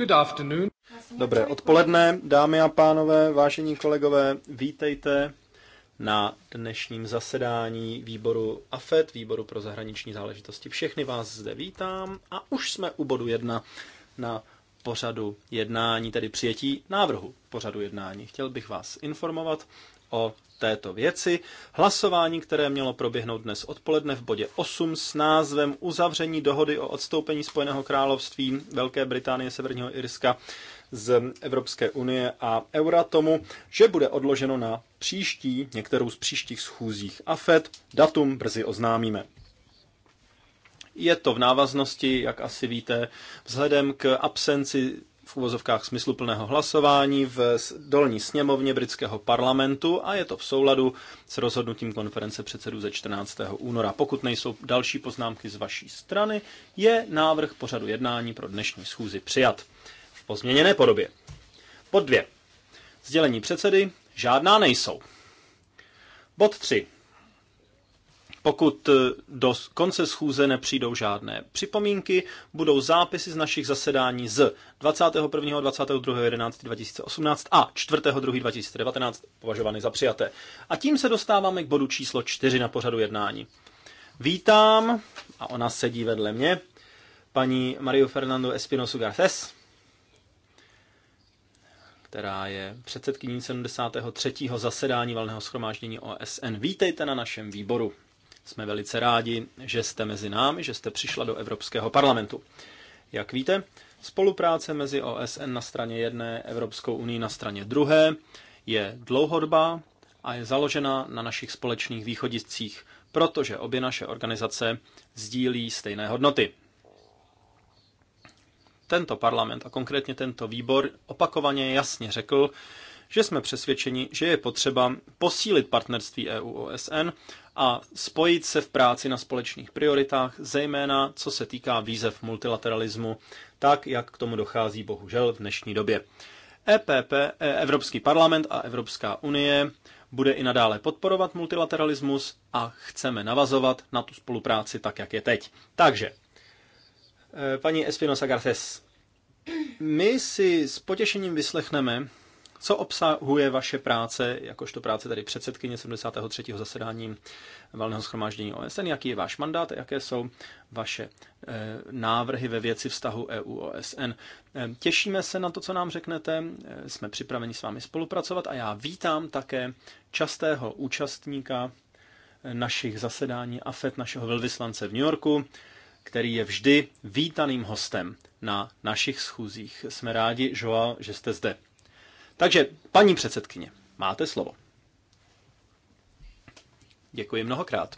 Good afternoon. Dobré odpoledne, dámy a pánové, vážení kolegové, vítejte na dnešním zasedání výboru AFET, výboru pro zahraniční záležitosti. Všechny vás zde vítám a už jsme u bodu jedna na pořadu jednání, tedy přijetí návrhu pořadu jednání. Chtěl bych vás informovat, o této věci. Hlasování, které mělo proběhnout dnes odpoledne v bodě 8 s názvem Uzavření dohody o odstoupení Spojeného království Velké Británie, Severního Irska z Evropské unie a Euratomu, že bude odloženo na příští, některou z příštích schůzích AFED. Datum brzy oznámíme. Je to v návaznosti, jak asi víte, vzhledem k absenci v uvozovkách smysluplného hlasování v dolní sněmovně britského parlamentu a je to v souladu s rozhodnutím konference předsedů ze 14. února. Pokud nejsou další poznámky z vaší strany, je návrh pořadu jednání pro dnešní schůzi přijat v pozměněné podobě. Pod dvě. Sdělení předsedy žádná nejsou. Bod 3. Pokud eh, do konce schůze nepřijdou žádné připomínky, budou zápisy z našich zasedání z 21. a 22. 11. 2018 a 4. 2. 2019 považovány za přijaté. A tím se dostáváme k bodu číslo 4 na pořadu jednání. Vítám, a ona sedí vedle mě, paní Mario Fernando Espinosu Garces, která je předsedkyní 73. zasedání valného schromáždění OSN. Vítejte na našem výboru. Jsme velice rádi, že jste mezi námi, že jste přišla do Evropského parlamentu. Jak víte, spolupráce mezi OSN na straně jedné, Evropskou unii na straně druhé je dlouhodobá a je založena na našich společných východiscích, protože obě naše organizace sdílí stejné hodnoty. Tento parlament a konkrétně tento výbor opakovaně jasně řekl, že jsme přesvědčeni, že je potřeba posílit partnerství EU-OSN a spojit se v práci na společných prioritách, zejména co se týká výzev multilateralismu, tak jak k tomu dochází bohužel v dnešní době. EPP, e, Evropský parlament a Evropská unie bude i nadále podporovat multilateralismus a chceme navazovat na tu spolupráci tak, jak je teď. Takže, e, paní Espinosa Garces, my si s potěšením vyslechneme co obsahuje vaše práce, jakožto práce tady předsedkyně 73. zasedání valného schromáždění OSN? Jaký je váš mandát a jaké jsou vaše eh, návrhy ve věci vztahu EU-OSN? Eh, těšíme se na to, co nám řeknete, eh, jsme připraveni s vámi spolupracovat a já vítám také častého účastníka našich zasedání AFET, našeho velvyslance v New Yorku, který je vždy vítaným hostem na našich schůzích. Jsme rádi, Joa, že jste zde. Takže, paní předsedkyně, máte slovo. Děkuji mnohokrát,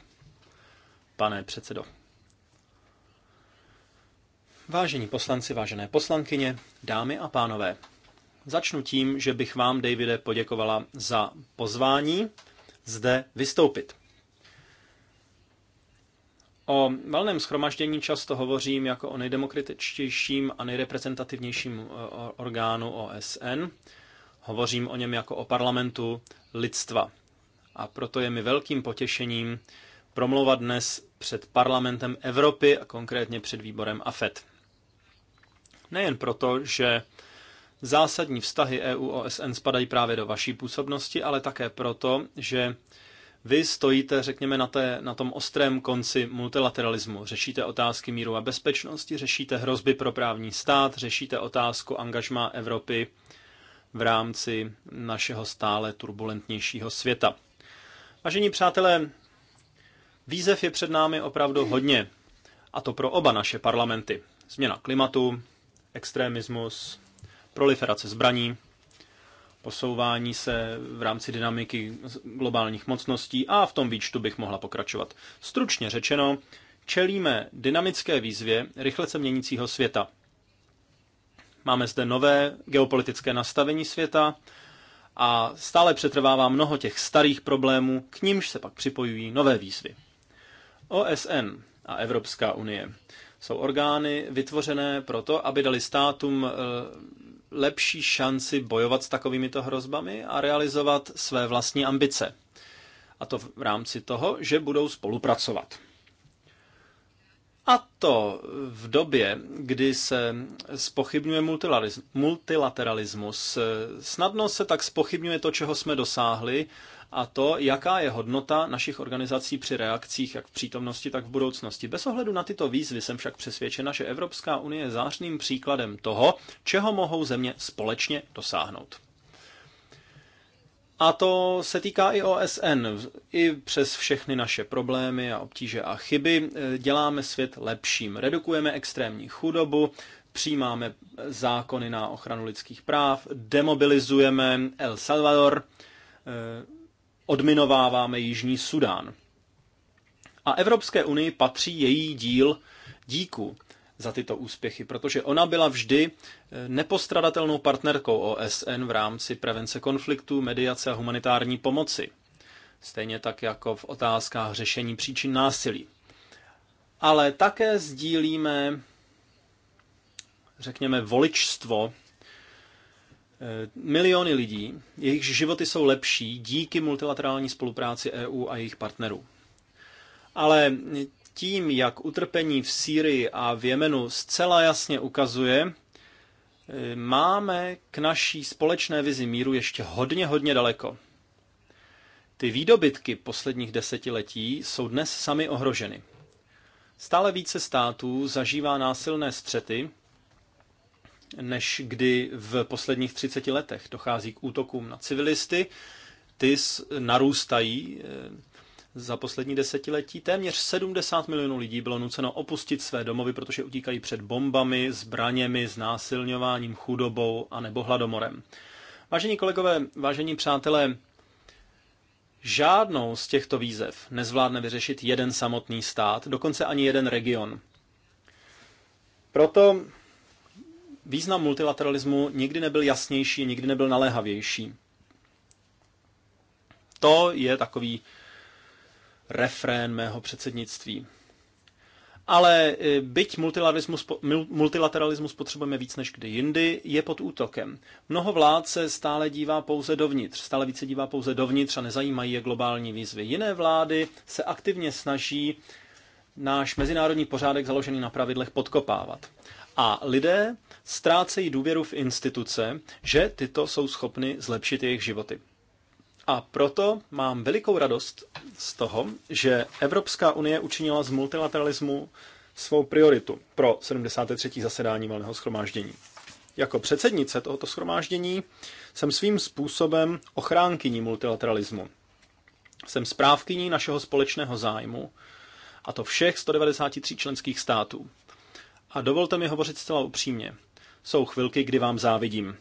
pane předsedo. Vážení poslanci, vážené poslankyně, dámy a pánové, začnu tím, že bych vám, Davide, poděkovala za pozvání zde vystoupit. O valném schromaždění často hovořím jako o nejdemokratičtějším a nejreprezentativnějším eh, orgánu OSN, Hovořím o něm jako o parlamentu lidstva. A proto je mi velkým potěšením promlouvat dnes před parlamentem Evropy a konkrétně před výborem AFET. Nejen proto, že zásadní vztahy EU-OSN spadají právě do vaší působnosti, ale také proto, že vy stojíte, řekněme, na, té, na tom ostrém konci multilateralismu. Řešíte otázky míru a bezpečnosti, řešíte hrozby pro právní stát, řešíte otázku angažma Evropy v rámci našeho stále turbulentnějšího světa. Vážení přátelé, výzev je před námi opravdu hodně, a to pro oba naše parlamenty. Změna klimatu, extremismus, proliferace zbraní, posouvání se v rámci dynamiky globálních mocností a v tom výčtu bych mohla pokračovat. Stručně řečeno, čelíme dynamické výzvě rychle se měnícího světa. Máme zde nové geopolitické nastavení světa a stále přetrvává mnoho těch starých problémů, k nímž se pak připojují nové výzvy. OSN a Evropská unie jsou orgány vytvořené proto, aby dali státům eh, lepší šanci bojovat s takovýmito hrozbami a realizovat své vlastní ambice. A to v rámci toho, že budou spolupracovat. A to v době, kdy se spochybňuje multilateralismus. Snadno se tak spochybňuje to, čeho jsme dosáhli a to, jaká je hodnota našich organizací při reakcích, jak v přítomnosti, tak v budoucnosti. Bez ohledu na tyto výzvy jsem však přesvědčena, že Evropská unie je zářným příkladem toho, čeho mohou země společně dosáhnout. A to se týká i OSN. I přes všechny naše problémy a obtíže a chyby eh, děláme svět lepším. Redukujeme extrémní chudobu, přijímáme zákony na ochranu lidských práv, demobilizujeme El Salvador, eh, odminováváme Jižní Sudán. A Evropské unii patří její díl díku za tyto úspěchy, protože ona byla vždy eh, nepostradatelnou partnerkou OSN v rámci prevence konfliktů, mediace a humanitární pomoci. Stejně tak jako v otázkách řešení příčin násilí. Ale také sdílíme, řekněme, voličstvo eh, miliony lidí, jejichž životy jsou lepší díky multilaterální spolupráci EU a jejich partnerů. Ale tím, jak utrpení v Sýrii a v Jemenu zcela jasně ukazuje, máme k naší společné vizi míru ještě hodně, hodně daleko. Ty výdobytky posledních desetiletí jsou dnes sami ohroženy. Stále více států zažívá násilné střety, než kdy v posledních 30 letech dochází k útokům na civilisty. Ty narůstají eh, za poslední desetiletí téměř 70 milionů lidí bylo nuceno opustit své domovy, protože utíkají před bombami, zbraněmi, znásilňováním, chudobou a nebo hladomorem. Vážení kolegové, vážení přátelé, žádnou z těchto výzev nezvládne vyřešit jeden samotný stát, dokonce ani jeden region. Proto význam multilateralismu nikdy nebyl jasnější, nikdy nebyl naléhavější. To je takový refrén mého předsednictví. Ale e, byť multilateralismus, multilateralismus potřebujeme víc než kdy jindy, je pod útokem. Mnoho vlád se stále dívá pouze dovnitř, stále více dívá pouze dovnitř a nezajímají je globální výzvy. Jiné vlády se aktivně snaží náš mezinárodní pořádek založený na pravidlech podkopávat. A lidé ztrácejí důvěru v instituce, že tyto jsou schopny zlepšit jejich životy. A proto mám velikou radost z toho, že Evropská unie učinila z multilateralismu svou prioritu pro 73. zasedání valného schromáždění. Jako předsednice tohoto schromáždění jsem svým způsobem ochránkyní multilateralismu. Jsem správkyní našeho společného zájmu, a to všech 193 členských států. A dovolte mi hovořit zcela upřímně. Jsou chvilky, kdy vám závidím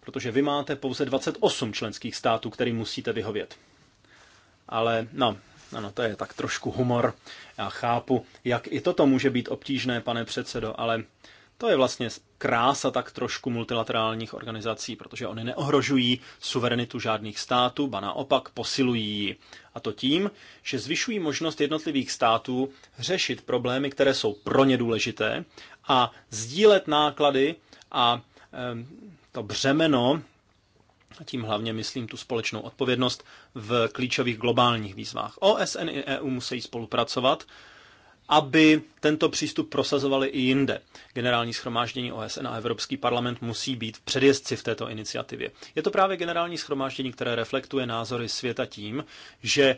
protože vy máte pouze 28 členských států, kterým musíte vyhovět. Ale no, ano, to je tak trošku humor. Já chápu, jak i toto může být obtížné, pane předsedo, ale to je vlastně krása tak trošku multilaterálních organizací, protože oni neohrožují suverenitu žádných států, ba naopak posilují ji. A to tím, že zvyšují možnost jednotlivých států řešit problémy, které jsou pro ně důležité a sdílet náklady a to břemeno, a tím hlavně myslím tu společnou odpovědnost, v klíčových globálních výzvách. OSN i EU musí spolupracovat, aby tento přístup prosazovali i jinde. Generální schromáždění OSN a Evropský parlament musí být v předjezdci v této iniciativě. Je to právě generální schromáždění, které reflektuje názory světa tím, že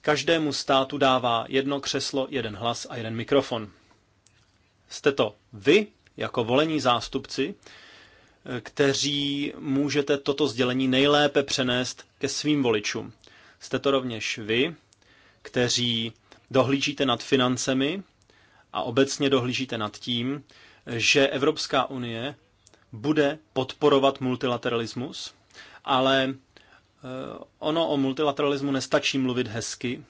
každému státu dává jedno křeslo, jeden hlas a jeden mikrofon. Jste to vy, jako volení zástupci, kteří můžete toto sdělení nejlépe přenést ke svým voličům. Jste to rovněž vy, kteří dohlížíte nad financemi a obecně dohlížíte nad tím, že Evropská unie bude podporovat multilateralismus, ale e, ono o multilateralismu nestačí mluvit hezky.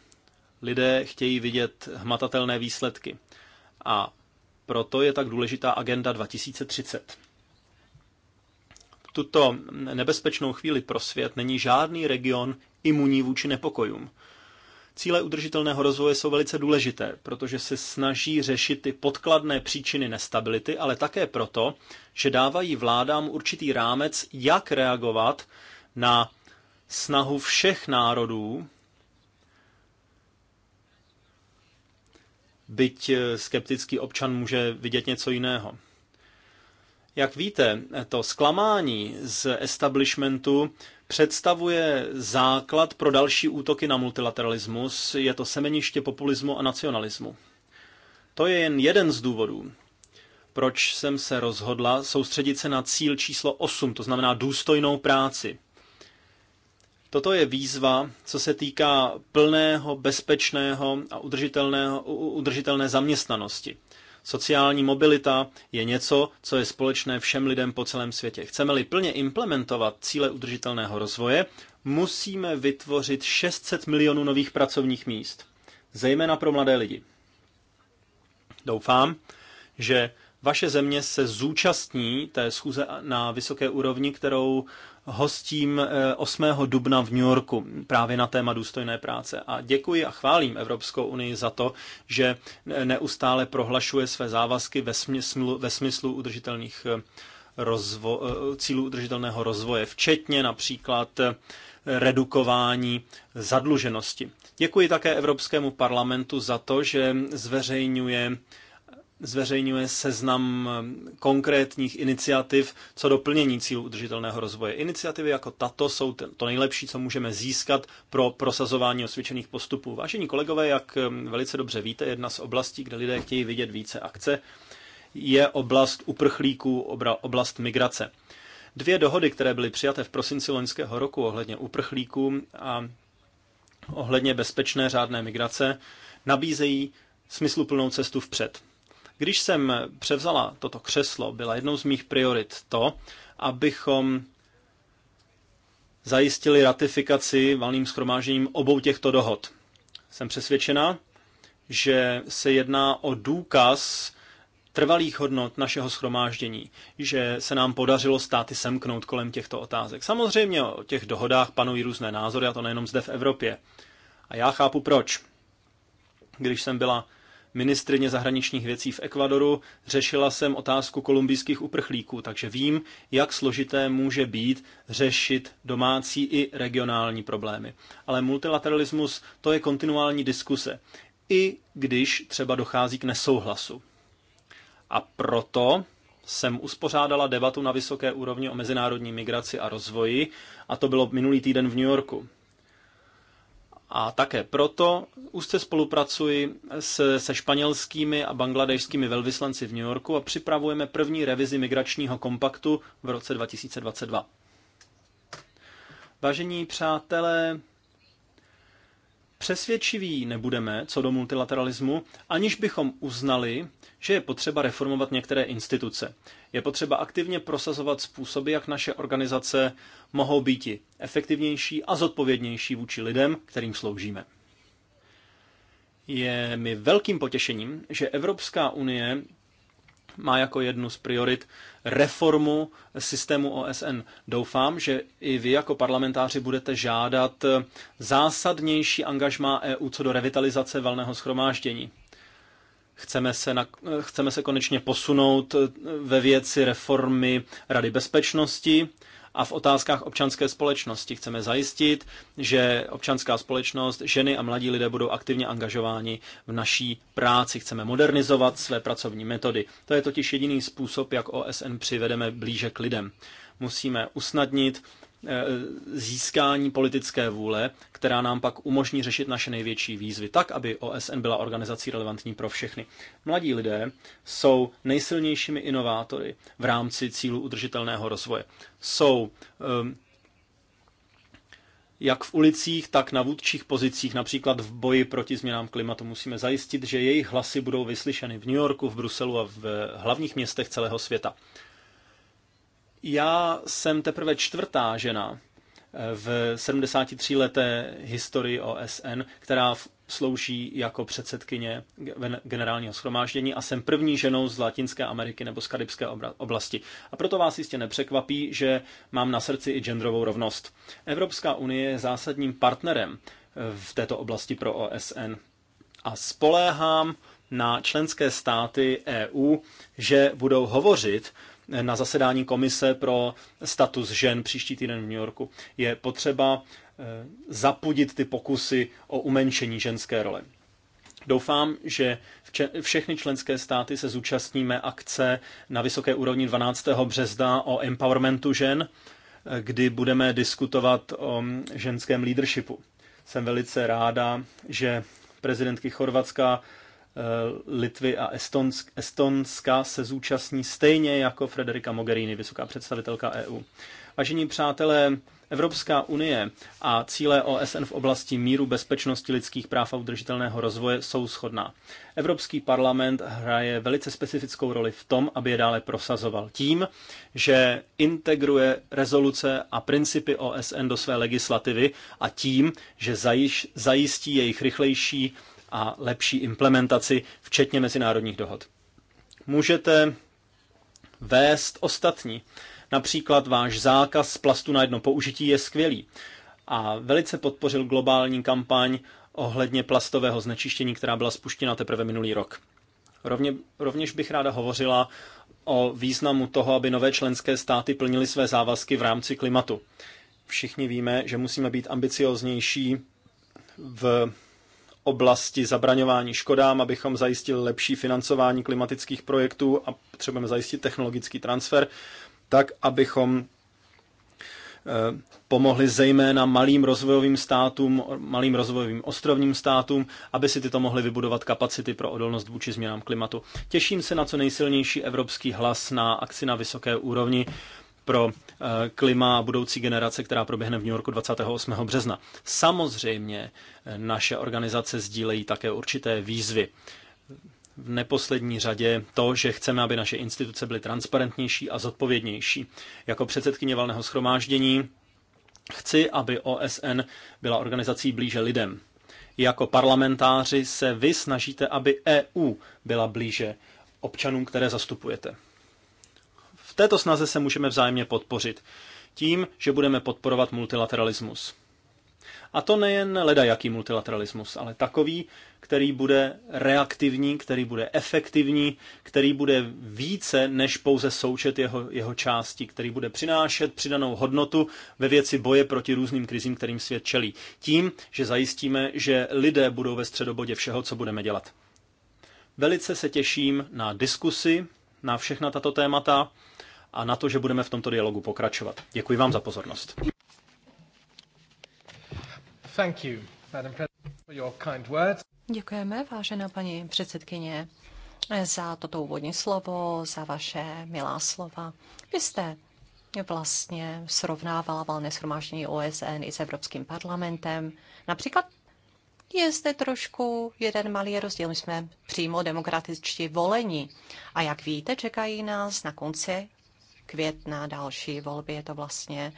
Lidé chtějí vidět hmatatelné výsledky. A proto je tak důležitá agenda 2030 tuto nebezpečnou chvíli pro svět není žádný region imunní vůči nepokojům. Cíle udržitelného rozvoje jsou velice důležité, protože se snaží řešit ty podkladné příčiny nestability, ale také proto, že dávají vládám určitý rámec, jak reagovat na snahu všech národů, byť skeptický občan může vidět něco jiného. Jak víte, to zklamání z establishmentu představuje základ pro další útoky na multilateralismus, je to semeniště populismu a nacionalismu. To je jen jeden z důvodů, proč jsem se rozhodla soustředit se na cíl číslo 8, to znamená důstojnou práci. Toto je výzva, co se týká plného, bezpečného a udržitelného, udržitelné zaměstnanosti. Sociální mobilita je něco, co je společné všem lidem po celém světě. Chceme-li plně implementovat cíle udržitelného rozvoje, musíme vytvořit 600 milionů nových pracovních míst, zejména pro mladé lidi. Doufám, že vaše země se zúčastní té schůze na vysoké úrovni, kterou hostím 8. Eh, dubna v New Yorku právě na téma důstojné práce. A děkuji a chválím Evropskou unii za to, že neustále prohlašuje své závazky ve smyslu, ve smyslu udržitelných eh, rozvo- eh, cílů udržitelného rozvoje, včetně například redukování zadluženosti. Děkuji také Evropskému parlamentu za to, že zveřejňuje zveřejňuje seznam eh, konkrétních iniciativ co doplnění cílů udržitelného rozvoje. Iniciativy jako tato jsou to nejlepší, co můžeme získat pro prosazování osvědčených postupů. Vážení kolegové, jak eh, velice dobře víte, jedna z oblastí, kde lidé chtějí vidět více akce, je oblast uprchlíků, oblast migrace. Dvě dohody, které byly přijaté v prosinci loňského roku ohledně uprchlíků a ohledně bezpečné řádné migrace, nabízejí smysluplnou cestu vpřed. Když jsem převzala toto křeslo, byla jednou z mých priorit to, abychom zajistili ratifikaci valným schromážením obou těchto dohod. Jsem přesvědčena, že se jedná o důkaz trvalých hodnot našeho schromáždění, že se nám podařilo státy semknout kolem těchto otázek. Samozřejmě o těch dohodách panují různé názory, a to nejenom zde v Evropě. A já chápu proč. Když jsem byla ministrině zahraničních věcí v Ekvadoru, řešila jsem otázku kolumbijských uprchlíků, takže vím, jak složité může být řešit domácí i regionální problémy. Ale multilateralismus to je kontinuální diskuse, i když třeba dochází k nesouhlasu. A proto jsem uspořádala debatu na vysoké úrovni o mezinárodní migraci a rozvoji, a to bylo minulý týden v New Yorku. A také proto úzce spolupracuji se, se španělskými a bangladešskými velvyslanci v New Yorku a připravujeme první revizi migračního kompaktu v roce 2022. Vážení přátelé, Přesvědčiví nebudeme co do multilateralismu, aniž bychom uznali, že je potřeba reformovat některé instituce. Je potřeba aktivně prosazovat způsoby, jak naše organizace mohou být efektivnější a zodpovědnější vůči lidem, kterým sloužíme. Je mi velkým potěšením, že Evropská unie má jako jednu z priorit reformu systému OSN. Doufám, že i vy jako parlamentáři budete žádat zásadnější angažmá EU co do revitalizace valného schromáždění. Chceme se, na, chceme se konečně posunout ve věci reformy Rady bezpečnosti a v otázkách občanské společnosti. Chceme zajistit, že občanská společnost, ženy a mladí lidé budou aktivně angažováni v naší práci. Chceme modernizovat své pracovní metody. To je totiž jediný způsob, jak OSN přivedeme blíže k lidem. Musíme usnadnit Eh, získání politické vůle, která nám pak umožní řešit naše největší výzvy tak, aby OSN byla organizací relevantní pro všechny. Mladí lidé jsou nejsilnějšími inovátory v rámci cílu udržitelného rozvoje. Jsou ehm, jak v ulicích, tak na vůdčích pozicích, například v boji proti změnám klimatu. Musíme zajistit, že jejich hlasy budou vyslyšeny v New Yorku, v Bruselu a v hlavních městech celého světa. Já jsem teprve čtvrtá žena eh, v 73 leté historii OSN, která slouží jako předsedkyně generálního schromáždění a jsem první ženou z Latinské Ameriky nebo z Karibské oblasti. A proto vás jistě nepřekvapí, že mám na srdci i genderovou rovnost. Evropská unie je zásadním partnerem eh, v této oblasti pro OSN a spoléhám na členské státy EU, že budou hovořit na zasedání Komise pro status žen příští týden v New Yorku. Je potřeba eh, zapudit ty pokusy o umenšení ženské role. Doufám, že všechny členské státy se zúčastníme akce na vysoké úrovni 12. března o empowermentu žen, eh, kdy budeme diskutovat o mm, ženském leadershipu. Jsem velice ráda, že prezidentky Chorvatska Eh, Litvy a Estonsk, Estonska se zúčastní stejně jako Frederika Mogherini, vysoká představitelka EU. Vážení přátelé, Evropská unie a cíle OSN v oblasti míru, bezpečnosti, lidských práv a udržitelného rozvoje jsou shodná. Evropský parlament hraje velice specifickou roli v tom, aby je dále prosazoval tím, že integruje rezoluce a principy OSN do své legislativy a tím, že zajistí jejich rychlejší a lepší implementaci, včetně mezinárodních dohod. Můžete vést ostatní. Například váš zákaz plastu na jedno použití je skvělý a velice podpořil globální kampaň ohledně plastového znečištění, která byla spuštěna teprve minulý rok. Rovně, rovněž bych ráda hovořila o významu toho, aby nové členské státy plnily své závazky v rámci klimatu. Všichni víme, že musíme být ambicioznější v oblasti zabraňování škodám, abychom zajistili lepší financování klimatických projektů a potřebujeme zajistit technologický transfer, tak abychom eh, pomohli zejména malým rozvojovým státům, malým rozvojovým ostrovním státům, aby si tyto mohly vybudovat kapacity pro odolnost vůči změnám klimatu. Těším se na co nejsilnější evropský hlas na akci na vysoké úrovni pro eh, klima a budoucí generace, která proběhne v New Yorku 28. března. Samozřejmě eh, naše organizace sdílejí také určité výzvy v neposlední řadě to, že chceme, aby naše instituce byly transparentnější a zodpovědnější. Jako předsedkyně valného schromáždění chci, aby OSN byla organizací blíže lidem. Jako parlamentáři se vy snažíte, aby EU byla blíže občanům, které zastupujete této snaze se můžeme vzájemně podpořit tím, že budeme podporovat multilateralismus. A to nejen ledajaký multilateralismus, ale takový, který bude reaktivní, který bude efektivní, který bude více než pouze součet jeho, jeho částí, který bude přinášet přidanou hodnotu ve věci boje proti různým krizím, kterým svět čelí. Tím, že zajistíme, že lidé budou ve středobodě všeho, co budeme dělat. Velice se těším na diskusy, na všechna tato témata a na to, že budeme v tomto dialogu pokračovat. Děkuji vám za pozornost. Děkujeme, vážená paní předsedkyně, za toto úvodní slovo, za vaše milá slova. Vy jste vlastně srovnávala valné schromáždění OSN i s Evropským parlamentem. Například je zde trošku jeden malý rozdíl. My jsme přímo demokratičtí volení. A jak víte, čekají nás na konci května další volby. Je to vlastně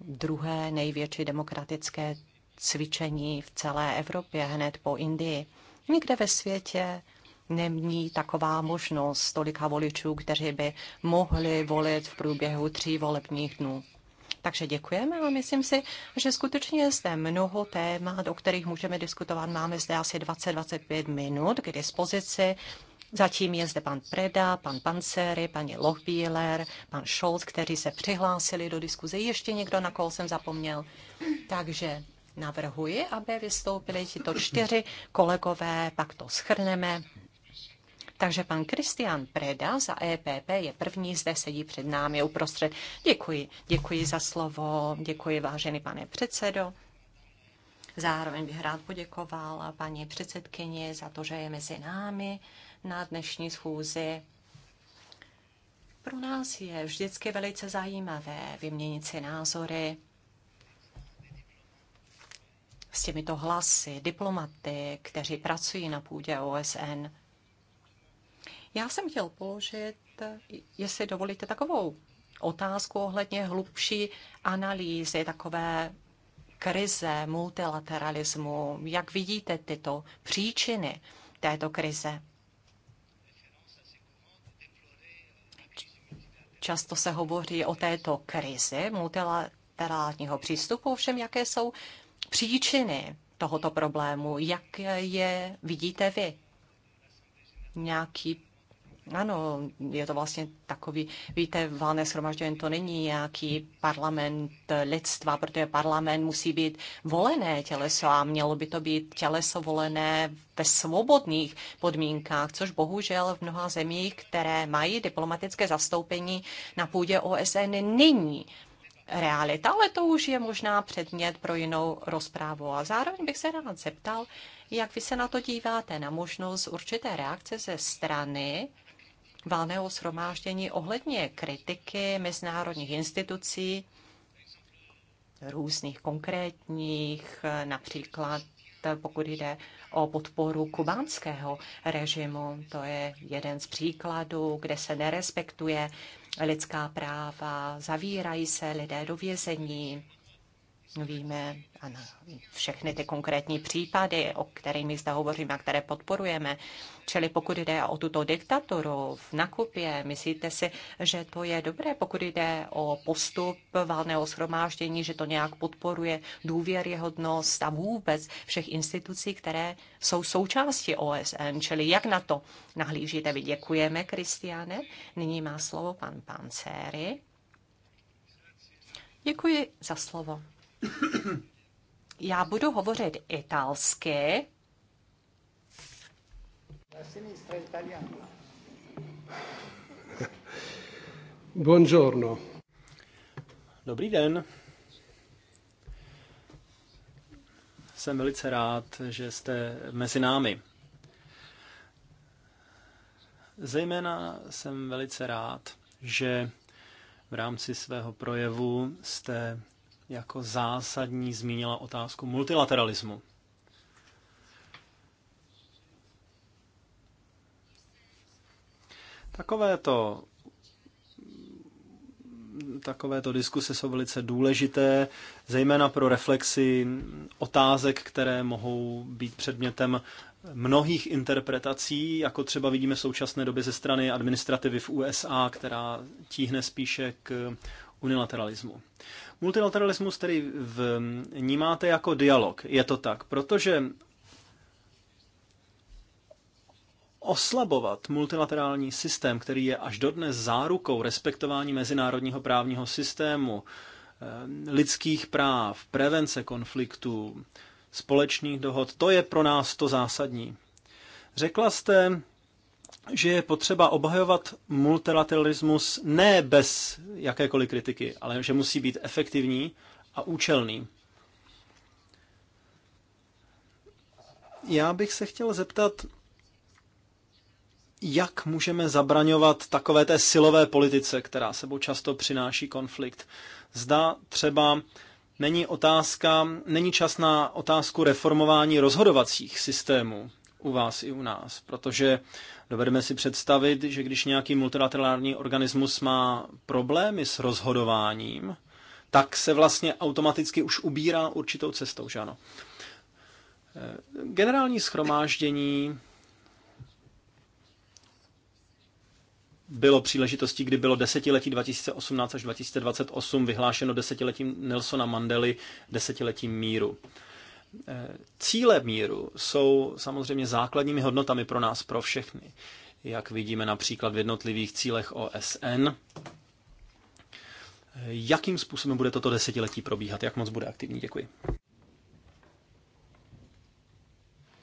druhé největší demokratické cvičení v celé Evropě, hned po Indii. Nikde ve světě nemní taková možnost tolika voličů, kteří by mohli volit v průběhu tří volebních dnů. Takže děkujeme a myslím si, že skutečně je zde mnoho témat, o kterých můžeme diskutovat. Máme zde asi 20-25 minut k dispozici. Zatím je zde pan Preda, pan Pancery, paní Lochbíler, pan Scholz, kteří se přihlásili do diskuze. Ještě někdo, na koho jsem zapomněl. Takže navrhuji, aby vystoupili tito čtyři kolegové, pak to schrneme. Takže pan Kristian Preda za EPP je první, zde sedí před námi uprostřed. Děkuji, děkuji za slovo, děkuji vážený pane předsedo. Zároveň bych rád poděkoval paní předsedkyni za to, že je mezi námi na dnešní schůzi. Pro nás je vždycky velice zajímavé vyměnit si názory s těmito hlasy, diplomaty, kteří pracují na půdě OSN. Já jsem chtěl položit, jestli dovolíte, takovou otázku ohledně hlubší analýzy takové krize multilateralismu. Jak vidíte tyto příčiny této krize? Často se hovoří o této krizi multilaterálního přístupu, ovšem jaké jsou příčiny tohoto problému, jak je vidíte vy? Nějaký ano, je to vlastně takový, víte, valné shromaždění to není nějaký parlament lidstva, protože parlament musí být volené těleso a mělo by to být těleso volené ve svobodných podmínkách, což bohužel v mnoha zemích, které mají diplomatické zastoupení na půdě OSN, není realita, ale to už je možná předmět pro jinou rozprávu. A zároveň bych se rád zeptal, jak vy se na to díváte, na možnost určité reakce ze strany valného shromáždění ohledně kritiky mezinárodních institucí, různých konkrétních, například pokud jde o podporu kubánského režimu. To je jeden z příkladů, kde se nerespektuje lidská práva, zavírají se lidé do vězení, víme a na všechny ty konkrétní případy, o kterými zde hovoříme a které podporujeme. Čili pokud jde o tuto diktaturu v nakupě, myslíte si, že to je dobré, pokud jde o postup válného shromáždění, že to nějak podporuje důvěryhodnost a vůbec všech institucí, které jsou součástí OSN. Čili jak na to nahlížíte? Vy děkujeme, Kristiane. Nyní má slovo pan Pancéry. Děkuji za slovo. Já budu hovořit italsky. Buongiorno. Dobrý den. Jsem velice rád, že jste mezi námi. Zejména jsem velice rád, že v rámci svého projevu jste jako zásadní zmínila otázku multilateralismu. Takovéto takovéto diskuse jsou velice důležité, zejména pro reflexy otázek, které mohou být předmětem mnohých interpretací, jako třeba vidíme v současné době ze strany administrativy v USA, která tíhne spíše k unilateralismu. Multilateralismus tedy vnímáte jako dialog. Je to tak, protože oslabovat multilaterální systém, který je až dodnes zárukou respektování mezinárodního právního systému, eh, lidských práv, prevence konfliktů, společných dohod, to je pro nás to zásadní. Řekla jste, že je potřeba obhajovat multilateralismus ne bez jakékoliv kritiky, ale že musí být efektivní a účelný. Já bych se chtěl zeptat, jak můžeme zabraňovat takové té silové politice, která sebou často přináší konflikt. Zda třeba není otázka, není čas na otázku reformování rozhodovacích systémů u vás i u nás, protože Dovedeme si představit, že když nějaký multilaterální organismus má problémy s rozhodováním, tak se vlastně automaticky už ubírá určitou cestou, že ano? Eh, generální schromáždění bylo příležitostí, kdy bylo desetiletí 2018 až 2028 vyhlášeno desetiletím Nelsona Mandely, desetiletím míru. Cíle míru jsou samozřejmě základními hodnotami pro nás, pro všechny. Jak vidíme například v jednotlivých cílech OSN, jakým způsobem bude toto desetiletí probíhat, jak moc bude aktivní. Děkuji.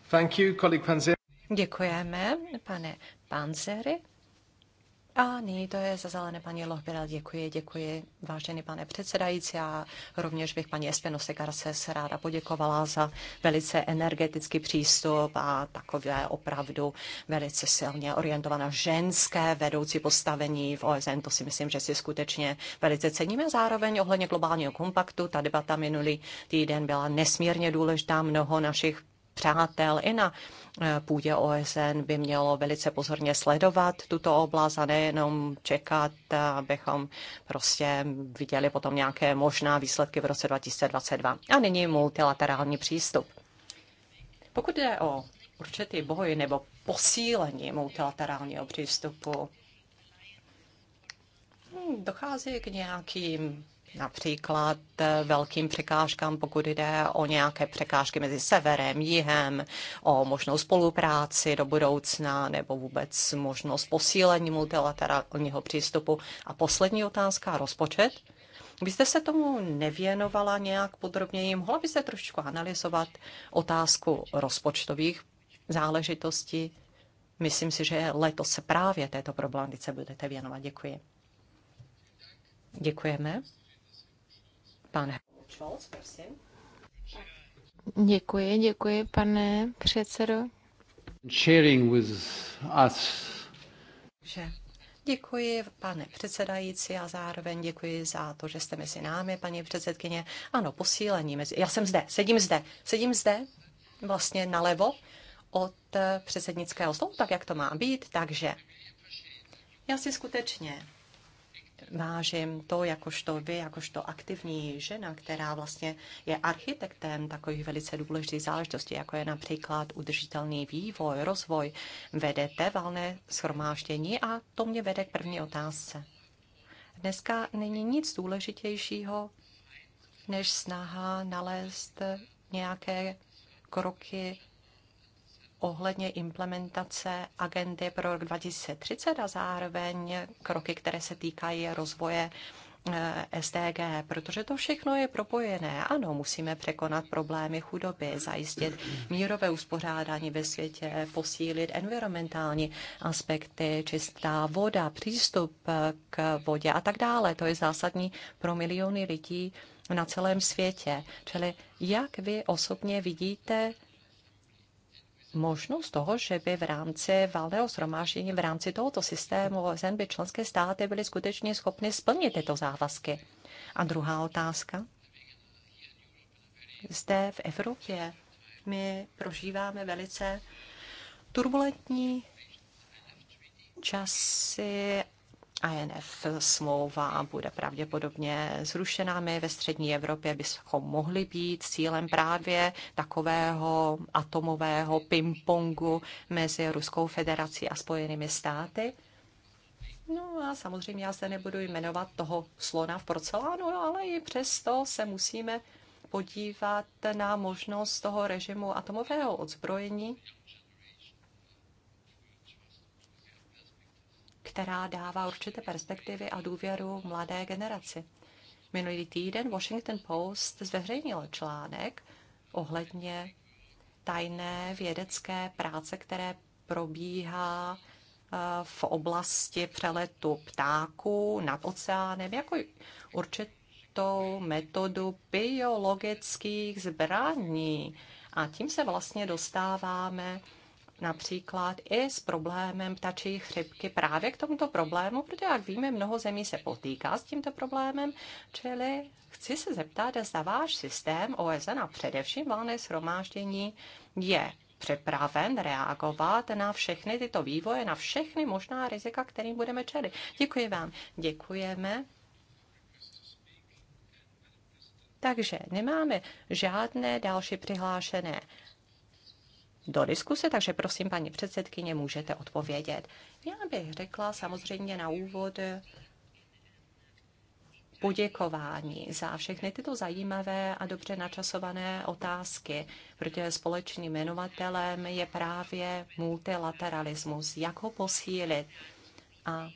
Thank you, colleague Panzer. Děkujeme, pane Panzeri. A nyní to je za zelené paní Lohběra. Děkuji, děkuji, vážený pane předsedající. A rovněž bych paní espenose Garces ráda poděkovala za velice energetický přístup a takové opravdu velice silně orientované ženské vedoucí postavení v OSN. To si myslím, že si skutečně velice ceníme. Zároveň ohledně globálního kompaktu, ta debata minulý týden byla nesmírně důležitá. Mnoho našich přátel i na eh, půdě OSN by mělo velice pozorně sledovat tuto oblast a nejenom čekat, abychom prostě viděli potom nějaké možná výsledky v roce 2022. A nyní multilaterální přístup. Pokud jde o určitý boj nebo posílení multilaterálního přístupu, hm, dochází k nějakým například eh, velkým překážkám, pokud jde o nějaké překážky mezi severem, jihem, o možnou spolupráci do budoucna nebo vůbec možnost posílení multilaterálního přístupu. A poslední otázka, rozpočet. Byste se tomu nevěnovala nějak podrobněji? Mohla byste trošičku analyzovat otázku rozpočtových záležitostí? Myslím si, že letos se právě této problematice budete věnovat. Děkuji. Děkujeme pane. Děkuji, děkuji, pane předsedo. Sharing with us. Že Děkuji, pane předsedající, a zároveň děkuji za to, že jste mezi námi, paní předsedkyně. Ano, posílení mezi... Já jsem zde, sedím zde, sedím zde, vlastně nalevo od eh, předsednického stolu, tak jak to má být, takže já si skutečně vážím to, jakožto vy, jakožto aktivní žena, která vlastně je architektem takových velice důležitých záležitostí, jako je například udržitelný vývoj, rozvoj, vedete valné schromáždění a to mě vede k první otázce. Dneska není nic důležitějšího, než snaha nalézt nějaké kroky ohledně implementace agendy pro rok 2030 a zároveň kroky, které se týkají rozvoje eh, SDG, protože to všechno je propojené. Ano, musíme překonat problémy chudoby, zajistit mírové uspořádání ve světě, posílit environmentální aspekty, čistá voda, přístup eh, k vodě a tak dále. To je zásadní pro miliony lidí na celém světě. Čili jak vy osobně vidíte možnost toho, že by v rámci valného shromáždění, v rámci tohoto systému OSN by členské státy byly skutečně schopny splnit tyto závazky. A druhá otázka. Zde v Evropě my prožíváme velice turbulentní časy INF smlouva bude pravděpodobně zrušená. My ve střední Evropě bychom mohli být cílem právě takového atomového pingpongu mezi Ruskou federací a Spojenými státy. No a samozřejmě já se nebudu jmenovat toho slona v porcelánu, no ale i přesto se musíme podívat na možnost toho režimu atomového odzbrojení která dává určité perspektivy a důvěru mladé generaci. Minulý týden Washington Post zveřejnil článek ohledně tajné vědecké práce, které probíhá eh, v oblasti přeletu ptáků nad oceánem jako určitou metodu biologických zbraní. A tím se vlastně dostáváme například i s problémem ptačí chřipky právě k tomuto problému, protože jak víme, mnoho zemí se potýká s tímto problémem, čili chci se zeptat, zda váš systém OSN a především valné shromáždění je připraven reagovat na všechny tyto vývoje, na všechny možná rizika, kterým budeme čelit. Děkuji vám. Děkujeme. Takže nemáme žádné další přihlášené do diskuse, takže prosím, paní předsedkyně, můžete odpovědět. Já bych řekla samozřejmě na úvod poděkování za všechny tyto zajímavé a dobře načasované otázky, protože společným jmenovatelem je právě multilateralismus, jak ho posílit a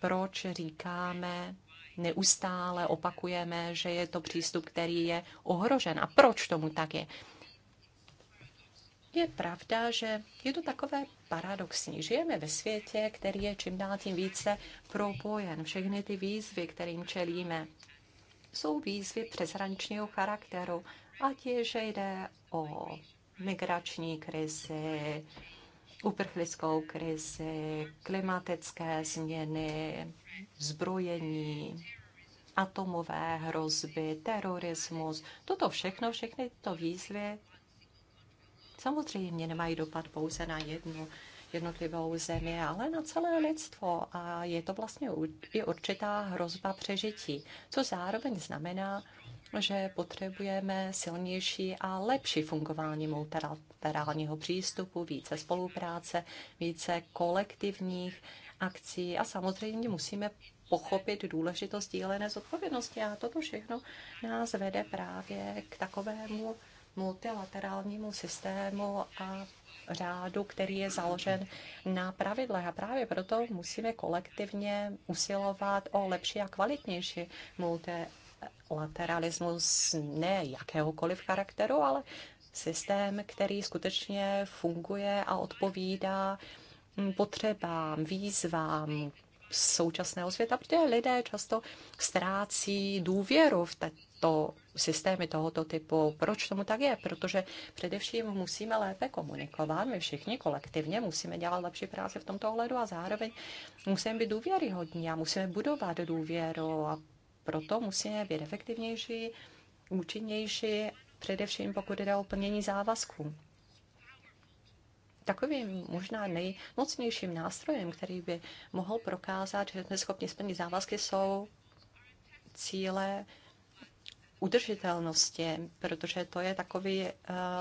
proč říkáme, neustále opakujeme, že je to přístup, který je ohrožen a proč tomu tak je. Je pravda, že je to takové paradoxní. Žijeme ve světě, který je čím dál tím více propojen. Všechny ty výzvy, kterým čelíme, jsou výzvy přeshraničního charakteru, ať je, že jde o migrační krizi, uprchlickou krizi, klimatické změny, zbrojení, atomové hrozby, terorismus. Toto všechno, všechny tyto výzvy Samozřejmě nemají dopad pouze na jednu jednotlivou zemi, ale na celé lidstvo. A je to vlastně i určitá hrozba přežití, co zároveň znamená, že potřebujeme silnější a lepší fungování multilaterálního přístupu, více spolupráce, více kolektivních akcí a samozřejmě musíme pochopit důležitost dílené zodpovědnosti. A toto všechno nás vede právě k takovému multilaterálnímu systému a řádu, který je založen na pravidlech. A právě proto musíme kolektivně usilovat o lepší a kvalitnější multilateralismus, ne jakéhokoliv charakteru, ale systém, který skutečně funguje a odpovídá potřebám, výzvám současného světa, protože lidé často ztrácí důvěru v tento systémy tohoto typu. Proč tomu tak je? Protože především musíme lépe komunikovat, my všichni kolektivně musíme dělat lepší práci v tomto ohledu a zároveň musíme být důvěryhodní a musíme budovat důvěru a proto musíme být efektivnější, účinnější, především pokud jde o plnění závazků. Takovým možná nejmocnějším nástrojem, který by mohl prokázat, že jsme schopni splnit závazky, jsou cíle udržitelnosti, protože to je takový eh,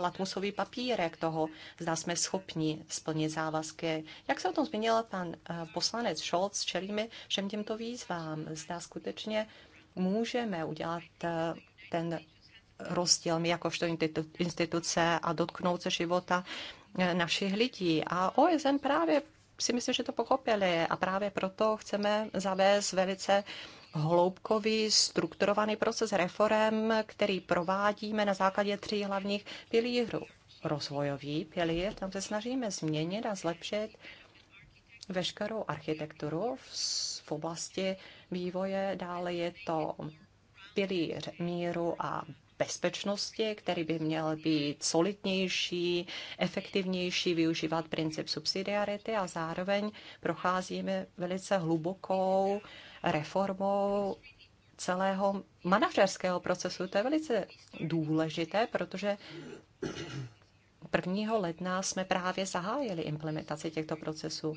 latmusový papírek toho, zda jsme schopni splnit závazky. Jak se o tom zmínil pan eh, poslanec Scholz, čelíme všem těmto výzvám. Zda skutečně můžeme udělat eh, ten rozdíl my jakožto instituce a dotknout se života našich lidí. A OSN právě si myslím, že to pochopili a právě proto chceme zavést velice uh, hloubkový, strukturovaný proces reform, který provádíme na základě tří hlavních pilířů. Rozvojový pilíř, tam se snažíme změnit a zlepšit veškerou architekturu v oblasti vývoje. Dále je to pilíř míru a bezpečnosti, který by měl být solidnější, efektivnější, využívat princip subsidiarity a zároveň procházíme velice hlubokou reformou celého manažerského procesu. To je velice důležité, protože 1. ledna jsme právě zahájili implementaci těchto procesů.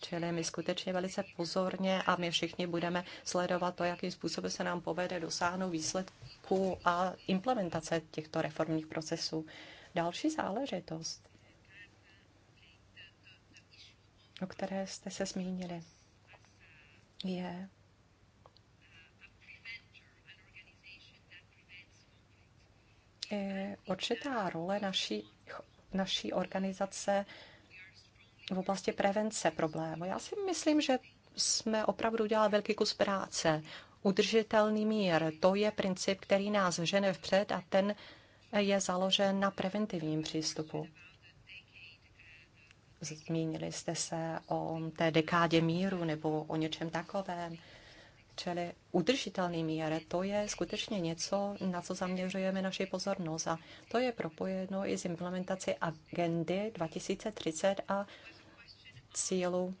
Čili my skutečně velice pozorně a my všichni budeme sledovat to, jakým způsobem se nám povede dosáhnout výsledku a implementace těchto reformních procesů. Další záležitost, o které jste se zmínili je určitá role naší, naší organizace v oblasti prevence problému. Já si myslím, že jsme opravdu udělali velký kus práce. Udržitelný mír, to je princip, který nás žene vpřed a ten je založen na preventivním přístupu. Zmínili jste se o té dekádě míru nebo o něčem takovém. Čili udržitelný mír, to je skutečně něco, na co zaměřujeme naši pozornost. A to je propojeno i s implementací agendy 2030 a cílu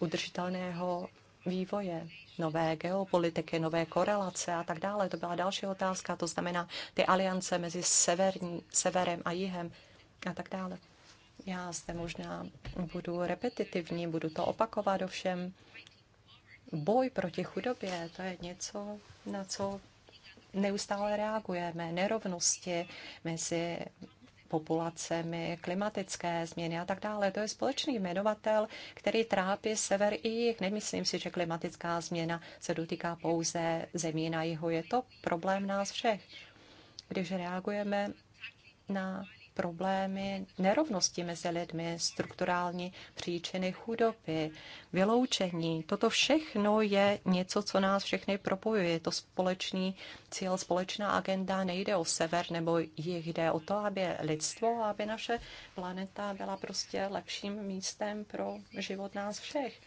udržitelného vývoje, nové geopolitiky, nové korelace a tak dále. To byla další otázka, to znamená ty aliance mezi severní, severem a jihem a tak dále. Já zde možná budu repetitivní, budu to opakovat ovšem. Boj proti chudobě, to je něco, na co neustále reagujeme. Nerovnosti mezi populacemi, klimatické změny a tak dále. To je společný jmenovatel, který trápí sever i jich. Nemyslím si, že klimatická změna se dotýká pouze zemí na jihu. Je to problém nás všech. Když reagujeme na problémy nerovnosti mezi lidmi, strukturální příčiny chudoby, vyloučení. Toto všechno je něco, co nás všechny propojuje. Je to společný cíl, společná agenda. Nejde o sever nebo jich, jde o to, aby lidstvo, aby naše planeta byla prostě lepším místem pro život nás všech.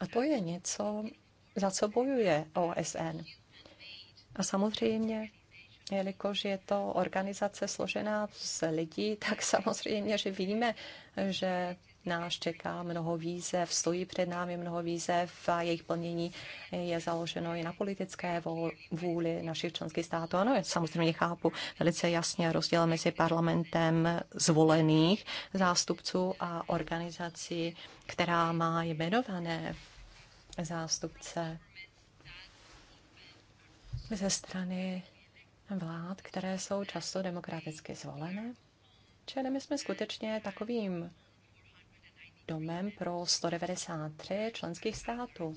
A to je něco, za co bojuje OSN. A samozřejmě jelikož je to organizace složená z lidí, tak samozřejmě, že víme, že nás čeká mnoho výzev, stojí před námi mnoho výzev a jejich plnění je založeno i na politické vůli našich členských států. Ano, já samozřejmě chápu velice jasně rozdíl mezi parlamentem zvolených zástupců a organizací, která má jmenované zástupce ze strany vlád, které jsou často demokraticky zvolené. Čili my jsme skutečně takovým domem pro 193 členských států,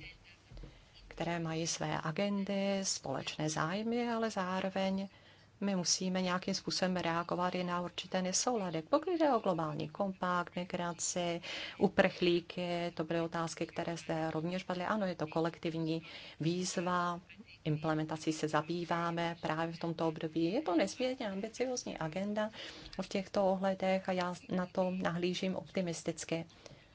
které mají své agendy, společné zájmy, ale zároveň my musíme nějakým způsobem reagovat i na určité nesoulady. Pokud jde o globální kompakt, migraci, uprchlíky, to byly otázky, které zde rovněž padly. Ano, je to kolektivní výzva, implementací se zabýváme právě v tomto období. Je to nesmírně ambiciozní agenda v těchto ohledech a já na to nahlížím optimisticky.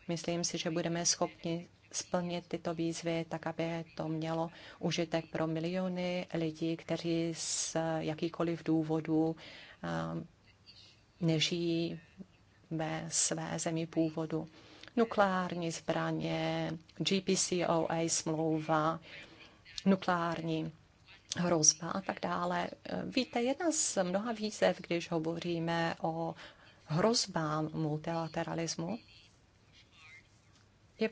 Myslím si, že budeme schopni splnit tyto výzvy tak, aby to mělo užitek pro miliony lidí, kteří z jakýkoliv důvodů eh, nežijí ve své zemi původu. Nukleární zbraně, GPCOA smlouva, nukleární hrozba a tak dále. Víte, jedna z mnoha výzev, když hovoříme o hrozbám multilateralismu, je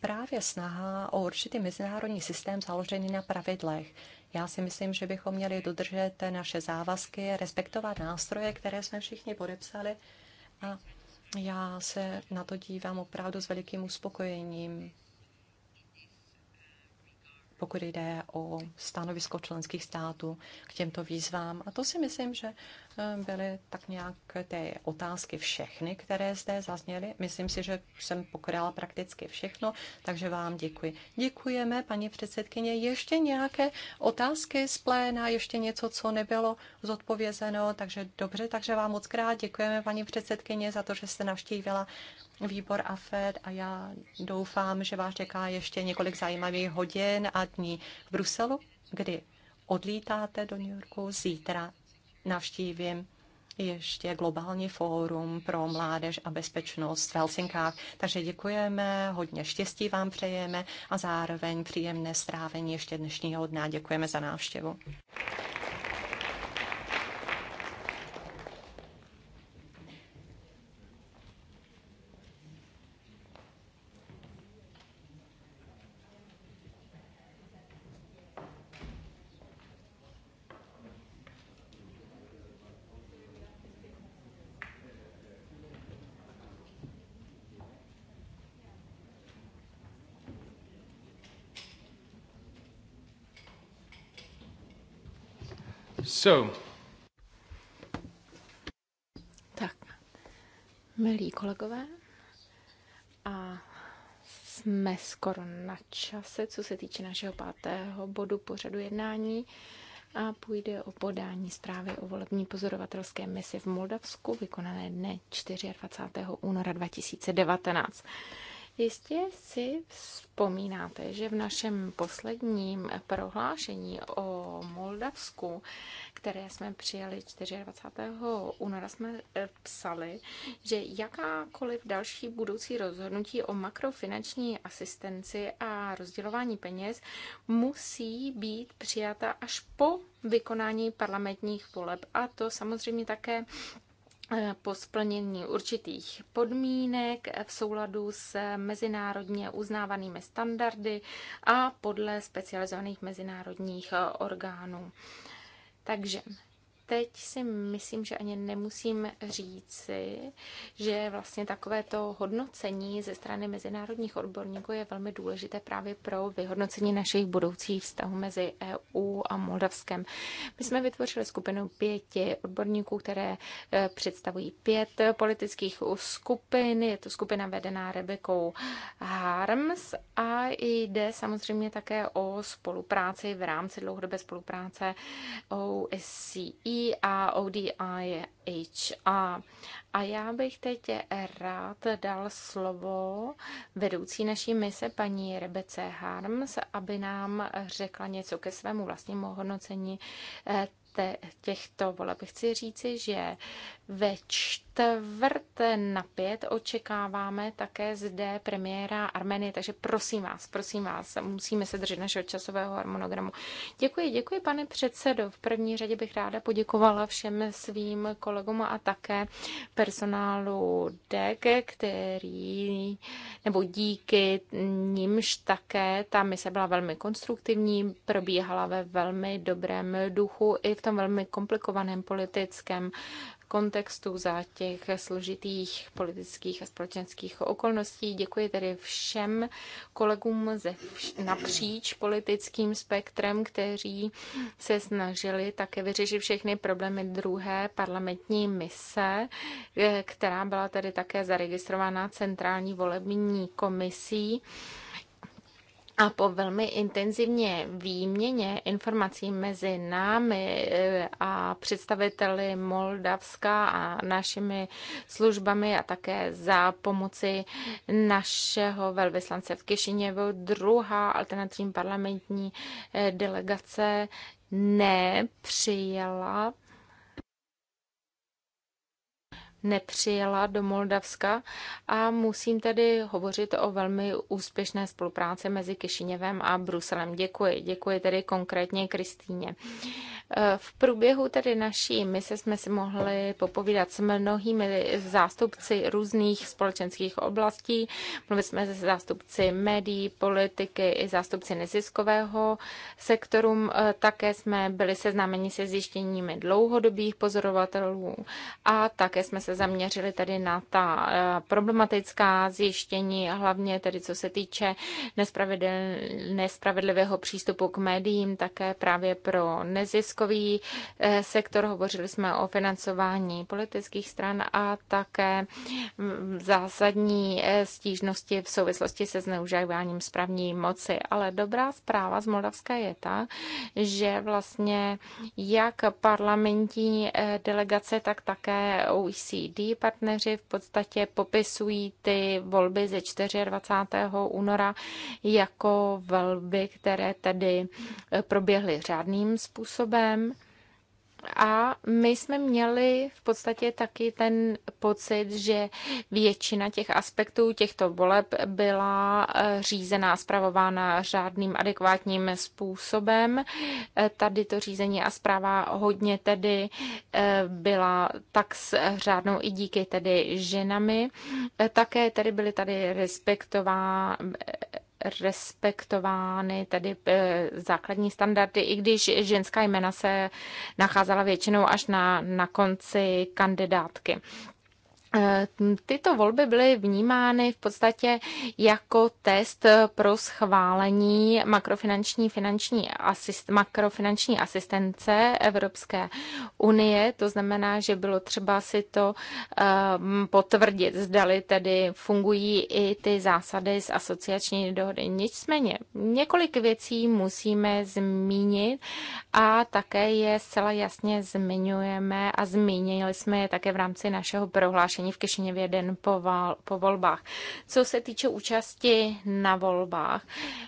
právě snaha o určitý mezinárodní systém založený na pravidlech. Já si myslím, že bychom měli dodržet naše závazky, respektovat nástroje, které jsme všichni podepsali a já se na to dívám opravdu s velikým uspokojením pokud jde o stanovisko členských států k těmto výzvám. A to si myslím, že eh, byly tak nějak ty otázky všechny, které zde zazněly. Myslím si, že jsem pokryla prakticky všechno, takže vám děkuji. Děkujeme, paní předsedkyně. Ještě nějaké otázky z pléna, ještě něco, co nebylo zodpovězeno, takže dobře, takže vám moc krát děkujeme, paní předsedkyně, za to, že jste navštívila výbor AFED a já doufám, že vás čeká ještě několik zajímavých hodin a dní v Bruselu, kdy odlítáte do New Yorku. Zítra navštívím ještě globální fórum pro mládež a bezpečnost v Helsinkách. Takže děkujeme, hodně štěstí vám přejeme a zároveň příjemné strávení ještě dnešního dne. Děkujeme za návštěvu. So. Tak, milí kolegové, a jsme skoro na čase, co se týče našeho pátého bodu pořadu jednání a půjde o podání zprávy o volební pozorovatelské misi v Moldavsku, vykonané dne 24. února 2019. Jistě si vzpomínáte, že v našem posledním prohlášení o Moldavsku, které jsme přijali 24. února, jsme eh, psali, že jakákoliv další budoucí rozhodnutí o makrofinanční asistenci a rozdělování peněz musí být přijata až po vykonání parlamentních voleb. A to samozřejmě také Eh, po splnění určitých podmínek v souladu s mezinárodně uznávanými standardy a podle specializovaných mezinárodních eh, orgánů. Takže teď si myslím, že ani nemusím říci, že vlastně takové to hodnocení ze strany mezinárodních odborníků je velmi důležité právě pro vyhodnocení našich budoucích vztahů mezi EU a Moldavskem. My jsme vytvořili skupinu pěti odborníků, které eh, představují pět politických skupin. Je to skupina vedená Rebekou Harms a jde samozřejmě také o spolupráci v rámci dlouhodobé spolupráce OSCE a ODIHR. A já bych teď rád dal slovo vedoucí naší mise paní Rebece Harms, aby nám řekla něco ke svému vlastnímu hodnocení eh, těchto voleb. Chci říci, že ve čtyři čtvrt na pět očekáváme také zde premiéra Armenie, takže prosím vás, prosím vás, musíme se držet našeho časového harmonogramu. Děkuji, děkuji pane předsedo. V první řadě bych ráda poděkovala všem svým kolegům a také personálu DEC, který, nebo díky nímž také ta mise byla velmi konstruktivní, probíhala ve velmi dobrém duchu i v tom velmi komplikovaném politickém kontextu, za těch složitých politických a společenských okolností. Děkuji tedy všem kolegům ze vš- napříč politickým spektrem, kteří se snažili také vyřešit všechny problémy druhé parlamentní mise, eh, která byla tedy také zaregistrována centrální volební komisí. A po velmi intenzivně výměně informací mezi námi eh, a představiteli Moldavska a našimi službami a také za pomoci našeho velvyslance v Kišiněvu, druhá alternativní parlamentní eh, delegace nepřijela nepřijela do Moldavska a musím tedy hovořit o velmi úspěšné spolupráci mezi Kišiněvem a Bruselem. Děkuji, děkuji tedy konkrétně Kristýně. V průběhu tedy naší mise jsme si mohli popovídat s mnohými zástupci různých společenských oblastí. Mluvili jsme se zástupci médií, politiky i zástupci neziskového sektoru. Také jsme byli seznámeni se zjištěními dlouhodobých pozorovatelů a také jsme se se zaměřili tady na ta eh, problematická zjištění, hlavně tedy co se týče nespravedlivého přístupu k médiím, také právě pro neziskový eh, sektor. Hovořili jsme o financování politických stran a také mm, zásadní eh, stížnosti v souvislosti se zneužíváním správní moci. Ale dobrá zpráva z Moldavska je ta, že vlastně jak parlamentní delegace, tak také OECD OECD partneři v podstatě popisují ty volby ze 24. února jako volby, které tedy proběhly řádným způsobem. A my jsme měli v podstatě taky ten pocit, že většina těch aspektů těchto voleb byla eh, řízená, zpravována řádným adekvátním způsobem. Eh, tady to řízení a zpráva hodně tedy eh, byla tak s řádnou i díky tedy ženami. Také tedy byly tady respektová respektovány tedy eh, základní standardy, i když ženská jména se nacházela většinou až na, na konci kandidátky. Eh, tyto volby byly vnímány v podstatě jako test pro schválení makrofinanční, finanční asist, makrofinanční asistence Evropské unie. To znamená, že bylo třeba si to um, potvrdit, zdali tedy fungují i ty zásady z asociační dohody. Nicméně několik věcí musíme zmínit a také je zcela jasně zmiňujeme a zmínili jsme je také v rámci našeho prohlášení opatření v Kišiněvě den po, val, po volbách. Co se týče účasti na volbách,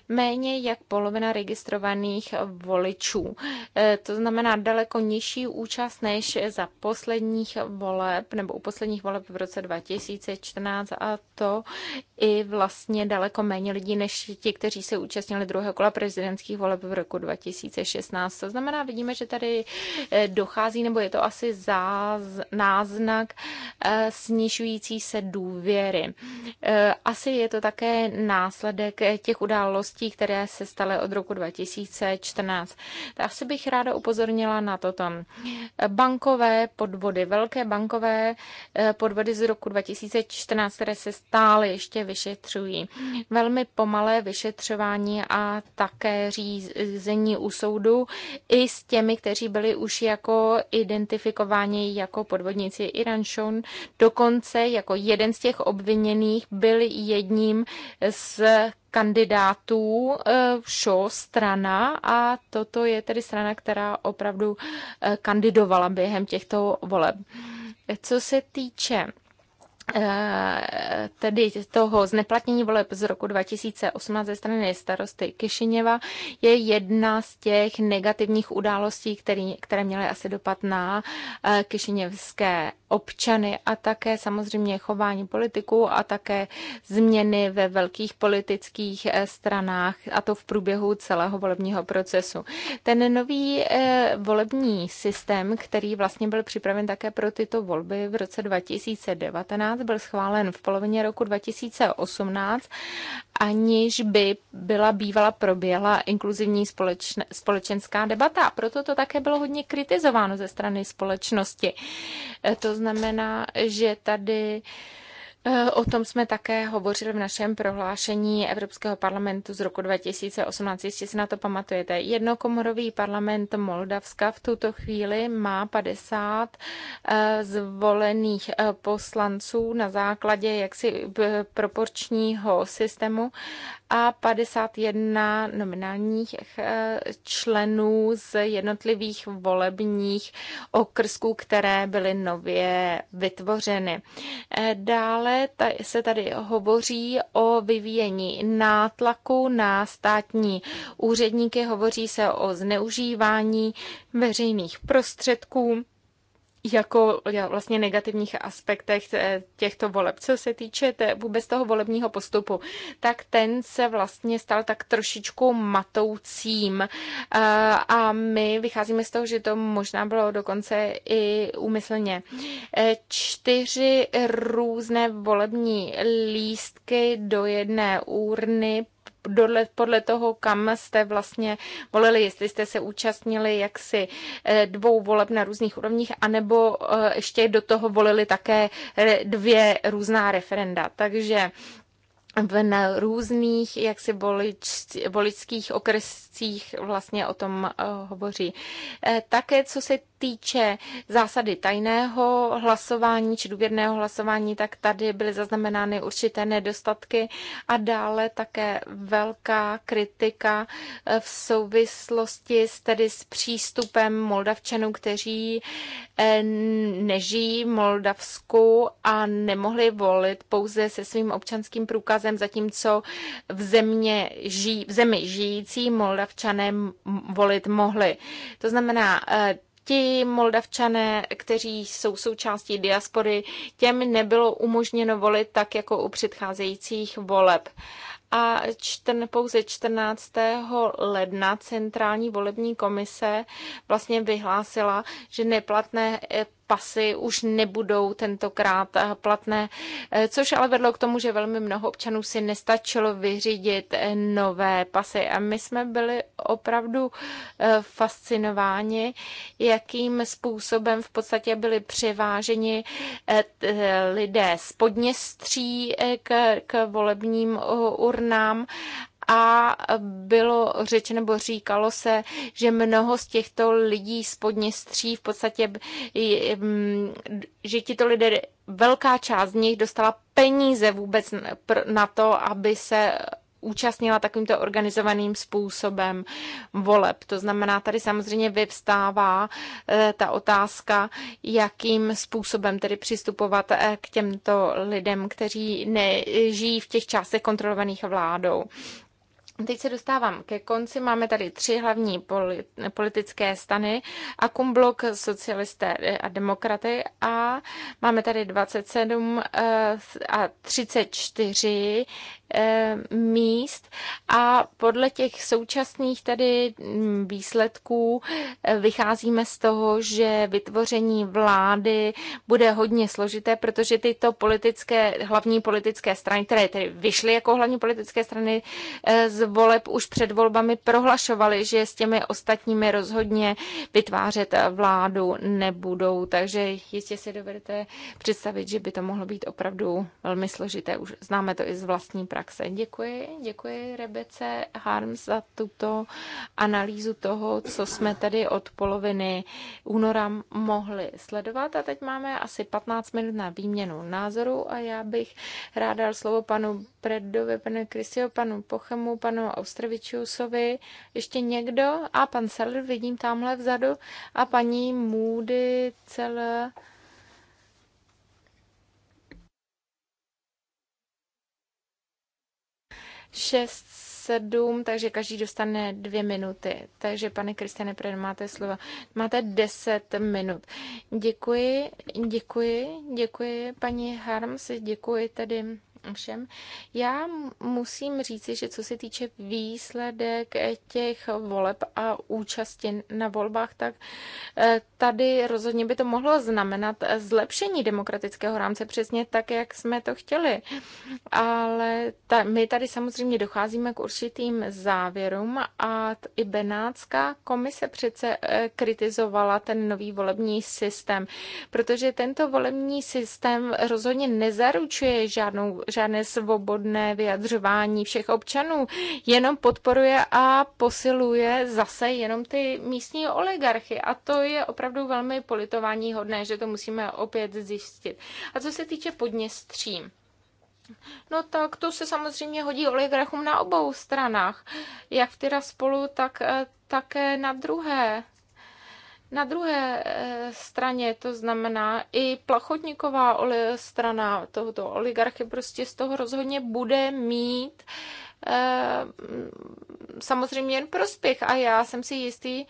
méně jak polovina registrovaných voličů, eh, to znamená daleko nižší účast než za posledních voleb nebo u posledních voleb v roce 2014 a to i vlastně daleko méně lidí než ti, kteří se účastnili druhého kola prezidentských voleb v roku 2016. To znamená, vidíme, že tady eh, dochází, nebo je to asi záz, náznak eh, snižující se důvěry. E, asi je to také následek těch událostí, které se staly od roku 2014. Asi bych ráda upozornila na toto. Bankové podvody, velké bankové e, podvody z roku 2014, které se stále ještě vyšetřují. Velmi pomalé vyšetřování a také řízení u soudu i s těmi, kteří byli už jako identifikováni jako podvodníci. Iran Shown, do Dokonce jako jeden z těch obviněných byl jedním z kandidátů šo eh, strana a toto je tedy strana, která opravdu eh, kandidovala během těchto voleb. Co se týče Eh, tedy toho zneplatnění voleb z roku 2018 ze strany starosty Kišiněva je jedna z těch negativních událostí, který, které měly asi dopad na eh, kišiněvské občany a také samozřejmě chování politiků a také změny ve velkých politických eh, stranách a to v průběhu celého volebního procesu. Ten nový volební systém, který vlastně byl připraven také pro tyto volby v roce 2019, 2017, byl schválen v polovině roku 2018, aniž by byla bývala proběhla inkluzivní společne, společenská debata. A proto to také bylo hodně kritizováno ze strany společnosti. E, to znamená, že tady O tom jsme také hovořili v našem prohlášení Evropského parlamentu z roku 2018, jestli si na to pamatujete. Jednokomorový parlament Moldavska v tuto chvíli má 50 eh, zvolených eh, poslanců na základě jaksi eh, proporčního systému a 51 nominálních eh, členů z jednotlivých volebních okrsků, které byly nově vytvořeny. Eh, dále se tady hovoří o vyvíjení nátlaku na státní úředníky, hovoří se o zneužívání veřejných prostředků jako vlastně negativních aspektech eh, těchto voleb. Co se týče vůbec toho volebního postupu, tak ten se vlastně stal tak trošičku matoucím eh, a my vycházíme z toho, že to možná bylo dokonce i úmyslně. Eh, čtyři různé volební lístky do jedné urny podle, podle toho, kam jste vlastně volili, jestli jste se účastnili jaksi eh, dvou voleb na různých úrovních, anebo eh, ještě do toho volili také eh, dvě různá referenda. Takže v, na různých jaksi bolič, boličských okrescích vlastně o tom uh, hovoří. Eh, také co se týče zásady tajného hlasování či důvěrného hlasování, tak tady byly zaznamenány určité nedostatky a dále také velká kritika eh, v souvislosti s, tedy s přístupem Moldavčanů, kteří nežijí v Moldavsku a nemohli volit pouze se svým občanským průkazem důkazem, zatímco v, země žijí, v zemi žijící moldavčané volit mohli. To znamená, eh, ti moldavčané, kteří jsou součástí diaspory, těm nebylo umožněno volit tak jako u předcházejících voleb. A čtern, pouze 14. ledna centrální volební komise vlastně vyhlásila, že neplatné eh, pasy už nebudou tentokrát eh, platné, eh, což ale vedlo k tomu, že velmi mnoho občanů si nestačilo vyřídit eh, nové pasy. A my jsme byli opravdu fascinováni, jakým způsobem v podstatě byli přiváženi lidé z Podněstří k, k volebním urnám a bylo řečeno nebo říkalo se, že mnoho z těchto lidí z Podněstří v podstatě, že tito lidé, velká část z nich dostala peníze vůbec na to, aby se účastnila takovýmto organizovaným způsobem voleb. To znamená, tady samozřejmě vyvstává e, ta otázka, jakým způsobem tedy přistupovat e, k těmto lidem, kteří nežijí v těch částech kontrolovaných vládou. Teď se dostávám ke konci. Máme tady tři hlavní politické stany. Akumblok, socialisté eh, a demokraty a máme tady 27 eh, a 34 Eh, míst a podle těch současných tady mm, výsledků eh, vycházíme z toho, že vytvoření vlády bude hodně složité, protože tyto politické, hlavní politické strany, které tedy vyšly jako hlavní politické strany eh, z voleb už před volbami, prohlašovaly, že s těmi ostatními rozhodně vytvářet vládu nebudou. Takže jistě si dovedete představit, že by to mohlo být opravdu velmi složité. Už známe to i z vlastní praxe. Děkuji, děkuji Rebece Harms za tuto analýzu toho, co jsme tady od poloviny února mohli sledovat. A teď máme asi 15 minut na výměnu názoru a já bych ráda dal slovo panu Predovi, panu Kristio, panu Pochemu, panu Austrovičusovi. Ještě někdo? A pan Seller vidím tamhle vzadu. A paní Moody celé 6, 7, takže každý dostane dvě minuty. Takže, pane Kristiane, prý máte slovo. Máte 10 minut. Děkuji, děkuji, děkuji, paní Harms, děkuji tedy všem. Já musím říci, že co se týče výsledek těch voleb a účasti na volbách, tak eh, tady rozhodně by to mohlo znamenat zlepšení demokratického rámce přesně tak, jak jsme to chtěli. Ale ta, my tady samozřejmě docházíme k určitým závěrům a i Benátská komise přece eh, kritizovala ten nový volební systém, protože tento volební systém rozhodně nezaručuje žádnou žádné svobodné vyjadřování všech občanů, jenom podporuje a posiluje zase jenom ty místní oligarchy. A to je opravdu velmi politování hodné, že to musíme opět zjistit. A co se týče podněstří, No tak to se samozřejmě hodí oligarchům na obou stranách, jak v spolu, tak eh, také na druhé na druhé eh, straně to znamená, i plachotníková strana tohoto oligarchy prostě z toho rozhodně bude mít eh, samozřejmě jen prospěch a já jsem si jistý,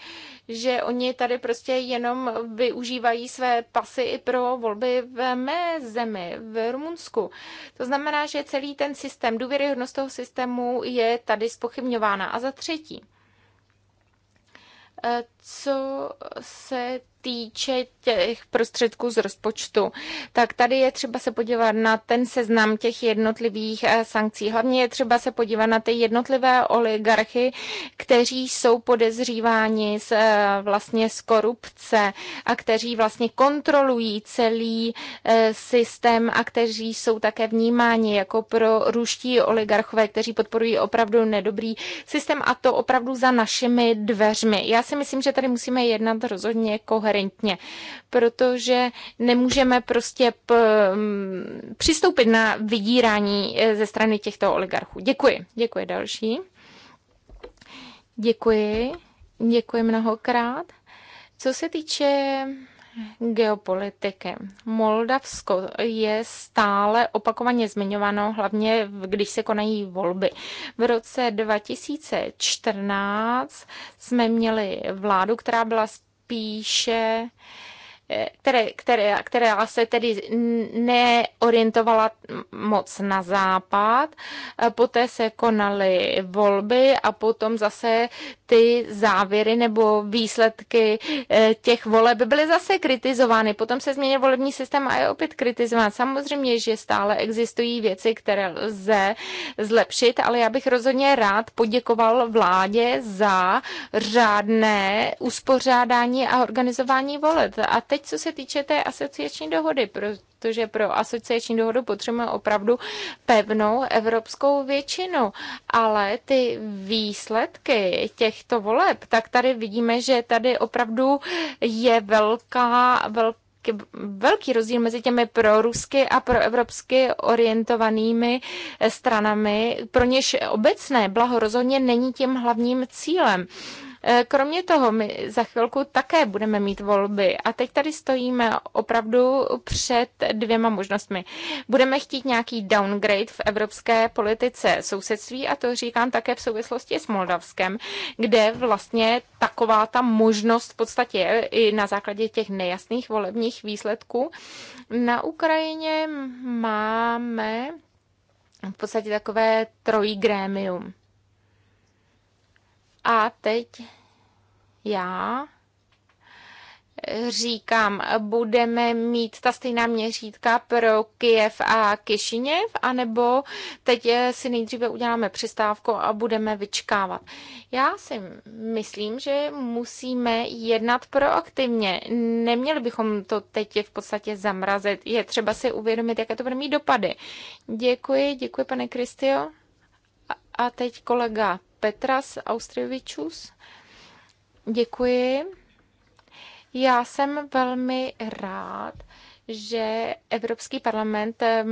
že oni tady prostě jenom využívají své pasy i pro volby v mé zemi, v Rumunsku. To znamená, že celý ten systém, důvěryhodnost toho systému je tady spochybňována. A za třetí, Eh, co se týče těch prostředků z rozpočtu, tak tady je třeba se podívat na ten seznam těch jednotlivých eh, sankcí. Hlavně je třeba se podívat na ty jednotlivé oligarchy, kteří jsou podezříváni z, eh, vlastně z korupce a kteří vlastně kontrolují celý eh, systém a kteří jsou také vnímáni jako pro ruští oligarchové, kteří podporují opravdu nedobrý systém a to opravdu za našimi dveřmi. Já si myslím, že tady musíme jednat rozhodně koherentně koherentně, protože nemůžeme prostě přistoupit na vydírání eh, ze strany těchto oligarchů. Děkuji. Děkuji další. Děkuji. Děkuji mnohokrát. Co se týče geopolitiky. Moldavsko je stále opakovaně zmiňováno, hlavně když se konají volby. V roce 2014 jsme měli vládu, která byla spíše eh, které, které, která se tedy neorientovala moc na západ. Poté se konaly volby a potom zase ty závěry nebo výsledky eh, těch voleb byly zase kritizovány. Potom se změnil volební systém a je opět kritizován. Samozřejmě, že stále existují věci, které lze zlepšit, ale já bych rozhodně rád poděkoval vládě za řádné uspořádání a organizování voleb. A teď, co se týče té asociační dohody, protože pro asociační dohodu potřebujeme opravdu pevnou evropskou většinu. Ale ty výsledky těchto voleb, tak tady vidíme, že tady opravdu je velká, velká velký rozdíl mezi těmi prorusky a proevropsky orientovanými stranami, pro něž obecné blaho rozhodně není tím hlavním cílem. Eh, kromě toho, my za chvilku také budeme mít volby a teď tady stojíme opravdu před dvěma možnostmi. Budeme chtít nějaký downgrade v evropské politice sousedství a to říkám také v souvislosti s Moldavskem, kde vlastně taková ta možnost v podstatě je i na základě těch nejasných volebních výsledků. Na Ukrajině máme v podstatě takové trojí grémium. A teď já říkám, budeme mít ta stejná měřítka pro Kiev a Kišiněv, anebo teď si nejdříve uděláme přestávku a budeme vyčkávat. Já si myslím, že musíme jednat proaktivně. Neměli bychom to teď v podstatě zamrazit. Je třeba si uvědomit, jaké to bude mít dopady. Děkuji, děkuji pane Kristio. A teď kolega Petras Austrievičus. Děkuji. Já jsem velmi rád, že Evropský parlament eh,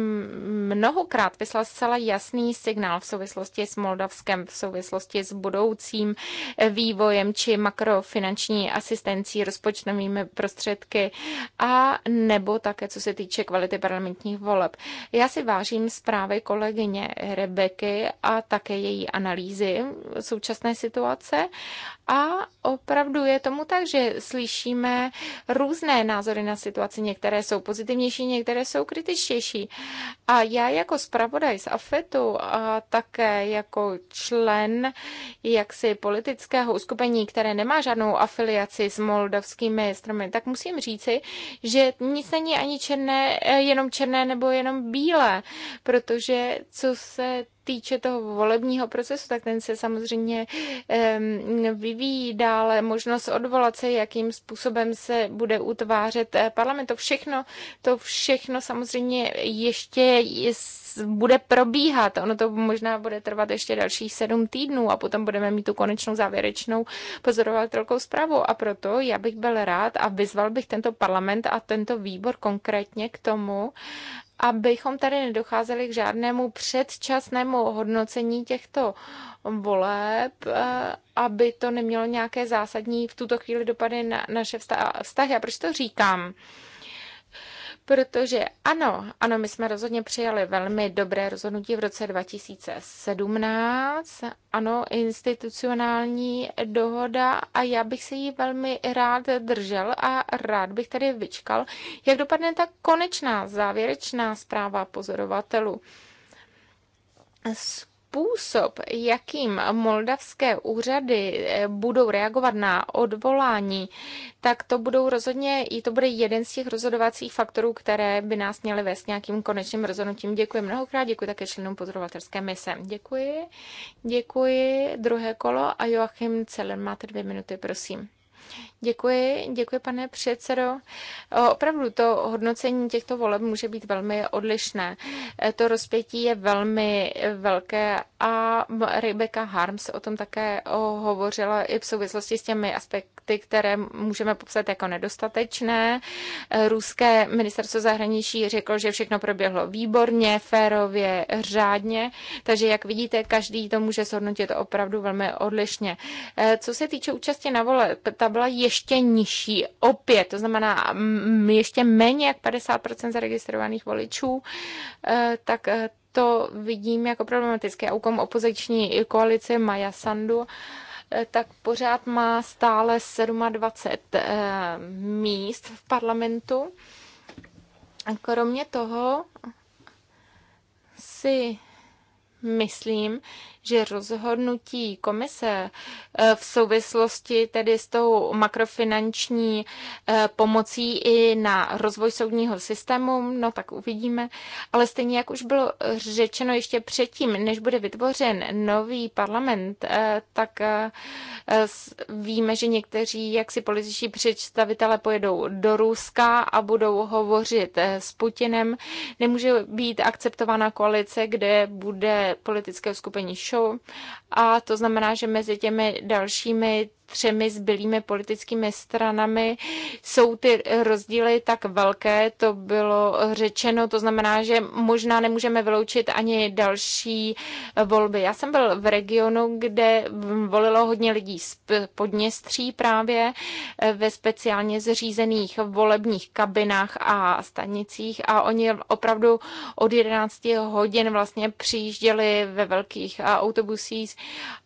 mnohokrát vyslal zcela jasný signál v souvislosti s Moldavskem, v souvislosti s budoucím eh, vývojem či makrofinanční asistencí, rozpočtovými prostředky a nebo také co se týče kvality parlamentních voleb. Já si vážím zprávy kolegyně Rebeky a také její analýzy současné situace a opravdu je tomu tak, že slyšíme různé názory na situaci. Některé jsou pozitivnější, některé jsou kritičtější. A já jako zpravodaj z AFETu a také jako člen jaksi politického uskupení, které nemá žádnou afiliaci s moldavskými stromy, tak musím říci, že nic není ani černé, jenom černé nebo jenom bílé, protože co se týče toho volebního procesu, tak ten se samozřejmě vyvíjí dále. Možnost odvolat se, jakým způsobem se bude utvářet eh, parlament. To všechno, to všechno samozřejmě ještě bude probíhat. Ono to možná bude trvat ještě dalších sedm týdnů a potom budeme mít tu konečnou závěrečnou pozorovatelkou zprávu. A proto já bych byl rád a vyzval bych tento parlament a tento výbor konkrétně k tomu, abychom tady nedocházeli k žádnému předčasnému hodnocení těchto voleb, eh, aby to nemělo nějaké zásadní v tuto chvíli dopady na naše vztahy. A proč to říkám? protože ano, ano, my jsme rozhodně přijali velmi dobré rozhodnutí v roce 2017, ano, institucionální dohoda a já bych se jí velmi rád držel a rád bych tady vyčkal, jak dopadne ta konečná závěrečná zpráva pozorovatelů způsob, jakým moldavské úřady eh, budou reagovat na odvolání, tak to budou rozhodně, i to bude jeden z těch rozhodovacích faktorů, které by nás měly vést nějakým konečným rozhodnutím. Děkuji mnohokrát, děkuji také členům pozorovatelské mise. Děkuji, děkuji, druhé kolo a Joachim Celer, máte dvě minuty, prosím. Děkuji, děkuji pane předsedo. Opravdu to hodnocení těchto voleb může být velmi odlišné. E, to rozpětí je velmi velké a Rebecca Harms o tom také hovořila i v souvislosti s těmi aspekty, které můžeme popsat jako nedostatečné. E, ruské ministerstvo zahraničí řeklo, že všechno proběhlo výborně, férově, řádně, takže jak vidíte, každý to může shodnotit opravdu velmi odlišně. E, co se týče účasti na voleb, ta byla ještě ještě nižší opět, to znamená ještě méně jak 50% zaregistrovaných voličů, eh, tak eh, to vidím jako problematické. A úkom opoziční koalice Maja Sandu, eh, tak pořád má stále 27 míst v parlamentu. A kromě toho si myslím, že rozhodnutí komise eh, v souvislosti tedy s tou makrofinanční eh, pomocí i na rozvoj soudního systému, no tak uvidíme, ale stejně jak už bylo řečeno ještě předtím, než bude vytvořen nový parlament, eh, tak víme, že někteří jaksi političní představitelé pojedou do Ruska a budou hovořit s Putinem. Nemůže být akceptována koalice, kde bude politické skupení show. a to znamená, že mezi těmi dalšími třemi zbylými politickými stranami jsou ty rozdíly tak velké, to bylo řečeno, to znamená, že možná nemůžeme vyloučit ani další volby. Já jsem byl v regionu, kde volilo hodně lidí z Podněstří právě ve speciálně zřízených volebních kabinách a stanicích a oni opravdu od 11 hodin vlastně přijížděli ve velkých autobusích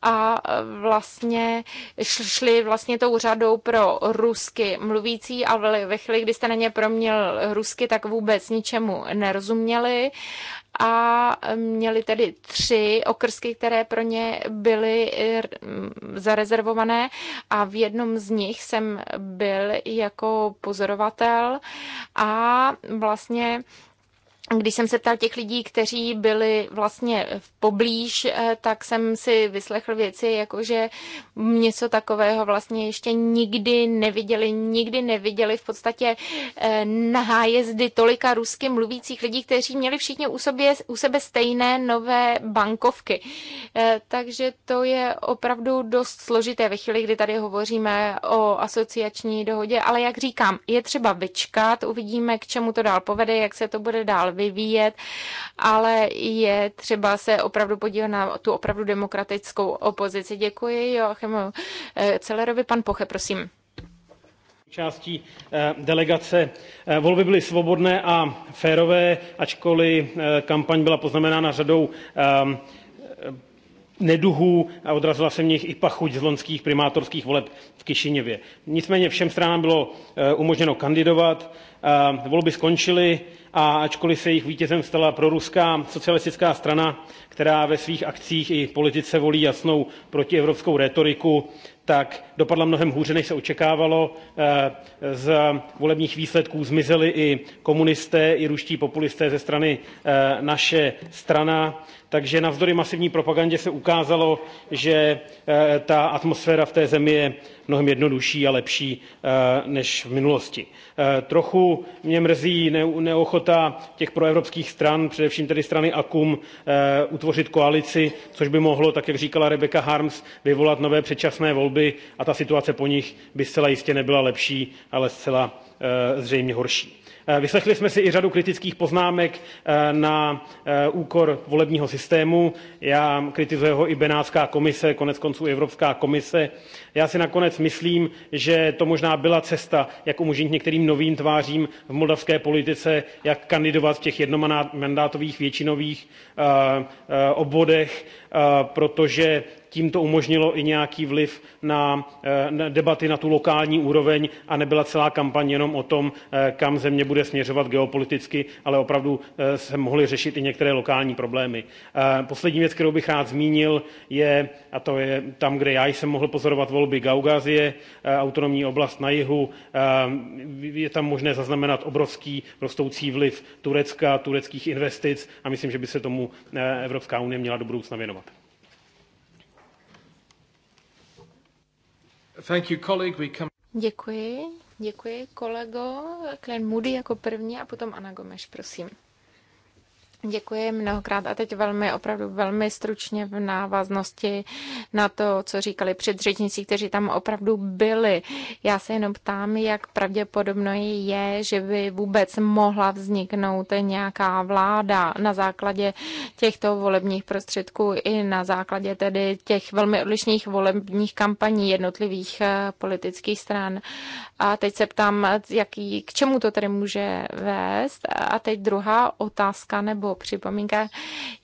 a vlastně šli šli vlastně tou řadou pro rusky mluvící a ve chvíli, kdy jste na ně proměl rusky, tak vůbec ničemu nerozuměli a měli tedy tři okrsky, které pro ně byly eh, zarezervované a v jednom z nich jsem byl jako pozorovatel a vlastně když jsem se ptal těch lidí, kteří byli vlastně v poblíž, eh, tak jsem si vyslechl věci, jako že něco takového vlastně ještě nikdy neviděli, nikdy neviděli v podstatě eh, nahájezdy tolika rusky mluvících lidí, kteří měli všichni u, sobě, u sebe stejné nové bankovky. Eh, takže to je opravdu dost složité ve chvíli, kdy tady hovoříme o asociační dohodě, ale jak říkám, je třeba vyčkat, uvidíme, k čemu to dál povede, jak se to bude dál vyvíjet, ale je třeba se opravdu podívat na tu opravdu demokratickou opozici. Děkuji Joachimu eh, Celerovi. Pan Poche, prosím částí eh, delegace. Eh, volby byly svobodné a férové, ačkoliv kampaň byla poznamenána řadou neduhů a odrazila se v nich i pachuť z lonských primátorských voleb v Kišiněvě. Nicméně všem stranám bylo eh, umožněno kandidovat, eh, volby skončily a ačkoliv se jejich vítězem stala proruská socialistická strana, která ve svých akcích i politice volí jasnou protievropskou retoriku, tak dopadla mnohem hůře, než se očekávalo. Eh, z volebních výsledků zmizeli i komunisté, i ruští populisté ze strany naše strana takže navzdory masivní propagandě se ukázalo, že eh, ta atmosféra v té zemi je mnohem jednodušší a lepší eh, než v minulosti. Eh, trochu mě mrzí neochota těch proevropských stran, především tedy strany AKUM, utvořit koalici, což by mohlo, tak jak říkala Rebecca Harms, vyvolat nové předčasné volby a ta situace po nich by zcela jistě nebyla lepší, ale zcela zřejmě horší. Eh, vyslechli jsme si i řadu kritických poznámek eh, na eh, úkor volebního systému. Já kritizuje ho i Benátská komise, konec konců i Evropská komise. Já si nakonec myslím, že to možná byla cesta, jak umožnit některým novým tvářím v moldavské politice, jak kandidovat v těch jednomandátových většinových obvodech, protože tím to umožnilo i nějaký vliv na, eh, na debaty na tu lokální úroveň a nebyla celá kampaň jenom o tom, eh, kam země bude směřovat geopoliticky, ale opravdu eh, se mohly řešit i některé lokální problémy. Poslední věc, kterou bych rád zmínil, je, a to je tam, kde já jsem mohl pozorovat volby Gaugazie, autonomní oblast na jihu, je tam možné zaznamenat obrovský rostoucí vliv Turecka, tureckých investic a myslím, že by se tomu Evropská unie měla do budoucna věnovat. Thank you, colleague. We come... Děkuji, děkuji kolego. Klen Moody jako první a potom Ana Gomes, prosím. Děkuji mnohokrát a teď velmi, opravdu velmi stručně v návaznosti na to, co říkali předřečníci, kteří tam opravdu byli. Já se jenom ptám, jak pravděpodobno je, že by vůbec mohla vzniknout nějaká vláda na základě těchto volebních prostředků i na základě tedy těch velmi odlišných volebních kampaní jednotlivých eh, politických stran. A teď se ptám, jaký, k čemu to tedy může vést. A teď druhá otázka nebo nebo připomínka,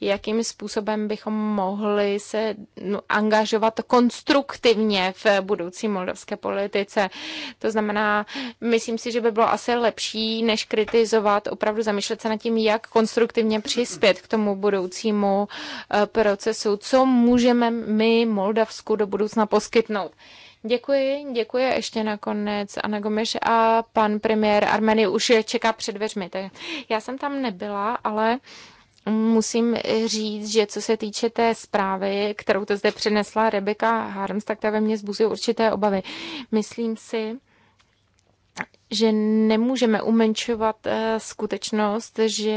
jakým způsobem bychom mohli se no, angažovat konstruktivně v budoucí moldavské politice. To znamená, myslím si, že by bylo asi lepší, než kritizovat, opravdu zamýšlet se nad tím, jak konstruktivně přispět k tomu budoucímu eh, procesu, co můžeme my Moldavsku do budoucna poskytnout. Děkuji, děkuji ještě nakonec Ana Gomeš a pan premiér Armeny už je čeká před dveřmi. Já jsem tam nebyla, ale musím říct, že co se týče té zprávy, kterou to zde přinesla Rebecca Harms, tak ta ve mně zbuzuje určité obavy. Myslím si, že nemůžeme umenšovat eh, skutečnost, že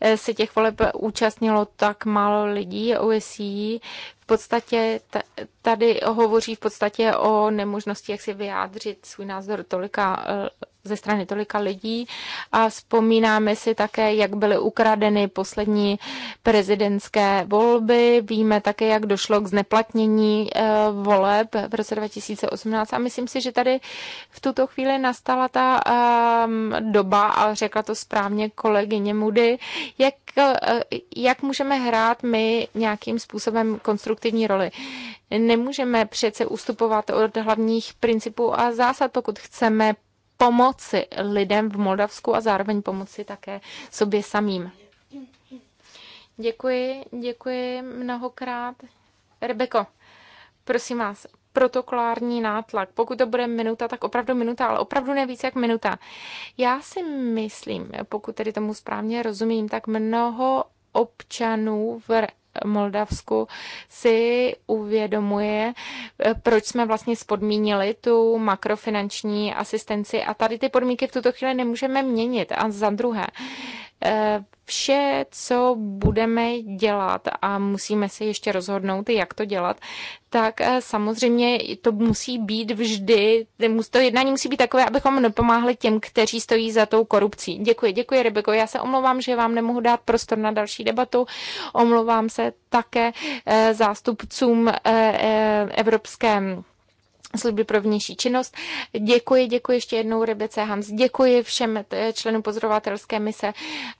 eh, se těch voleb účastnilo tak málo lidí. OSI v podstatě tady hovoří v podstatě o nemožnosti, jak si vyjádřit svůj názor tolika eh, ze strany tolika lidí a vzpomínáme si také, jak byly ukradeny poslední prezidentské volby. Víme také, jak došlo k zneplatnění eh, voleb v roce 2018 a myslím si, že tady v tuto chvíli nastala ta ehm, doba a řekla to správně kolegyně Mudy, jak, eh, jak můžeme hrát my nějakým způsobem konstruktivní roli. Nemůžeme přece ustupovat od hlavních principů a zásad, pokud chceme pomoci lidem v Moldavsku a zároveň pomoci také sobě samým. Děkuji, děkuji mnohokrát. Rebeko, prosím vás, protokolární nátlak. Pokud to bude minuta, tak opravdu minuta, ale opravdu nevíc jak minuta. Já si myslím, pokud tedy tomu správně rozumím, tak mnoho občanů v Moldavsku si uvědomuje, eh, proč jsme vlastně spodmínili tu makrofinanční asistenci a tady ty podmínky v tuto chvíli nemůžeme měnit. A za druhé, Eh, vše, co budeme dělat a musíme se ještě rozhodnout, jak to dělat, tak eh, samozřejmě to musí být vždy, to jednání musí být takové, abychom nepomáhli těm, kteří stojí za tou korupcí. Děkuji, děkuji Rebeko. Já se omlouvám, že vám nemohu dát prostor na další debatu. Omlouvám se také eh, zástupcům Evropské služby pro vnější činnost. Děkuji, děkuji ještě jednou Rebece Hams, děkuji všem eh, členům pozorovatelské mise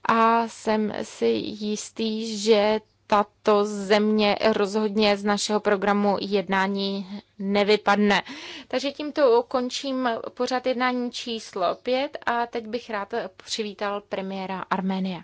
a jsem si jistý, že tato země rozhodně z našeho programu jednání nevypadne. Takže tímto končím pořad jednání číslo 5 a teď bych rád přivítal premiéra Arménie.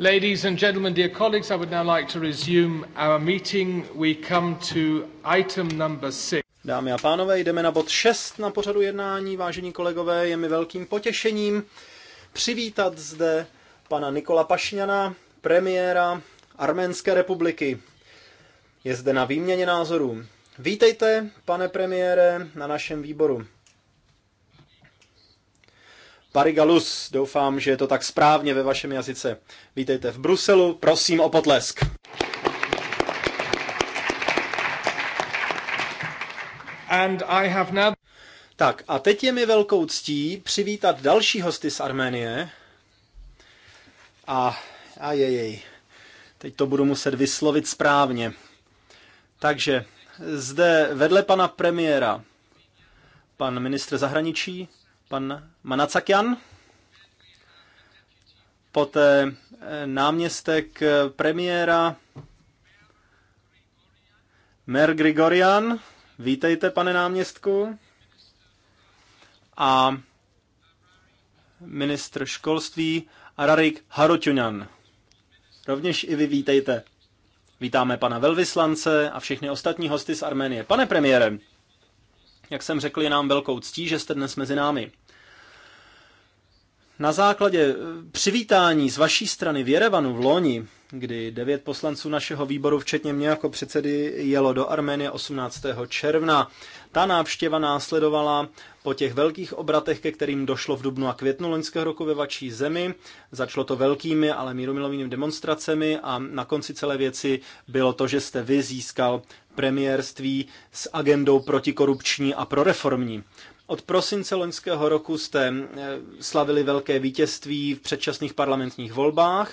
Ladies and gentlemen, dear colleagues, I would now like to resume our meeting. We come to item number six. Dámy a pánové, jdeme na bod 6 na pořadu jednání. Vážení kolegové, je mi velkým potěšením přivítat zde pana Nikola Pašňana, premiéra Arménské republiky. Je zde na výměně názorů. Vítejte, pane premiére, na našem výboru. Parigalus. Doufám, že je to tak správně ve vašem jazyce. Vítejte v Bruselu, prosím o potlesk. And I have now... Tak a teď je mi velkou ctí přivítat další hosty z Arménie. A, a jejej, teď to budu muset vyslovit správně. Takže zde vedle pana premiéra pan ministr zahraničí pan Manacakian, poté eh, náměstek eh, premiéra Mer Grigorian, vítejte pane náměstku, a ministr školství Ararik Haroťuňan. Rovněž i vy vítejte. Vítáme pana velvyslance a všechny ostatní hosty z Arménie. Pane premiére, jak jsem řekl, je nám velkou ctí, že jste dnes mezi námi na základě eh, přivítání z vaší strany v Jerevanu v loni, kdy devět poslanců našeho výboru, včetně mě jako předsedy, jelo do Arménie 18. června. Ta návštěva následovala po těch velkých obratech, ke kterým došlo v dubnu a květnu loňského roku ve vaší zemi. Začalo to velkými, ale mírumilovými demonstracemi a na konci celé věci bylo to, že jste vy získal premiérství s agendou protikorupční a proreformní. Od prosince loňského roku jste eh, slavili velké vítězství v předčasných parlamentních volbách.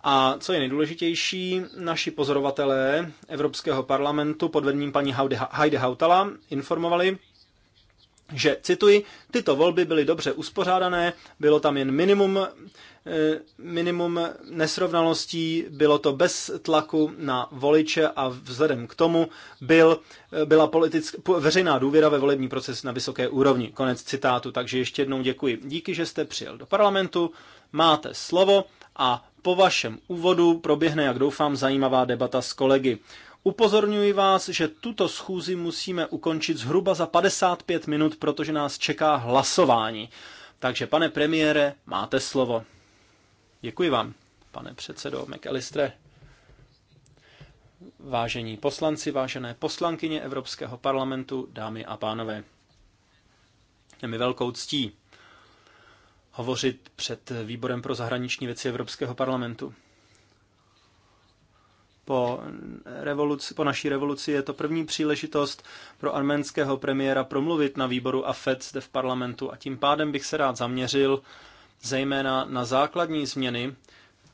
A co je nejdůležitější, naši pozorovatelé Evropského parlamentu pod vedením paní Heide Hautala informovali, že, cituji, tyto volby byly dobře uspořádané, bylo tam jen minimum Eh, minimum nesrovnalostí, bylo to bez tlaku na voliče a vzhledem k tomu byl, eh, byla politick, veřejná důvěra ve volební proces na vysoké úrovni. Konec citátu, takže ještě jednou děkuji. Díky, že jste přijel do parlamentu, máte slovo a po vašem úvodu proběhne, jak doufám, zajímavá debata s kolegy. Upozorňuji vás, že tuto schůzi musíme ukončit zhruba za 55 minut, protože nás čeká hlasování. Takže pane premiére, máte slovo. Děkuji vám, pane předsedo McAllistre. Vážení poslanci, vážené poslankyně Evropského parlamentu, dámy a pánové. Je mi velkou ctí hovořit před výborem pro zahraniční věci Evropského parlamentu. Po, revoluci, po naší revoluci je to první příležitost pro arménského premiéra promluvit na výboru AFED zde v parlamentu a tím pádem bych se rád zaměřil zejména na základní změny,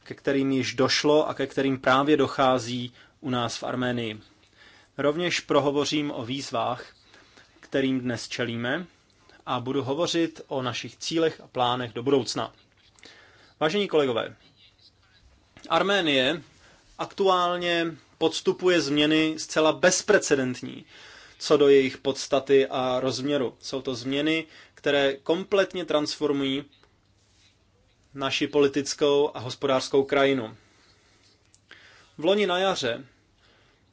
ke kterým již došlo a ke kterým právě dochází u nás v Arménii. Rovněž prohovořím o výzvách, kterým dnes čelíme a budu hovořit o našich cílech a plánech do budoucna. Vážení kolegové, Arménie aktuálně podstupuje změny zcela bezprecedentní co do jejich podstaty a rozměru. Jsou to změny, které kompletně transformují naši politickou a hospodářskou krajinu. V loni na jaře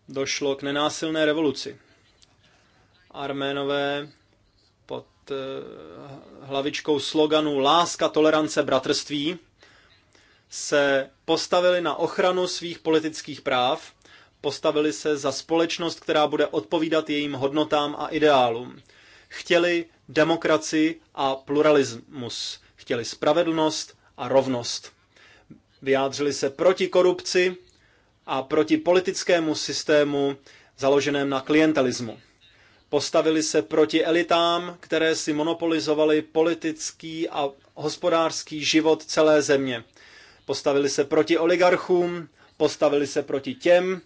došlo k nenásilné revoluci. Arménové pod eh, hlavičkou sloganu Láska, tolerance, bratrství se postavili na ochranu svých politických práv, postavili se za společnost, která bude odpovídat jejím hodnotám a ideálům. Chtěli demokracii a pluralismus. Chtěli spravedlnost a rovnost. Vyjádřili se proti korupci a proti politickému systému založeném na klientelismu. Postavili se proti elitám, které si monopolizovaly politický a hospodářský život celé země. Postavili se proti oligarchům, postavili se proti těm,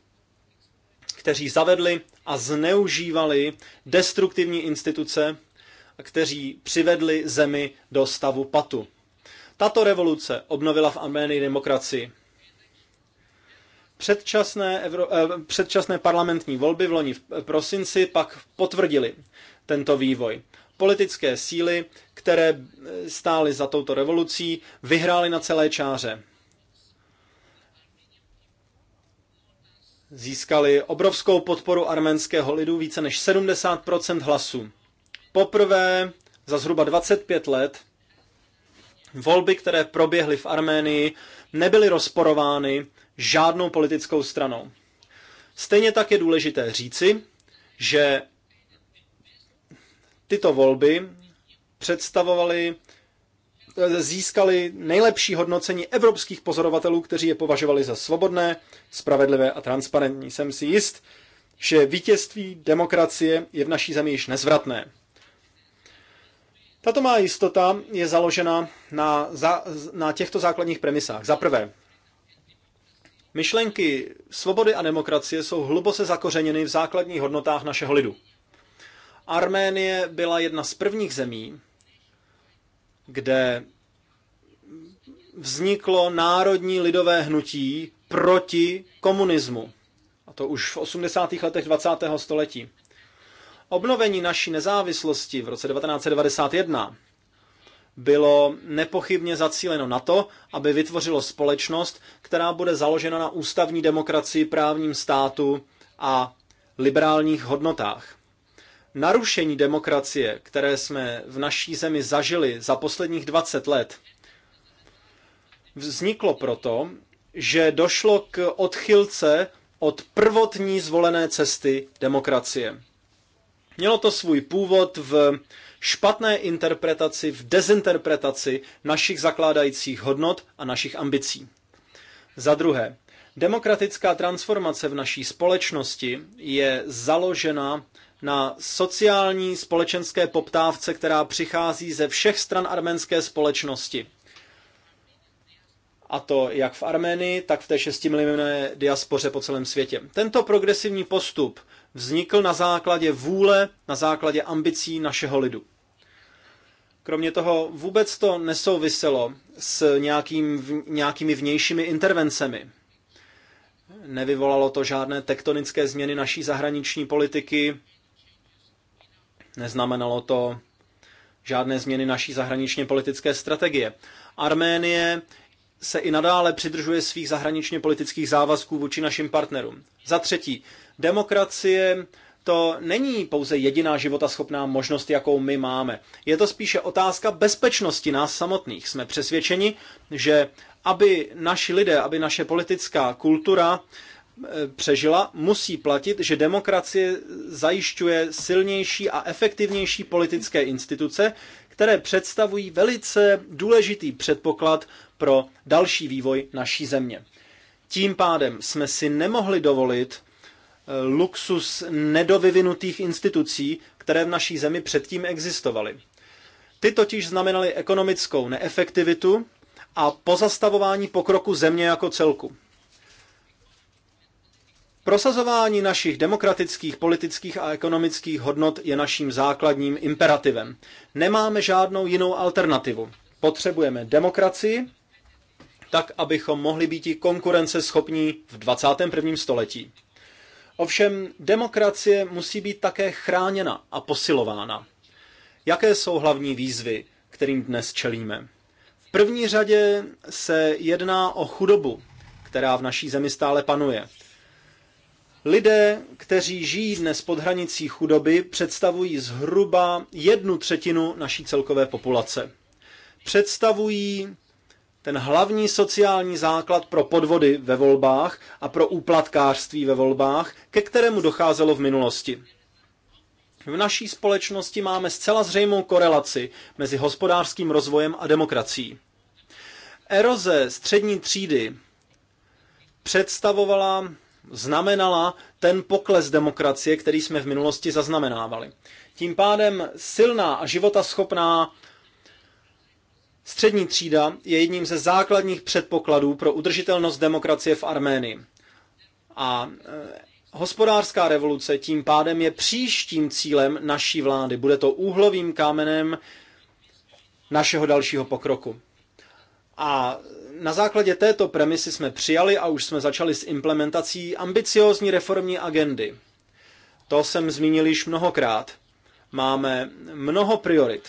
kteří zavedli a zneužívali destruktivní instituce, kteří přivedli zemi do stavu patu. Tato revoluce obnovila v Arménii demokracii. Předčasné, evro, eh, předčasné parlamentní volby v loni v prosinci pak potvrdili tento vývoj. Politické síly, které eh, stály za touto revolucí, vyhrály na celé čáře. Získali obrovskou podporu arménského lidu více než 70 hlasů. Poprvé za zhruba 25 let Volby, které proběhly v Arménii, nebyly rozporovány žádnou politickou stranou. Stejně tak je důležité říci, že tyto volby představovaly získali nejlepší hodnocení evropských pozorovatelů, kteří je považovali za svobodné, spravedlivé a transparentní. Jsem si jist, že vítězství demokracie je v naší zemi již nezvratné. Tato má jistota je založena na, za, na těchto základních premisách. Za prvé, myšlenky svobody a demokracie jsou hluboce zakořeněny v základních hodnotách našeho lidu. Arménie byla jedna z prvních zemí, kde vzniklo národní lidové hnutí proti komunismu. A to už v 80. letech 20. století. Obnovení naší nezávislosti v roce 1991 bylo nepochybně zacíleno na to, aby vytvořilo společnost, která bude založena na ústavní demokracii, právním státu a liberálních hodnotách. Narušení demokracie, které jsme v naší zemi zažili za posledních 20 let, vzniklo proto, že došlo k odchylce od prvotní zvolené cesty demokracie. Mělo to svůj původ v špatné interpretaci, v dezinterpretaci našich zakládajících hodnot a našich ambicí. Za druhé, demokratická transformace v naší společnosti je založena na sociální společenské poptávce, která přichází ze všech stran arménské společnosti. A to jak v Arménii, tak v té 6 milionové diaspoře po celém světě. Tento progresivní postup vznikl na základě vůle, na základě ambicí našeho lidu. Kromě toho vůbec to nesouviselo s nějakým, nějakými vnějšími intervencemi. Nevyvolalo to žádné tektonické změny naší zahraniční politiky, neznamenalo to žádné změny naší zahraničně politické strategie. Arménie se i nadále přidržuje svých zahraničně politických závazků vůči našim partnerům. Za třetí, Demokracie to není pouze jediná životaschopná možnost, jakou my máme. Je to spíše otázka bezpečnosti nás samotných. Jsme přesvědčeni, že aby naši lidé, aby naše politická kultura e, přežila, musí platit, že demokracie zajišťuje silnější a efektivnější politické instituce, které představují velice důležitý předpoklad pro další vývoj naší země. Tím pádem jsme si nemohli dovolit luxus nedovyvinutých institucí, které v naší zemi předtím existovaly. Ty totiž znamenaly ekonomickou neefektivitu a pozastavování pokroku země jako celku. Prosazování našich demokratických, politických a ekonomických hodnot je naším základním imperativem. Nemáme žádnou jinou alternativu. Potřebujeme demokracii, tak abychom mohli být i konkurenceschopní v 21. století. Ovšem demokracie musí být také chráněna a posilována. Jaké jsou hlavní výzvy, kterým dnes čelíme? V první řadě se jedná o chudobu, která v naší zemi stále panuje. Lidé, kteří žijí dnes pod hranicí chudoby, představují zhruba jednu třetinu naší celkové populace. Představují ten hlavní sociální základ pro podvody ve volbách a pro úplatkářství ve volbách, ke kterému docházelo v minulosti. V naší společnosti máme zcela zřejmou korelaci mezi hospodářským rozvojem a demokracií. Eroze střední třídy představovala, znamenala ten pokles demokracie, který jsme v minulosti zaznamenávali. Tím pádem silná a životaschopná Střední třída je jedním ze základních předpokladů pro udržitelnost demokracie v Arménii. A eh, hospodářská revoluce tím pádem je příštím cílem naší vlády. Bude to úhlovým kámenem našeho dalšího pokroku. A na základě této premisy jsme přijali a už jsme začali s implementací ambiciózní reformní agendy. To jsem zmínil již mnohokrát. Máme mnoho priorit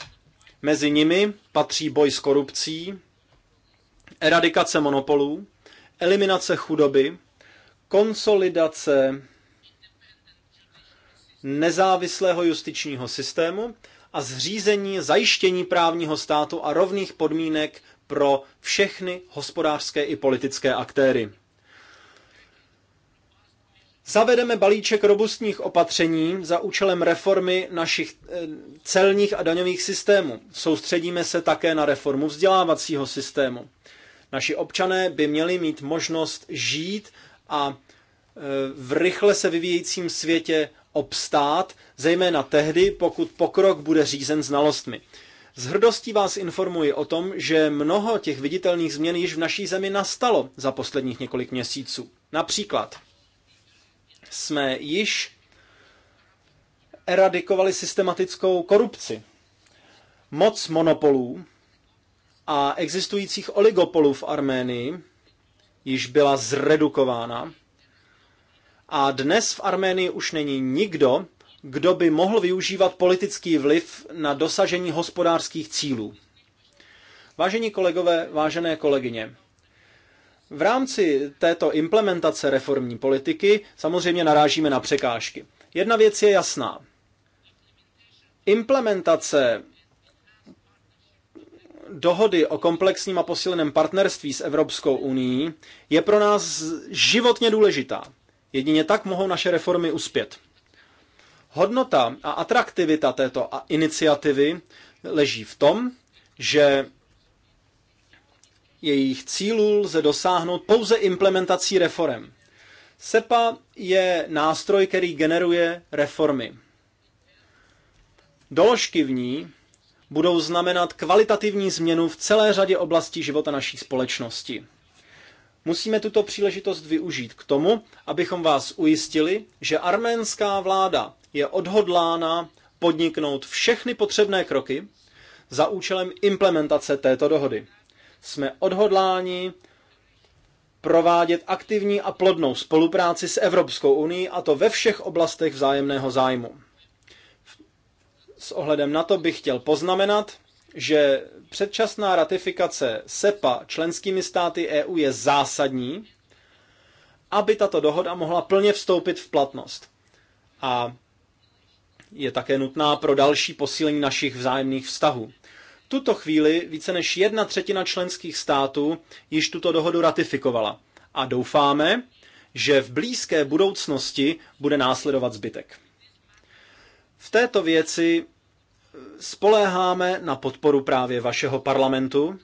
Mezi nimi patří boj s korupcí, eradikace monopolů, eliminace chudoby, konsolidace nezávislého justičního systému a zřízení zajištění právního státu a rovných podmínek pro všechny hospodářské i politické aktéry. Zavedeme balíček robustních opatření za účelem reformy našich eh, celních a daňových systémů. Soustředíme se také na reformu vzdělávacího systému. Naši občané by měli mít možnost žít a eh, v rychle se vyvíjejícím světě obstát, zejména tehdy, pokud pokrok bude řízen znalostmi. S hrdostí vás informuji o tom, že mnoho těch viditelných změn již v naší zemi nastalo za posledních několik měsíců. Například jsme již eradikovali systematickou korupci. Moc monopolů a existujících oligopolů v Arménii již byla zredukována a dnes v Arménii už není nikdo, kdo by mohl využívat politický vliv na dosažení hospodářských cílů. Vážení kolegové, vážené kolegyně, v rámci této implementace reformní politiky samozřejmě narážíme na překážky. Jedna věc je jasná. Implementace dohody o komplexním a posíleném partnerství s Evropskou unii je pro nás životně důležitá. Jedině tak mohou naše reformy uspět. Hodnota a atraktivita této iniciativy leží v tom, že jejich cílů lze dosáhnout pouze implementací reform. SEPA je nástroj, který generuje reformy. Doložky v ní budou znamenat kvalitativní změnu v celé řadě oblastí života naší společnosti. Musíme tuto příležitost využít k tomu, abychom vás ujistili, že arménská vláda je odhodlána podniknout všechny potřebné kroky za účelem implementace této dohody jsme odhodláni provádět aktivní a plodnou spolupráci s Evropskou unii a to ve všech oblastech vzájemného zájmu. S ohledem na to bych chtěl poznamenat, že předčasná ratifikace SEPA členskými státy EU je zásadní, aby tato dohoda mohla plně vstoupit v platnost. A je také nutná pro další posílení našich vzájemných vztahů tuto chvíli více než jedna třetina členských států již tuto dohodu ratifikovala a doufáme, že v blízké budoucnosti bude následovat zbytek. V této věci eh, spoléháme na podporu právě vašeho parlamentu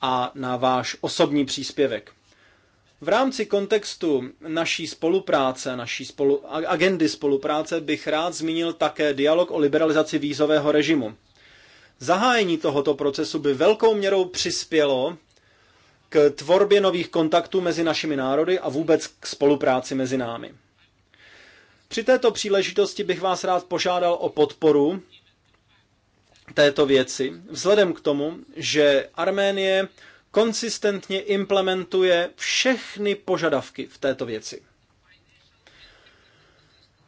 a na váš osobní příspěvek. V rámci kontextu naší spolupráce, naší spolu, agendy spolupráce bych rád zmínil také dialog o liberalizaci vízového režimu. Zahájení tohoto procesu by velkou měrou přispělo k tvorbě nových kontaktů mezi našimi národy a vůbec k spolupráci mezi námi. Při této příležitosti bych vás rád požádal o podporu této věci, vzhledem k tomu, že Arménie konsistentně implementuje všechny požadavky v této věci.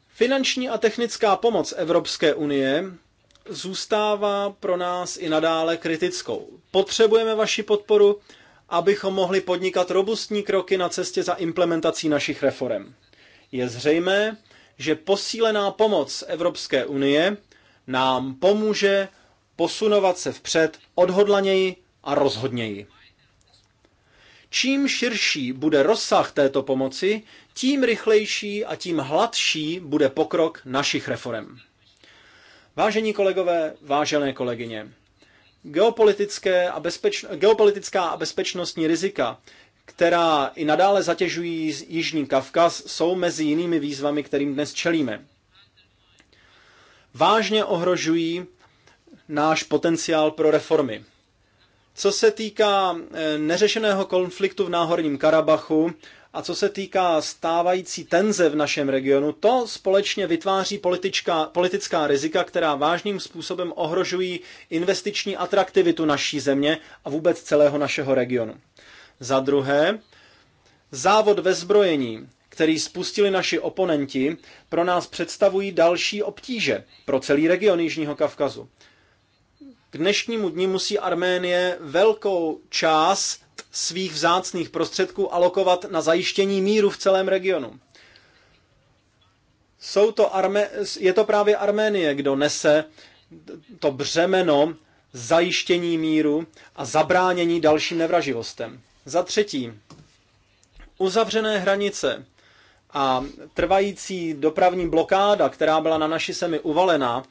Finanční a technická pomoc Evropské unie zůstává pro nás i nadále kritickou. Potřebujeme vaši podporu, abychom mohli podnikat robustní kroky na cestě za implementací našich reform. Je zřejmé, že posílená pomoc Evropské unie nám pomůže posunovat se vpřed odhodlaněji a rozhodněji. Čím širší bude rozsah této pomoci, tím rychlejší a tím hladší bude pokrok našich reform. Vážení kolegové, vážené kolegyně, geopolitické a bezpečno, geopolitická a bezpečnostní rizika, která i nadále zatěžují Jižní Kavkaz, jsou mezi jinými výzvami, kterým dnes čelíme. Vážně ohrožují náš potenciál pro reformy. Co se týká eh, neřešeného konfliktu v Náhorním Karabachu a co se týká stávající tenze v našem regionu, to společně vytváří politička, politická rizika, která vážným způsobem ohrožují investiční atraktivitu naší země a vůbec celého našeho regionu. Za druhé, závod ve zbrojení, který spustili naši oponenti, pro nás představují další obtíže pro celý region Jižního Kavkazu. K dnešnímu dni musí Arménie velkou část svých vzácných prostředků alokovat na zajištění míru v celém regionu. Jsou to Arme- je to právě Arménie, kdo nese to břemeno zajištění míru a zabránění dalším nevraživostem. Za třetí, uzavřené hranice a trvající dopravní blokáda, která byla na naši semi uvalená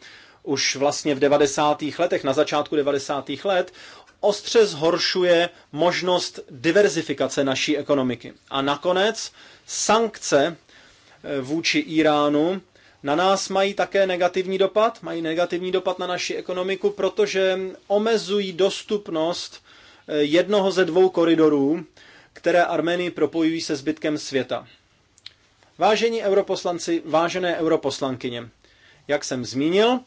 už vlastně v 90. letech, na začátku 90. let, ostře zhoršuje možnost diverzifikace naší ekonomiky. A nakonec sankce eh, vůči Iránu na nás mají také negativní dopad, mají negativní dopad na naši ekonomiku, protože omezují dostupnost eh, jednoho ze dvou koridorů, které Armenii propojují se zbytkem světa. Vážení europoslanci, vážené europoslankyně, jak jsem zmínil,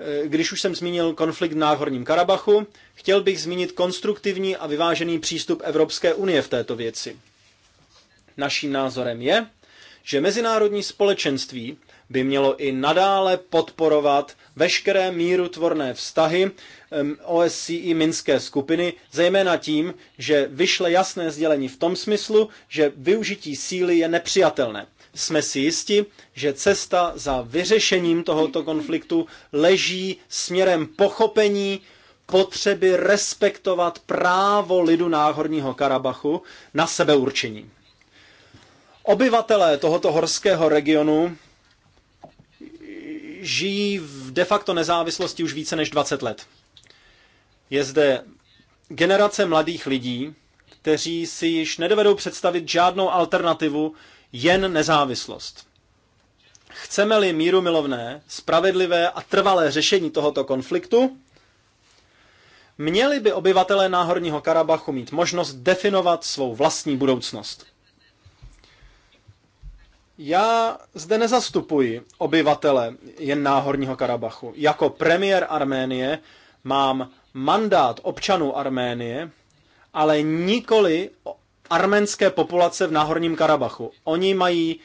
Eh, když už jsem zmínil konflikt v Náhorním Karabachu, chtěl bych zmínit konstruktivní a vyvážený přístup Evropské unie v této věci. Naším názorem je, že mezinárodní společenství by mělo i nadále podporovat veškeré mírutvorné vztahy OSCE Minské skupiny, zejména tím, že vyšle jasné sdělení v tom smyslu, že využití síly je nepřijatelné jsme si jisti, že cesta za vyřešením tohoto konfliktu leží směrem pochopení potřeby respektovat právo lidu Náhorního Karabachu na sebeurčení. Obyvatelé tohoto horského regionu žijí v de facto nezávislosti už více než 20 let. Je zde generace mladých lidí, kteří si již nedovedou představit žádnou alternativu jen nezávislost. Chceme-li míru milovné, spravedlivé a trvalé řešení tohoto konfliktu, měli by obyvatelé Náhorního Karabachu mít možnost definovat svou vlastní budoucnost. Já zde nezastupuji obyvatele jen Náhorního Karabachu. Jako premiér Arménie mám mandát občanů Arménie, ale nikoli arménské populace v Náhorním Karabachu. Oni mají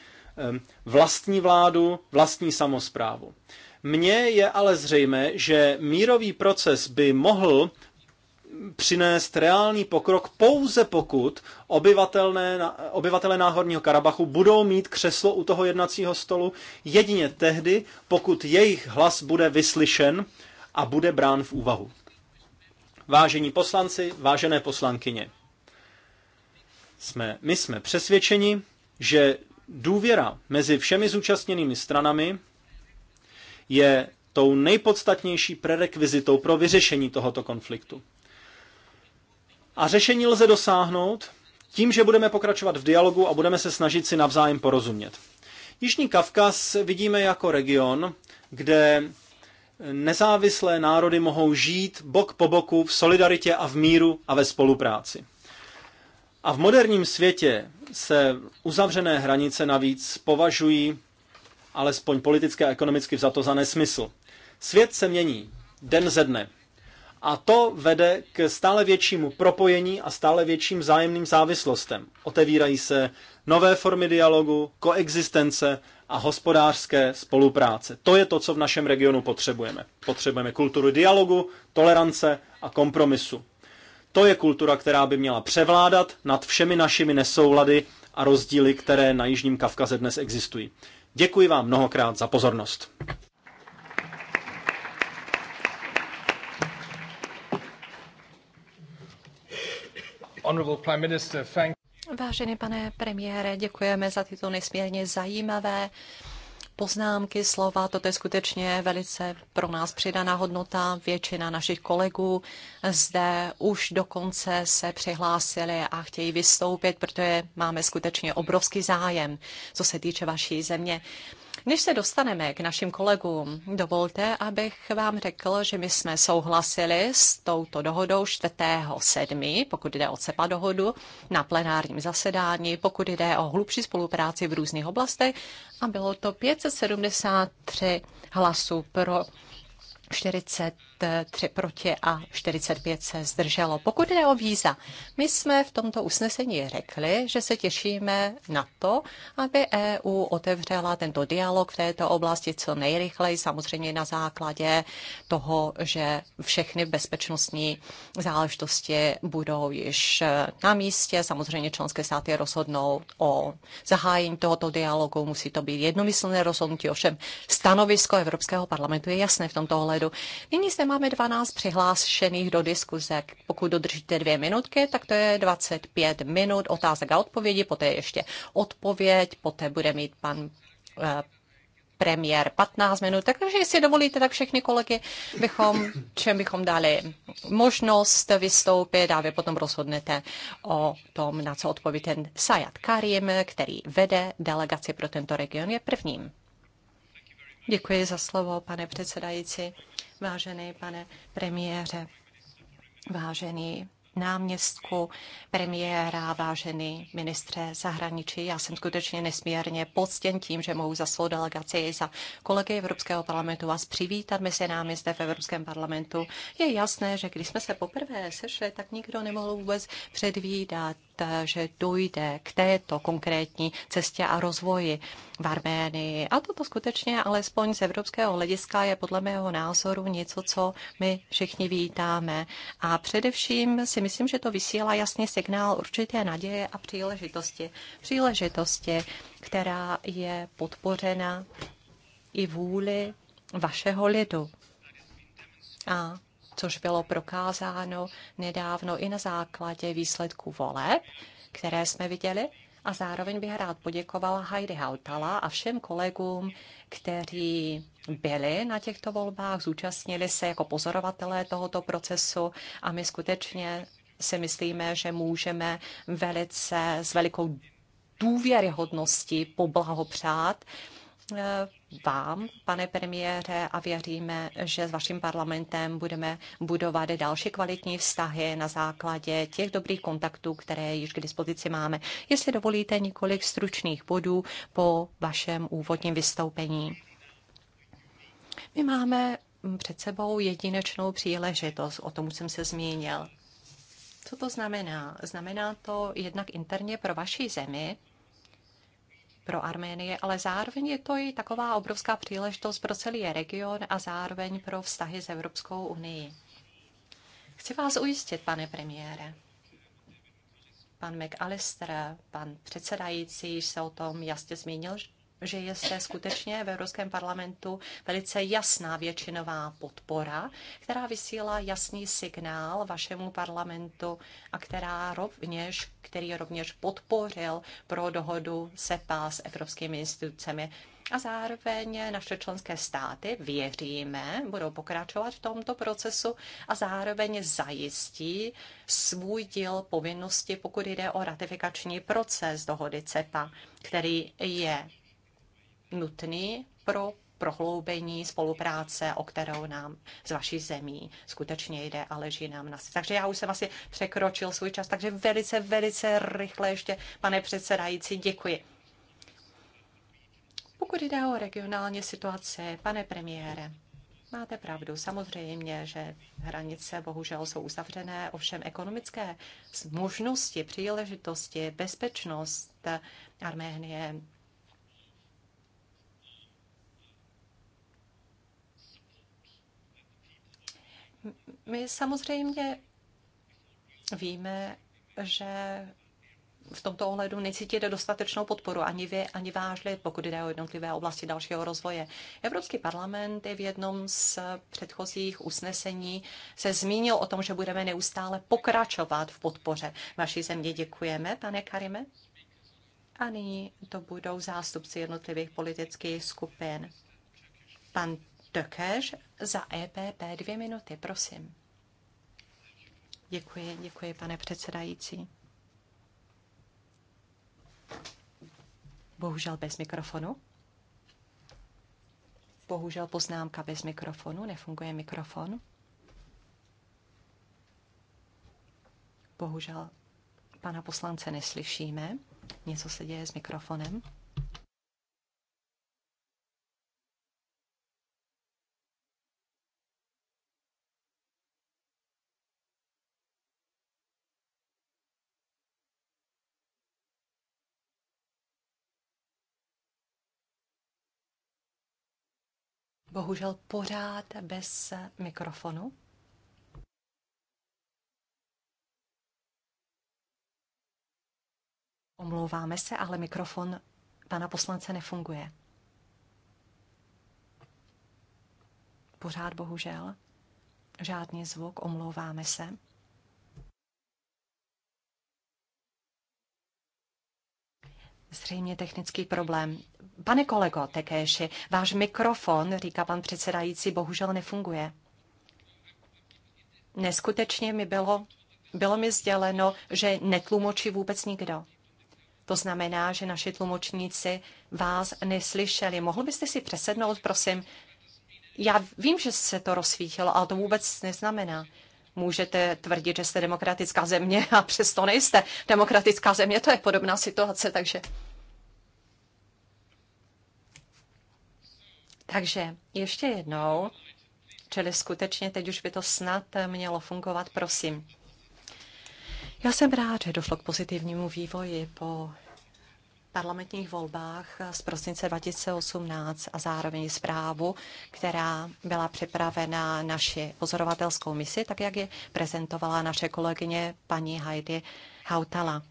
vlastní vládu, vlastní samozprávu. Mně je ale zřejmé, že mírový proces by mohl přinést reálný pokrok pouze pokud obyvatelé Náhorního Karabachu budou mít křeslo u toho jednacího stolu jedině tehdy, pokud jejich hlas bude vyslyšen a bude brán v úvahu. Vážení poslanci, vážené poslankyně, jsme, my jsme přesvědčeni, že důvěra mezi všemi zúčastněnými stranami je tou nejpodstatnější prerekvizitou pro vyřešení tohoto konfliktu. A řešení lze dosáhnout tím, že budeme pokračovat v dialogu a budeme se snažit si navzájem porozumět. Jižní Kavkaz vidíme jako region, kde nezávislé národy mohou žít bok po boku v solidaritě a v míru a ve spolupráci. A v moderním světě se uzavřené hranice navíc považují, alespoň politicky a ekonomicky vzato, za nesmysl. Svět se mění den ze dne. A to vede k stále většímu propojení a stále větším zájemným závislostem. Otevírají se nové formy dialogu, koexistence a hospodářské spolupráce. To je to, co v našem regionu potřebujeme. Potřebujeme kulturu dialogu, tolerance a kompromisu. To je kultura, která by měla převládat nad všemi našimi nesoulady a rozdíly, které na Jižním Kavkaze dnes existují. Děkuji vám mnohokrát za pozornost. Vážený pane premiére, děkujeme za tyto nesmírně zajímavé poznámky, slova. to je skutečně velice pro nás přidaná hodnota. Většina našich kolegů zde už dokonce se přihlásili a chtějí vystoupit, protože máme skutečně obrovský zájem, co se týče vaší země. Než se dostaneme k našim kolegům, dovolte, abych vám řekl, že my jsme souhlasili s touto dohodou 4.7., pokud jde o CEPA dohodu, na plenárním zasedání, pokud jde o hlubší spolupráci v různých oblastech a bylo to 573 hlasů pro 40 3 proti a 45 se zdrželo. Pokud jde o víza, my jsme v tomto usnesení řekli, že se těšíme na to, aby EU otevřela tento dialog v této oblasti co nejrychleji, samozřejmě na základě toho, že všechny bezpečnostní záležitosti budou již na místě. Samozřejmě členské státy rozhodnou o zahájení tohoto dialogu, musí to být jednomyslné rozhodnutí, ovšem stanovisko Evropského parlamentu je jasné v tomto ohledu. Nyní jsem máme 12 přihlášených do diskuze. Pokud dodržíte dvě minutky, tak to je 25 minut otázek a odpovědi, poté ještě odpověď, poté bude mít pan eh, premiér 15 minut, takže jestli dovolíte, tak všechny kolegy bychom, čem bychom dali možnost vystoupit a vy potom rozhodnete o tom, na co odpoví ten Sayat Karim, který vede delegaci pro tento region, je prvním. Děkuji za slovo, pane předsedající vážený pane premiére, vážený náměstku premiéra, vážený ministře zahraničí. Já jsem skutečně nesmírně poctěn tím, že mohu za svou delegaci za kolegy Evropského parlamentu vás přivítat mezi námi zde v Evropském parlamentu. Je jasné, že když jsme se poprvé sešli, tak nikdo nemohl vůbec předvídat že dojde k této konkrétní cestě a rozvoji v Arménii. A toto skutečně alespoň z evropského hlediska je podle mého názoru něco, co my všichni vítáme. A především si myslím, že to vysílá jasný signál určité naděje a příležitosti. Příležitosti, která je podpořena i vůli vašeho lidu. A což bylo prokázáno nedávno i na základě výsledků voleb, které jsme viděli. A zároveň bych rád poděkovala Heidi Hautala a všem kolegům, kteří byli na těchto volbách, zúčastnili se jako pozorovatelé tohoto procesu a my skutečně si myslíme, že můžeme velice s velikou důvěryhodností poblahopřát uh, Eh, vám, pane premiére, a věříme, že s vaším parlamentem budeme budovat další kvalitní vztahy na základě těch dobrých kontaktů, které již k dispozici máme. Jestli dovolíte několik stručných bodů po vašem úvodním vystoupení. My máme před sebou jedinečnou příležitost, o tom jsem se zmínil. Co to znamená? Znamená to jednak interně pro vaši zemi, pro Arménie, ale zároveň je to i taková obrovská příležitost pro celý region a zároveň pro vztahy s Evropskou unii. Chci vás ujistit, pane premiére. Pan McAllister, pan předsedající, se o tom jasně zmínil, že je zde skutečně v Evropském parlamentu velice jasná většinová podpora, která vysílá jasný signál vašemu parlamentu a která rovněž, který rovněž podpořil pro dohodu SEPA s evropskými institucemi. A zároveň naše členské státy, věříme, budou pokračovat v tomto procesu a zároveň zajistí svůj díl povinnosti, pokud jde o ratifikační proces dohody CEPA, který je nutný pro prohloubení spolupráce, o kterou nám z vaší zemí skutečně jde a leží nám na srdci. Takže já už jsem asi překročil svůj čas, takže velice, velice rychle ještě, pane předsedající, děkuji. Pokud jde o regionální situace, pane premiére, máte pravdu. Samozřejmě, že hranice bohužel jsou uzavřené, ovšem ekonomické možnosti, příležitosti, bezpečnost Arménie My samozřejmě víme, že v tomto ohledu necítíte dostatečnou podporu ani vy, ani váš lid, pokud jde o jednotlivé oblasti dalšího rozvoje. Evropský parlament je v jednom z předchozích usnesení se zmínil o tom, že budeme neustále pokračovat v podpoře vaší země. Děkujeme, pane Karime. A nyní to budou zástupci jednotlivých politických skupin. Pan Cash za EPP dvě minuty, prosím. Děkuji, děkuji, pane předsedající. Bohužel bez mikrofonu. Bohužel poznámka bez mikrofonu, nefunguje mikrofon. Bohužel pana poslance neslyšíme. Něco se děje s mikrofonem. bohužel pořád bez mikrofonu. Omlouváme se, ale mikrofon pana poslance nefunguje. Pořád bohužel. Žádný zvuk, omlouváme se. Zřejmě technický problém. Pane kolego Tekéši, váš mikrofon, říká pan předsedající, bohužel nefunguje. Neskutečně mi bylo, bylo mi sděleno, že netlumočí vůbec nikdo. To znamená, že naši tlumočníci vás neslyšeli. Mohl byste si přesednout, prosím? Já vím, že se to rozsvítilo, ale to vůbec neznamená, můžete tvrdit, že jste demokratická země a přesto nejste demokratická země. To je podobná situace, takže. Takže ještě jednou, čili skutečně teď už by to snad mělo fungovat, prosím. Já jsem rád, že došlo k pozitivnímu vývoji po parlamentních volbách eh, z prosince 2018 a zároveň zprávu, která byla připravena naši pozorovatelskou misi, tak jak je prezentovala naše kolegyně paní Heidi Hautala.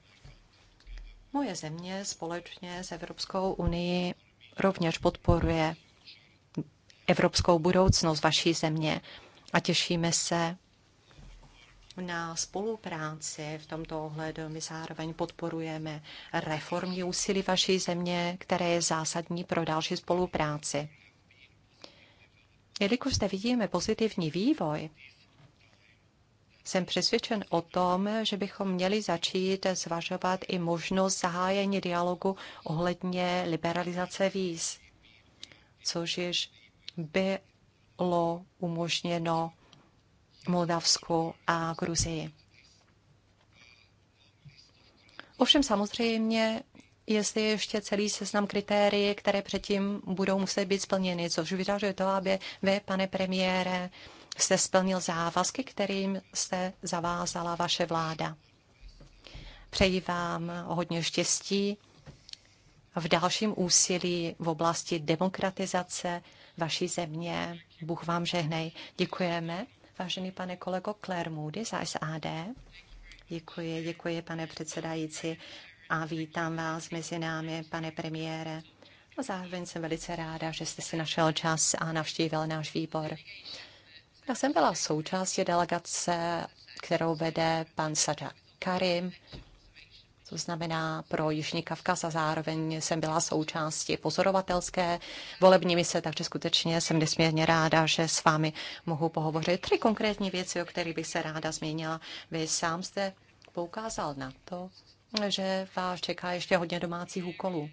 Moje země společně s Evropskou unii rovněž podporuje evropskou budoucnost vaší země a těšíme se na spolupráci v tomto ohledu. My zároveň podporujeme reformní úsilí vaší země, které je zásadní pro další spolupráci. Jelikož zde vidíme pozitivní vývoj, jsem přesvědčen o tom, že bychom měli začít zvažovat i možnost zahájení dialogu ohledně liberalizace víz, což již bylo umožněno Moldavsku a Gruzii. Ovšem samozřejmě je zde ještě celý seznam kritérií, které předtím budou muset být splněny, což vyžaduje to, aby vy, pane premiére, jste splnil závazky, kterým se zavázala vaše vláda. Přeji vám hodně štěstí v dalším úsilí v oblasti demokratizace vaší země. Bůh vám žehnej. Děkujeme. Vážený pane kolego Claire Moody z SAD. Děkuji, děkuji, pane předsedající. A vítám vás mezi námi, pane premiére. A zároveň jsem velice ráda, že jste si našel čas a navštívil náš výbor. Já jsem byla součástí delegace, kterou vede pan Sada Karim to znamená pro Jižní Kavkaz a zároveň jsem byla součástí pozorovatelské volební mise, takže skutečně jsem nesmírně ráda, že s vámi mohu pohovořit. Tři konkrétní věci, o kterých bych se ráda změnila. Vy sám jste poukázal na to, že vás čeká ještě hodně domácích úkolů.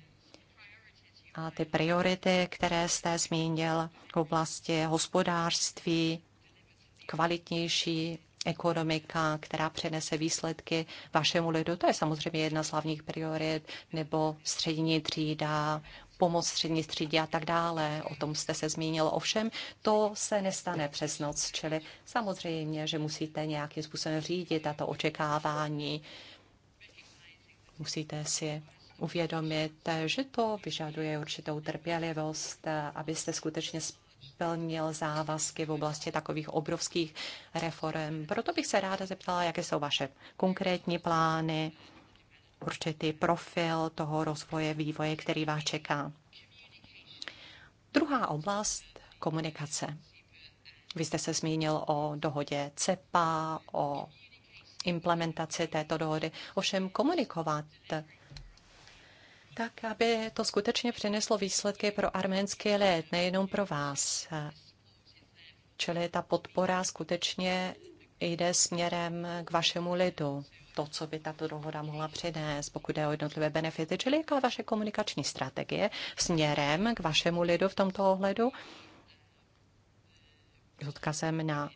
A ty priority, které jste zmínil v oblasti hospodářství, kvalitnější ekonomika, která přenese výsledky vašemu lidu. To je samozřejmě jedna z hlavních priorit, nebo střední třída, pomoc střední třídě a tak dále. O tom jste se zmínil. Ovšem, to se nestane přes noc, čili samozřejmě, že musíte nějakým způsobem řídit tato očekávání. Musíte si uvědomit, že to vyžaduje určitou trpělivost, abyste skutečně splnil závazky v oblasti takových obrovských reform. Proto bych se ráda zeptala, jaké jsou vaše konkrétní plány, určitý profil toho rozvoje, vývoje, který vás čeká. Druhá oblast komunikace. Vy jste se zmínil o dohodě CEPA, o implementaci této dohody. Ovšem komunikovat tak aby to skutečně přineslo výsledky pro arménský lid, nejenom pro vás. Čili ta podpora skutečně jde směrem k vašemu lidu, to, co by tato dohoda mohla přinést, pokud jde o jednotlivé benefity, čili jaká vaše komunikační strategie směrem k vašemu lidu v tomto ohledu s odkazem na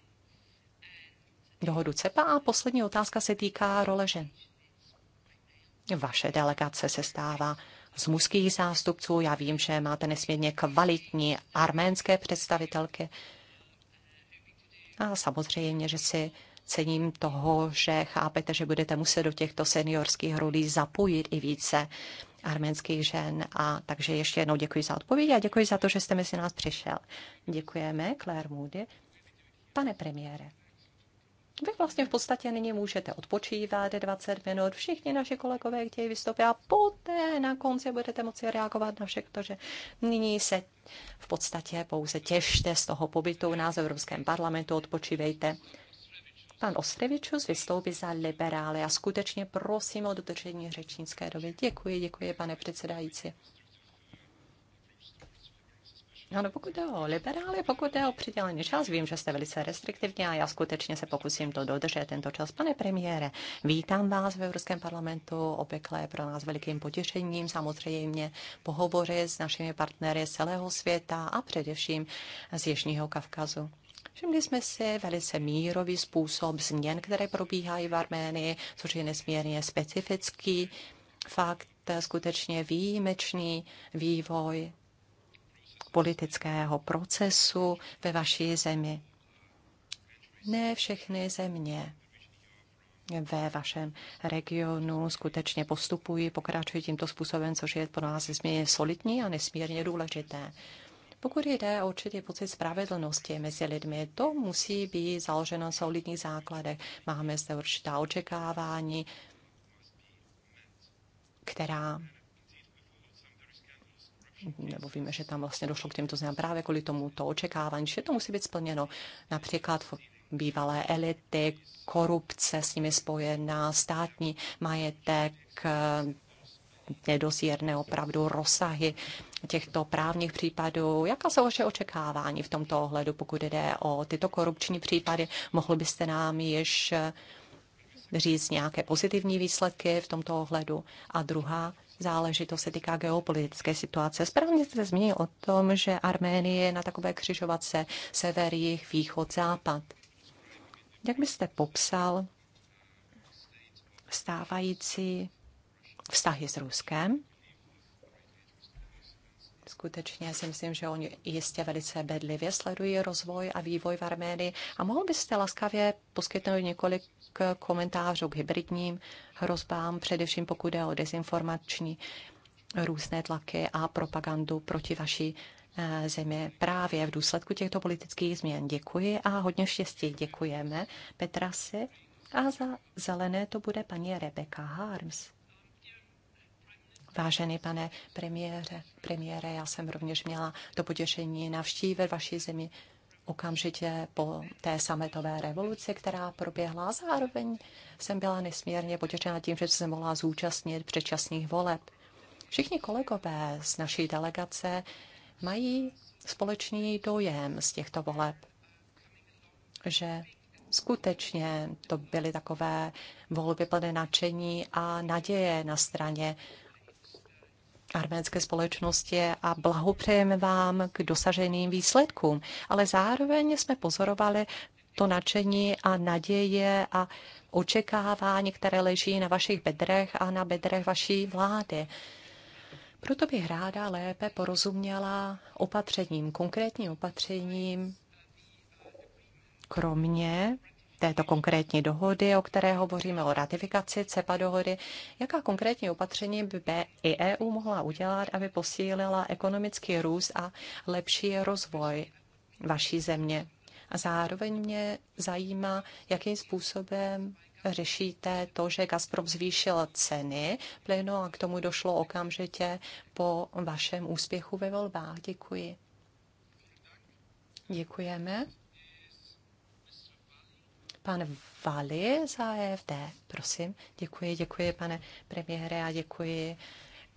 dohodu CEPA. A poslední otázka se týká role žen. Vaše delegace se stává z mužských zástupců. Já vím, že máte nesmírně kvalitní arménské představitelky. A samozřejmě, že si cením toho, že chápete, že budete muset do těchto seniorských rolí zapojit i více arménských žen. A takže ještě jednou děkuji za odpověď a děkuji za to, že jste mezi nás přišel. Děkujeme, Claire Moody. Pane premiére, vy vlastně v podstatě nyní můžete odpočívat 20 minut, všichni naši kolegové chtějí vystoupit a poté na konci budete moci reagovat na všechno, protože nyní se v podstatě pouze těšte z toho pobytu u nás v Evropském parlamentu, odpočívejte. Pan Ostrevičus vystoupí za liberály a skutečně prosím o dodržení řečnické doby. Děkuji, děkuji, pane předsedající. Ano, pokud jde o liberály, pokud jde o přidělený čas, vím, že jste velice restriktivní a já skutečně se pokusím to dodržet tento čas. Pane premiére, vítám vás v Evropském parlamentu, obvykle pro nás velikým potěšením, samozřejmě pohovory s našimi partnery z celého světa a především z Jižního Kavkazu. Všimli jsme si velice mírový způsob změn, které probíhají v Arménii, což je nesmírně specifický fakt, skutečně výjimečný vývoj politického procesu ve vaší zemi. Ne všechny země ve vašem regionu skutečně postupují, pokračují tímto způsobem, což je pro nás změně solidní a nesmírně důležité. Pokud jde o určitý pocit spravedlnosti mezi lidmi, to musí být založeno na solidních základech. Máme zde určitá očekávání, která nebo víme, že tam vlastně došlo k těmto změnám právě kvůli tomu to očekávání, že to musí být splněno. Například bývalé elity, korupce s nimi spojená, státní majetek, eh, nedosírné opravdu rozsahy těchto právních případů. Jaká jsou vaše očekávání v tomto ohledu, pokud jde o tyto korupční případy? Mohl byste nám již eh, říct nějaké pozitivní výsledky v tomto ohledu? A druhá záležitost se týká geopolitické situace. Správně jste zmínil o tom, že Arménie je na takové křižovatce sever, jih, východ, západ. Jak byste popsal stávající vztahy s Ruskem Skutečně si myslím, že oni jistě velice bedlivě sledují rozvoj a vývoj v Arménii. A mohl byste laskavě poskytnout několik komentářů k hybridním hrozbám, především pokud je o dezinformační různé tlaky a propagandu proti vaší eh, země právě v důsledku těchto politických změn. Děkuji a hodně štěstí. Děkujeme Petrasi. A za zelené to bude paní Rebecca Harms. Vážený pane premiére, premiére, já jsem rovněž měla to potěšení navštívit vaší zemi okamžitě po té sametové revoluci, která proběhla. Zároveň jsem byla nesmírně potěšena tím, že jsem mohla zúčastnit předčasných voleb. Všichni kolegové z naší delegace mají společný dojem z těchto voleb, že skutečně to byly takové volby plné nadšení a naděje na straně arménské společnosti a blahopřejeme vám k dosaženým výsledkům. Ale zároveň jsme pozorovali to nadšení a naděje a očekávání, které leží na vašich bedrech a na bedrech vaší vlády. Proto bych ráda lépe porozuměla opatřením, konkrétním opatřením, kromě této konkrétní dohody, o které hovoříme, o ratifikaci CEPA dohody, jaká konkrétní opatření by i EU mohla udělat, aby posílila ekonomický růst a lepší rozvoj vaší země. A zároveň mě zajímá, jakým způsobem řešíte to, že Gazprom zvýšil ceny plynu a k tomu došlo okamžitě po vašem úspěchu ve volbách. Děkuji. Děkujeme. Pan Vali za EFD, prosím. Děkuji, děkuji, pane premiére, a děkuji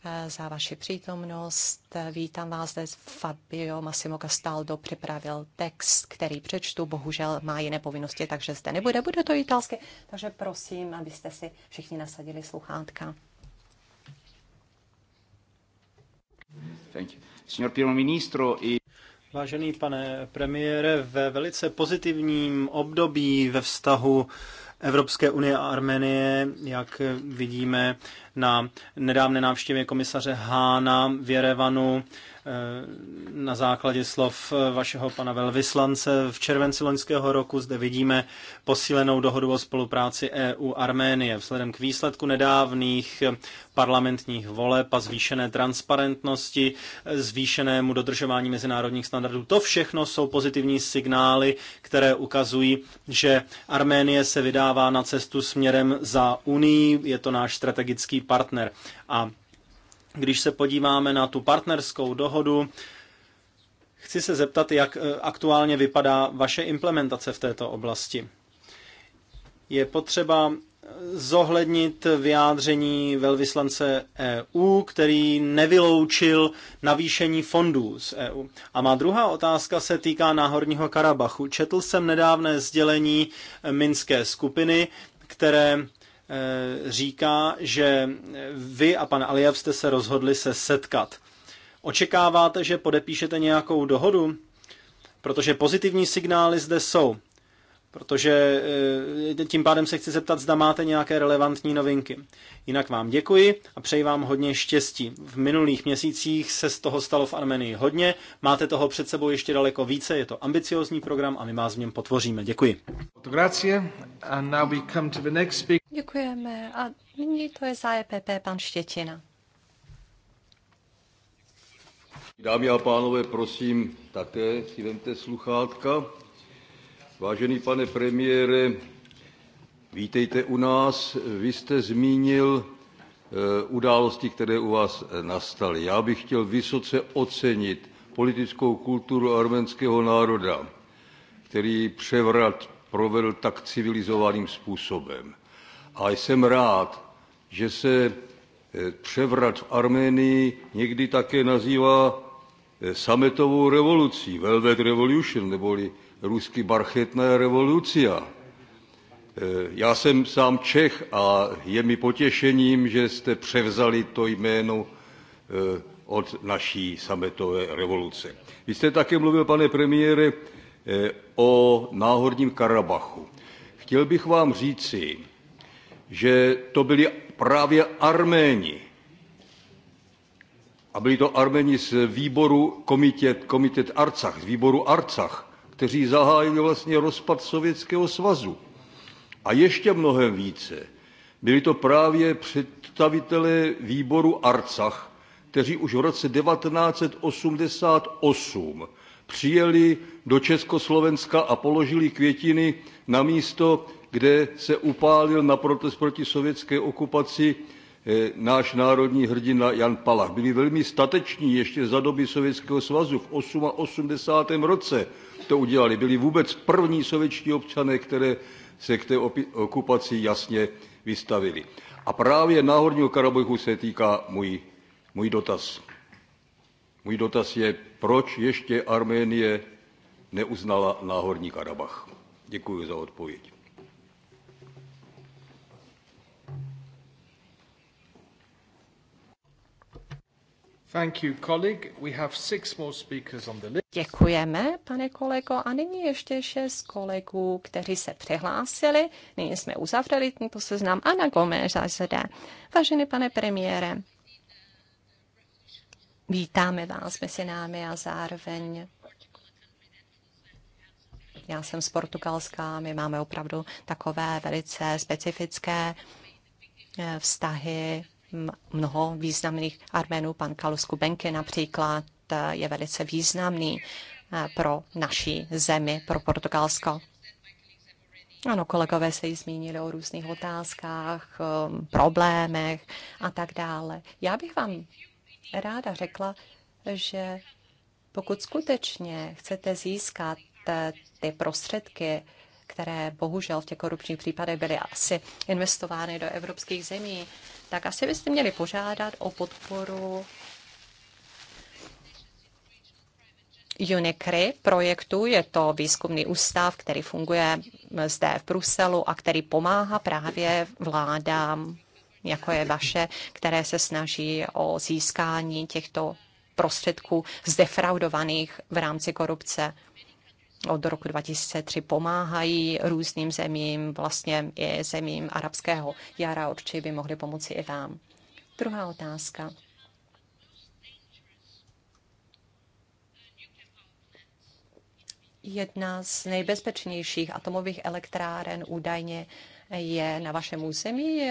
eh, za vaši přítomnost. Vítám vás zde. Fabio Massimo Castaldo připravil text, který přečtu. Bohužel má jiné povinnosti, takže zde nebude. Bude to italské, takže prosím, abyste si všichni nasadili sluchátka. Thank you. Signor Primo Ministro, i... Vážený pane premiére, ve velice pozitivním období ve vztahu Evropské unie a Arménie, jak vidíme, na nedávné návštěvě komisaře Hána v Jerevanu eh, na základě slov eh, vašeho pana velvyslance. V červenci loňského roku zde vidíme posílenou dohodu o spolupráci EU-Arménie. Vzhledem k výsledku nedávných eh, parlamentních voleb a zvýšené transparentnosti, zvýšenému dodržování mezinárodních standardů. To všechno jsou pozitivní signály, které ukazují, že Arménie se vydává na cestu směrem za Unii. Je to náš strategický partner. A když se podíváme na tu partnerskou dohodu, chci se zeptat, jak eh, aktuálně vypadá vaše implementace v této oblasti. Je potřeba zohlednit vyjádření velvyslance EU, který nevyloučil navýšení fondů z EU. A má druhá otázka se týká Náhorního Karabachu. Četl jsem nedávné sdělení Minské skupiny, které Eh, říká, že vy a pan Alijev jste se rozhodli se setkat. Očekáváte, že podepíšete nějakou dohodu? Protože pozitivní signály zde jsou protože eh, tím pádem se chci zeptat, zda máte nějaké relevantní novinky. Jinak vám děkuji a přeji vám hodně štěstí. V minulých měsících se z toho stalo v Armenii hodně, máte toho před sebou ještě daleko více, je to ambiciozní program a my vás v něm potvoříme. Děkuji. Děkujeme a nyní to je za EPP pan Štětina. Dámy a pánové, prosím, také si vemte sluchátka. Vážený pane premiére, vítejte u nás. Vy jste zmínil eh, události, které u vás eh, nastaly. Já bych chtěl vysoce ocenit politickou kulturu arménského národa, který převrat provedl tak civilizovaným způsobem. A jsem rád, že se eh, převrat v Arménii někdy také nazývá sametovou revolucí, Velvet Revolution, neboli rusky barchetná revoluce. Já jsem sám Čech a je mi potěšením, že jste převzali to jméno e, od naší sametové revoluce. Vy jste také mluvil, pane premiére, e, o náhorním Karabachu. Chtěl bych vám říci, že to byli právě Arméni. A byli to Arméni z výboru komitet, komitet Arcach, z výboru Arcach, kteří zahájili vlastně rozpad Sovětského svazu. A ještě mnohem více. Byli to právě představitelé výboru Arcach, kteří už v roce 1988 přijeli do Československa a položili květiny na místo, kde se upálil na protest proti sovětské okupaci eh, náš národní hrdina Jan Palach. Byli velmi stateční ještě za doby Sovětského svazu v 88. roce to udělali. Byli vůbec první sovětští občané, které se k té okupaci jasně vystavili. A právě Náhorního Karabachu se týká můj, můj dotaz. Můj dotaz je, proč ještě Arménie neuznala Náhorní Karabach? Děkuji za odpověď. Děkujeme, pane kolego. A nyní ještě šest kolegů, kteří se přihlásili. Nyní jsme uzavřeli tento seznam. Ana Gomez a zde. Vážený pane premiére, vítáme vás mezi námi a zároveň já jsem z Portugalska, my máme opravdu takové velice specifické eh, vztahy mnoho významných Arménů, pan Kalusku Benke například eh, je velice významný eh, pro naši zemi, pro Portugalsko. Ano, kolegové se ji zmínili o různých otázkách, eh, problémech a tak dále. Já bych vám ráda řekla, že pokud skutečně chcete získat ty prostředky, které bohužel v těch korupčních případech byly asi investovány do evropských zemí, tak asi byste měli požádat o podporu UNICRY projektu. Je to výzkumný ústav, který funguje zde v Bruselu a který pomáhá právě vládám, jako je vaše, které se snaží o získání těchto prostředků zdefraudovaných v rámci korupce od roku 2003 pomáhají různým zemím, vlastně i zemím arabského jara. Určitě by mohli pomoci i vám. Druhá otázka. Jedna z nejbezpečnějších atomových elektráren údajně je na vašem území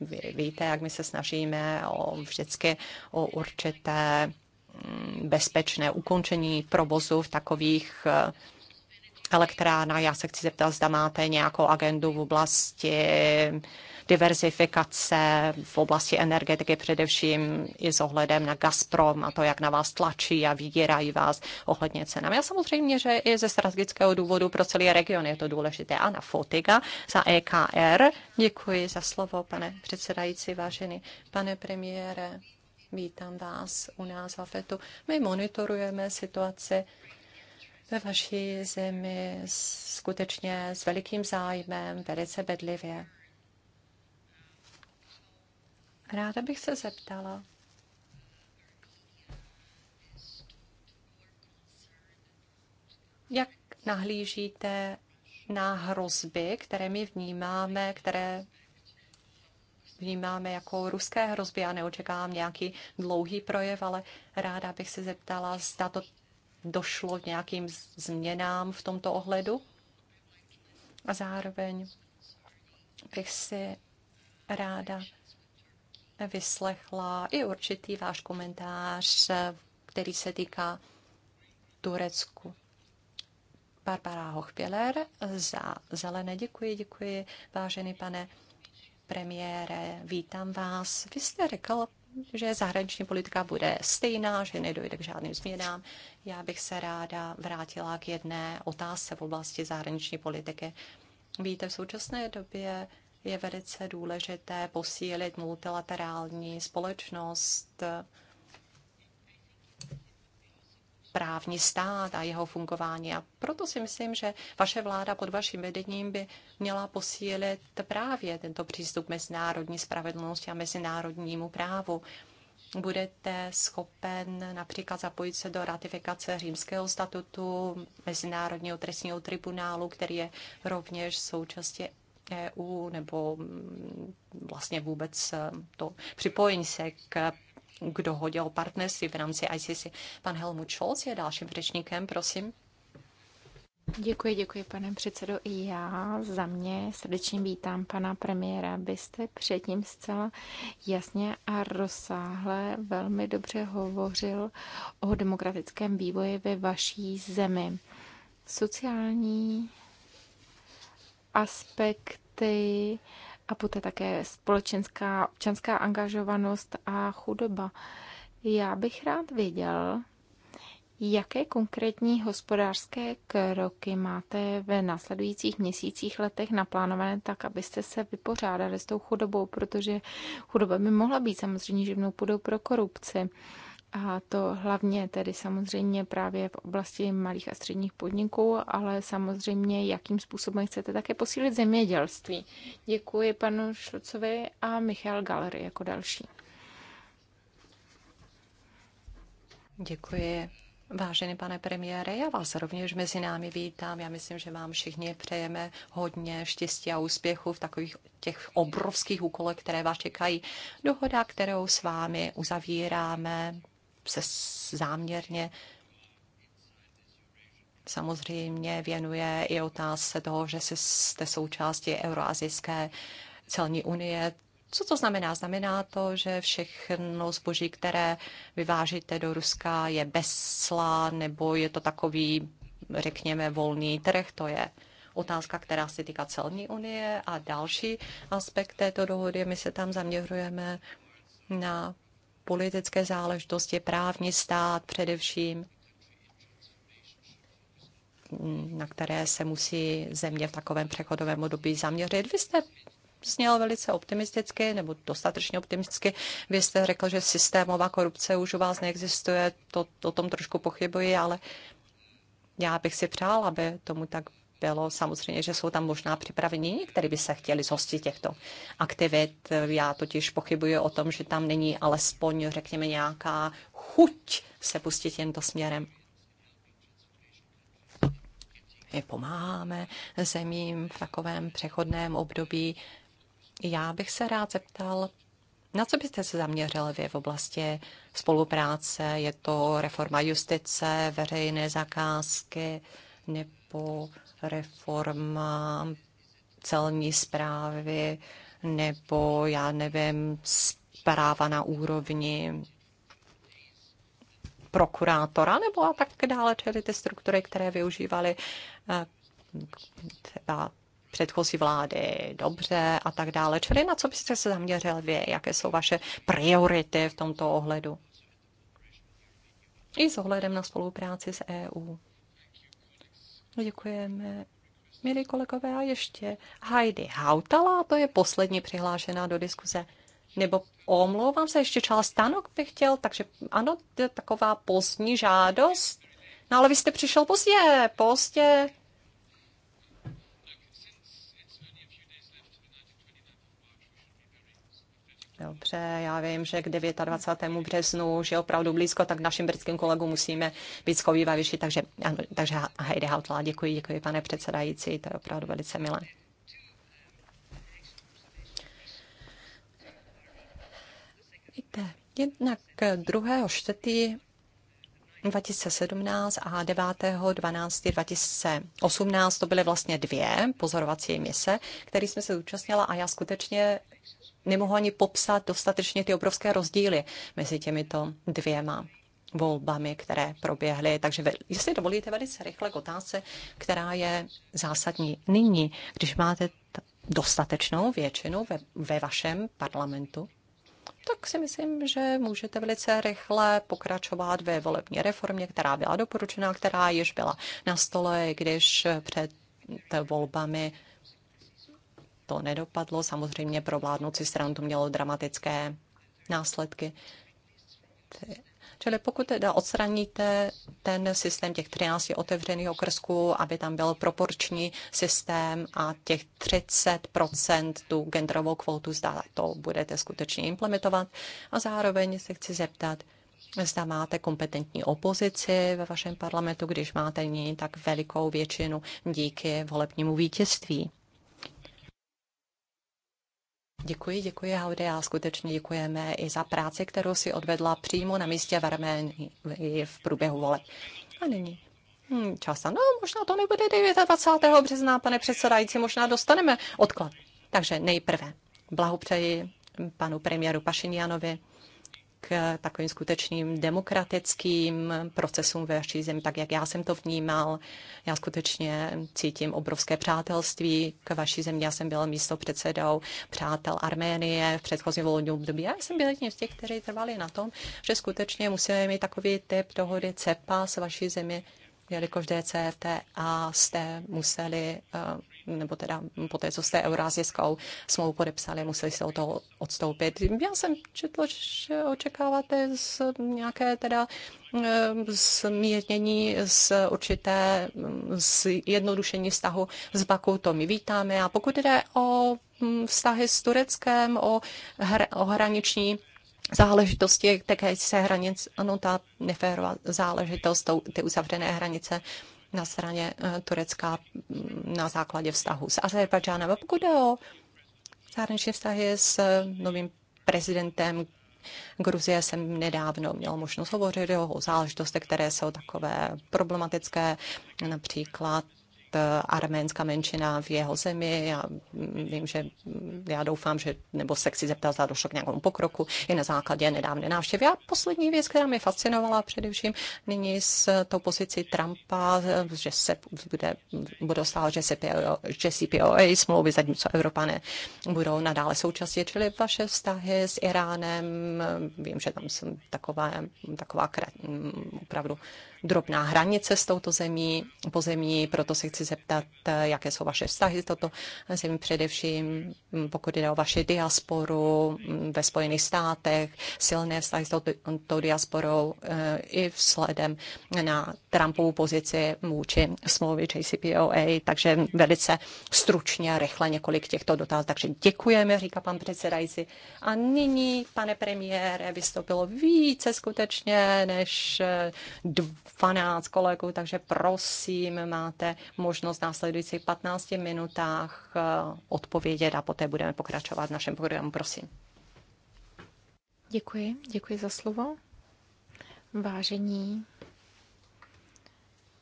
vy víte, jak my se snažíme o vždycky o určité mm, bezpečné ukončení provozu v takových uh, elektrárna. No, já se chci zeptat, zda máte nějakou agendu v oblasti diverzifikace v oblasti energetiky, především i s ohledem na Gazprom a to, jak na vás tlačí a vydírají vás ohledně cen. Já samozřejmě, že i ze strategického důvodu pro celý region je to důležité. Ana Fotiga za EKR. Děkuji za slovo, pane předsedající, vážený pane premiére. Vítám vás u nás v AFETu. My monitorujeme situaci ve vaší zemi skutečně s velikým zájmem, velice bedlivě. Ráda bych se zeptala, jak nahlížíte na hrozby, které my vnímáme, které vnímáme jako ruské hrozby. Já neočekávám nějaký dlouhý projev, ale ráda bych se zeptala, zda to došlo k nějakým změnám v tomto ohledu. A zároveň bych si ráda vyslechla i určitý váš komentář, který se týká Turecku. Barbara Hochbiller, za zelené. Děkuji, děkuji, vážený pane premiére. Vítám vás. Vy jste řekl že zahraniční politika bude stejná, že nedojde k žádným změnám. Já bych se ráda vrátila k jedné otázce v oblasti zahraniční politiky. Víte, v současné době je velice důležité posílit multilaterální společnost, právní stát a jeho fungování. A proto si myslím, že vaše vláda pod vaším vedením by měla posílit právě tento přístup mezinárodní spravedlnosti a mezinárodnímu právu. Budete schopen například zapojit se do ratifikace Římského statutu Mezinárodního trestního tribunálu, který je rovněž součástí EU, nebo mm, vlastně vůbec eh, to připojení se k k dohodě o partnerství v rámci ICC. Pan Helmut Scholz je dalším řečníkem, prosím. Děkuji, děkuji, pane předsedo. I já za mě srdečně vítám pana premiéra. Byste předtím zcela jasně a rozsáhle velmi dobře hovořil o demokratickém vývoji ve vaší zemi. Sociální aspekty, a poté také společenská občanská angažovanost a chudoba. Já bych rád věděl, jaké konkrétní hospodářské kroky máte ve následujících měsících, letech naplánované tak, abyste se vypořádali s tou chudobou, protože chudoba by mohla být samozřejmě živnou půdou pro korupci. A to hlavně tedy samozřejmě právě v oblasti malých a středních podniků, ale samozřejmě jakým způsobem chcete také posílit zemědělství. Děkuji panu Šlucovi a Michal Galery jako další. Děkuji. Vážený pane premiére, já vás rovněž mezi námi vítám. Já myslím, že vám všichni přejeme hodně štěstí a úspěchu v takových těch obrovských úkolech, které vás čekají. Dohoda, kterou s vámi uzavíráme, se záměrně samozřejmě věnuje i otázce toho, že jste součástí Euroazijské celní unie. Co to znamená? Znamená to, že všechno zboží, které vyvážíte do Ruska, je bez nebo je to takový, řekněme, volný trh? To je otázka, která se týká celní unie. A další aspekt této dohody, my se tam zaměřujeme na politické záležitosti, právní stát především, na které se musí země v takovém přechodovém období zaměřit. Vy jste zněl velice optimisticky, nebo dostatečně optimisticky. Vy jste řekl, že systémová korupce už u vás neexistuje, to, o tom trošku pochybuji, ale já bych si přál, aby tomu tak bylo samozřejmě, že jsou tam možná připraveni, kteří by se chtěli zhostit těchto aktivit. Já totiž pochybuji o tom, že tam není alespoň, řekněme, nějaká chuť se pustit tímto směrem. My pomáháme zemím v takovém přechodném období. Já bych se rád zeptal, na co byste se zaměřil vy v oblasti spolupráce? Je to reforma justice, veřejné zakázky nebo reforma celní zprávy nebo, já nevím, zpráva na úrovni prokurátora nebo a tak dále, čili ty struktury, které využívaly eh, třeba předchozí vlády dobře a tak dále. Čili na co byste se zaměřil vy, jaké jsou vaše priority v tomto ohledu? I s ohledem na spolupráci s EU. No, děkujeme. Milí kolegové, a ještě Heidi Hautala, to je poslední přihlášená do diskuze. Nebo omlouvám se, ještě část Stanok bych chtěl, takže ano, to je taková pozdní žádost. No ale vy jste přišel pozdě, pozdě. Dobře, já vím, že k 29. březnu, že je opravdu blízko, tak našim britským kolegům musíme být schovývavější. Takže, ano, takže hejde Hautla, děkuji, děkuji pane předsedající, to je opravdu velice milé. Víte, jednak 2. čtvrtý 2017 a 9.12.2018 to byly vlastně dvě pozorovací mise, které jsme se zúčastnila a já skutečně nemohu ani popsat dostatečně ty obrovské rozdíly mezi těmito dvěma volbami, které proběhly. Takže jestli dovolíte velice rychle k otázce, která je zásadní. Nyní, když máte dostatečnou většinu ve, ve vašem parlamentu, tak si myslím, že můžete velice rychle pokračovat ve volební reformě, která byla doporučena, která již byla na stole, když před volbami to nedopadlo. Samozřejmě pro vládnoucí stranu to mělo dramatické následky. Čili pokud teda odstraníte ten systém těch 13 otevřených okrsků, aby tam byl proporční systém a těch 30 tu genderovou kvotu, zda to budete skutečně implementovat. A zároveň se chci zeptat, zda máte kompetentní opozici ve vašem parlamentu, když máte ní tak velikou většinu díky volebnímu vítězství. Děkuji, děkuji Haude a skutečně děkujeme i za práci, kterou si odvedla přímo na místě v Arménii v průběhu voleb. A nyní hmm, časa. No, možná to nebude 29. března, pane předsedající, možná dostaneme odklad. Takže nejprve blahopřeji panu premiéru Pašinianovi k takovým skutečným demokratickým procesům ve vaší zemi, tak jak já jsem to vnímal. Já skutečně cítím obrovské přátelství k vaší zemi. Já jsem byl místo předsedou přátel Arménie v předchozím volebním období. Já jsem byl jedním z těch, kteří trvali na tom, že skutečně musíme mít takový typ dohody CEPA s vaší zemi, jelikož a jste museli uh, nebo teda po té, co jste eurázijskou smlouvu podepsali, museli se o to odstoupit. Já jsem četl, že očekáváte z nějaké teda eh, zmírnění z určité mm, zjednodušení vztahu s Bakou, to my vítáme. A pokud jde o mm, vztahy s Tureckem, o, hr, o hraniční záležitosti, také se hranic, ano, ta neférová záležitost, ty uzavřené hranice, na straně eh, Turecka mm, na základě vztahu s Azerbajdžánem. A pokud jde o zahraniční vztahy s eh, novým prezidentem Gruzie jsem nedávno měl možnost hovořit o záležitostech, které jsou takové problematické, například Eh, arménská menšina v jeho zemi. Já vím, že já doufám, že, nebo se chci zeptat, zda došlo k nějakému pokroku i na základě nedávné návštěvy. A poslední věc, která mě fascinovala především nyní s tou pozicí Trumpa, eh, že se bude, bude stále, že, se PO, že CPOA smlouvy, zatímco Evropané budou nadále součástí, čili vaše vztahy s Iránem, eh, vím, že tam jsem taková, taková mm, opravdu drobná hranice s touto zemí, pozemí, proto se chci zeptat, jaké jsou vaše vztahy s touto zemí, především mm, pokud jde o vaši diasporu mm, ve Spojených státech, silné vztahy s touto, touto diasporou eh, i vzhledem na Trumpovu pozici vůči smlouvy JCPOA, takže velice stručně a rychle několik těchto dotazů. Takže děkujeme, říká pan předsedající. A nyní, pane premiére, vystoupilo více skutečně než dv- 12 kolegů, takže prosím, máte možnost v následujících 15 minutách eh, odpovědět a poté budeme pokračovat v našem programu. Prosím. Děkuji, děkuji za slovo. Vážení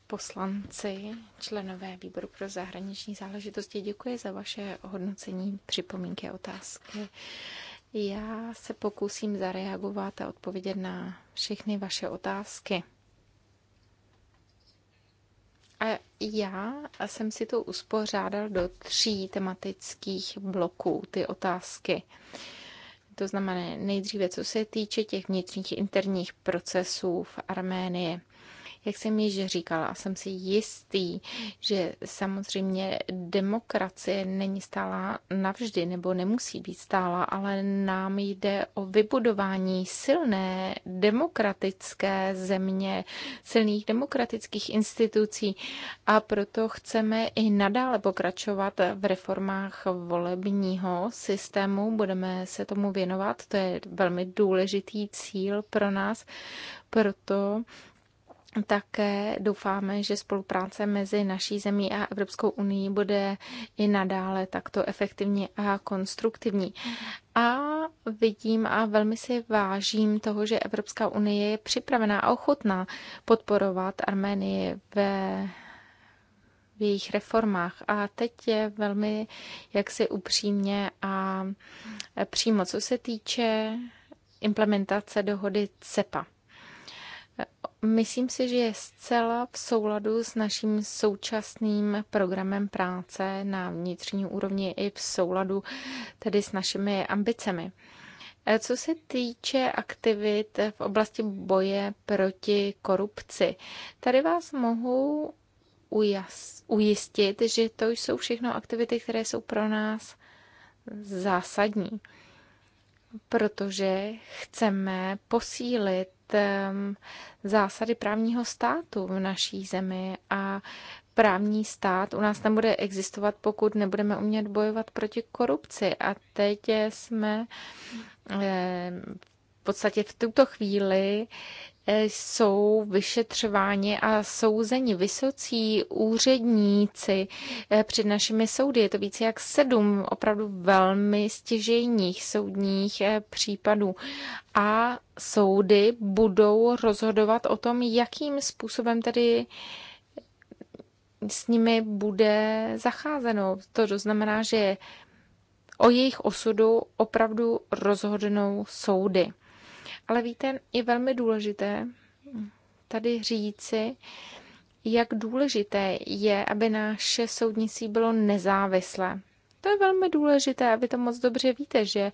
poslanci, členové výboru pro zahraniční záležitosti, děkuji za vaše hodnocení, připomínky a otázky. Já se pokusím zareagovat a odpovědět na všechny vaše otázky. já jsem si to uspořádal do tří tematických bloků, ty otázky. To znamená nejdříve, co se týče těch vnitřních interních procesů v Arménii. Jak jsem již říkala, a jsem si jistý, že samozřejmě demokracie není stála navždy nebo nemusí být stála, ale nám jde o vybudování silné demokratické země, silných demokratických institucí a proto chceme i nadále pokračovat v reformách volebního systému. Budeme se tomu věnovat, to je velmi důležitý cíl pro nás, proto také doufáme, že spolupráce mezi naší zemí a Evropskou unii bude i nadále takto efektivní a konstruktivní. A vidím a velmi si vážím toho, že Evropská unie je připravená a ochotná podporovat Arménii ve v jejich reformách. A teď je velmi jaksi upřímně a přímo, co se týče implementace dohody CEPA. Myslím si, že je zcela v souladu s naším současným programem práce na vnitřní úrovni i v souladu tedy s našimi ambicemi. E, co se týče aktivit v oblasti boje proti korupci, tady vás mohu ujistit, že to jsou všechno aktivity, které jsou pro nás zásadní, protože chceme posílit Um, zásady právního státu v naší zemi a právní stát u nás nebude existovat, pokud nebudeme umět bojovat proti korupci. A teď jsme eh, v podstatě v tuto chvíli jsou vyšetřováni a souzeni vysocí úředníci eh, před našimi soudy. Je to více jak sedm opravdu velmi stěžejních soudních eh, případů. A soudy budou rozhodovat o tom, jakým způsobem tedy s nimi bude zacházeno. To znamená, že o jejich osudu opravdu rozhodnou soudy. Ale víte, je velmi důležité tady říci, jak důležité je, aby naše soudnictví bylo nezávislé. To je velmi důležité a vy to moc dobře víte, že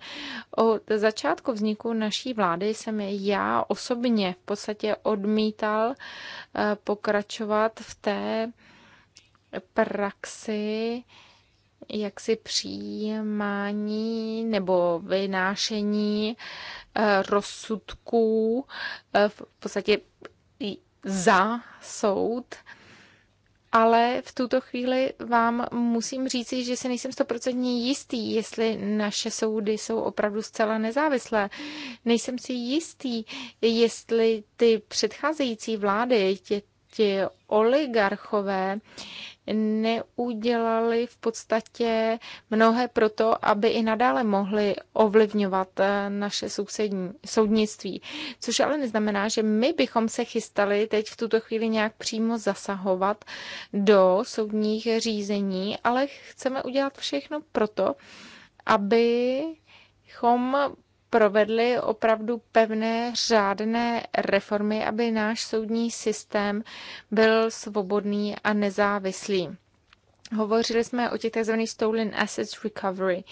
od začátku vzniku naší vlády jsem já osobně v podstatě odmítal eh, pokračovat v té praxi jaksi přijímání nebo vynášení eh, rozsudků eh, v podstatě za soud, ale v tuto chvíli vám musím říci, že si nejsem stoprocentně jistý, jestli naše soudy jsou opravdu zcela nezávislé. Nejsem si jistý, jestli ty předcházející vlády, tě, ti oligarchové, neudělali v podstatě mnohé proto, aby i nadále mohli ovlivňovat eh, naše sousední, soudnictví. Což ale neznamená, že my bychom se chystali teď v tuto chvíli nějak přímo zasahovat do soudních řízení, ale chceme udělat všechno proto, abychom provedli opravdu pevné řádné reformy, aby náš soudní systém byl svobodný a nezávislý. Hovořili jsme o těch tzv. stolen assets recovery.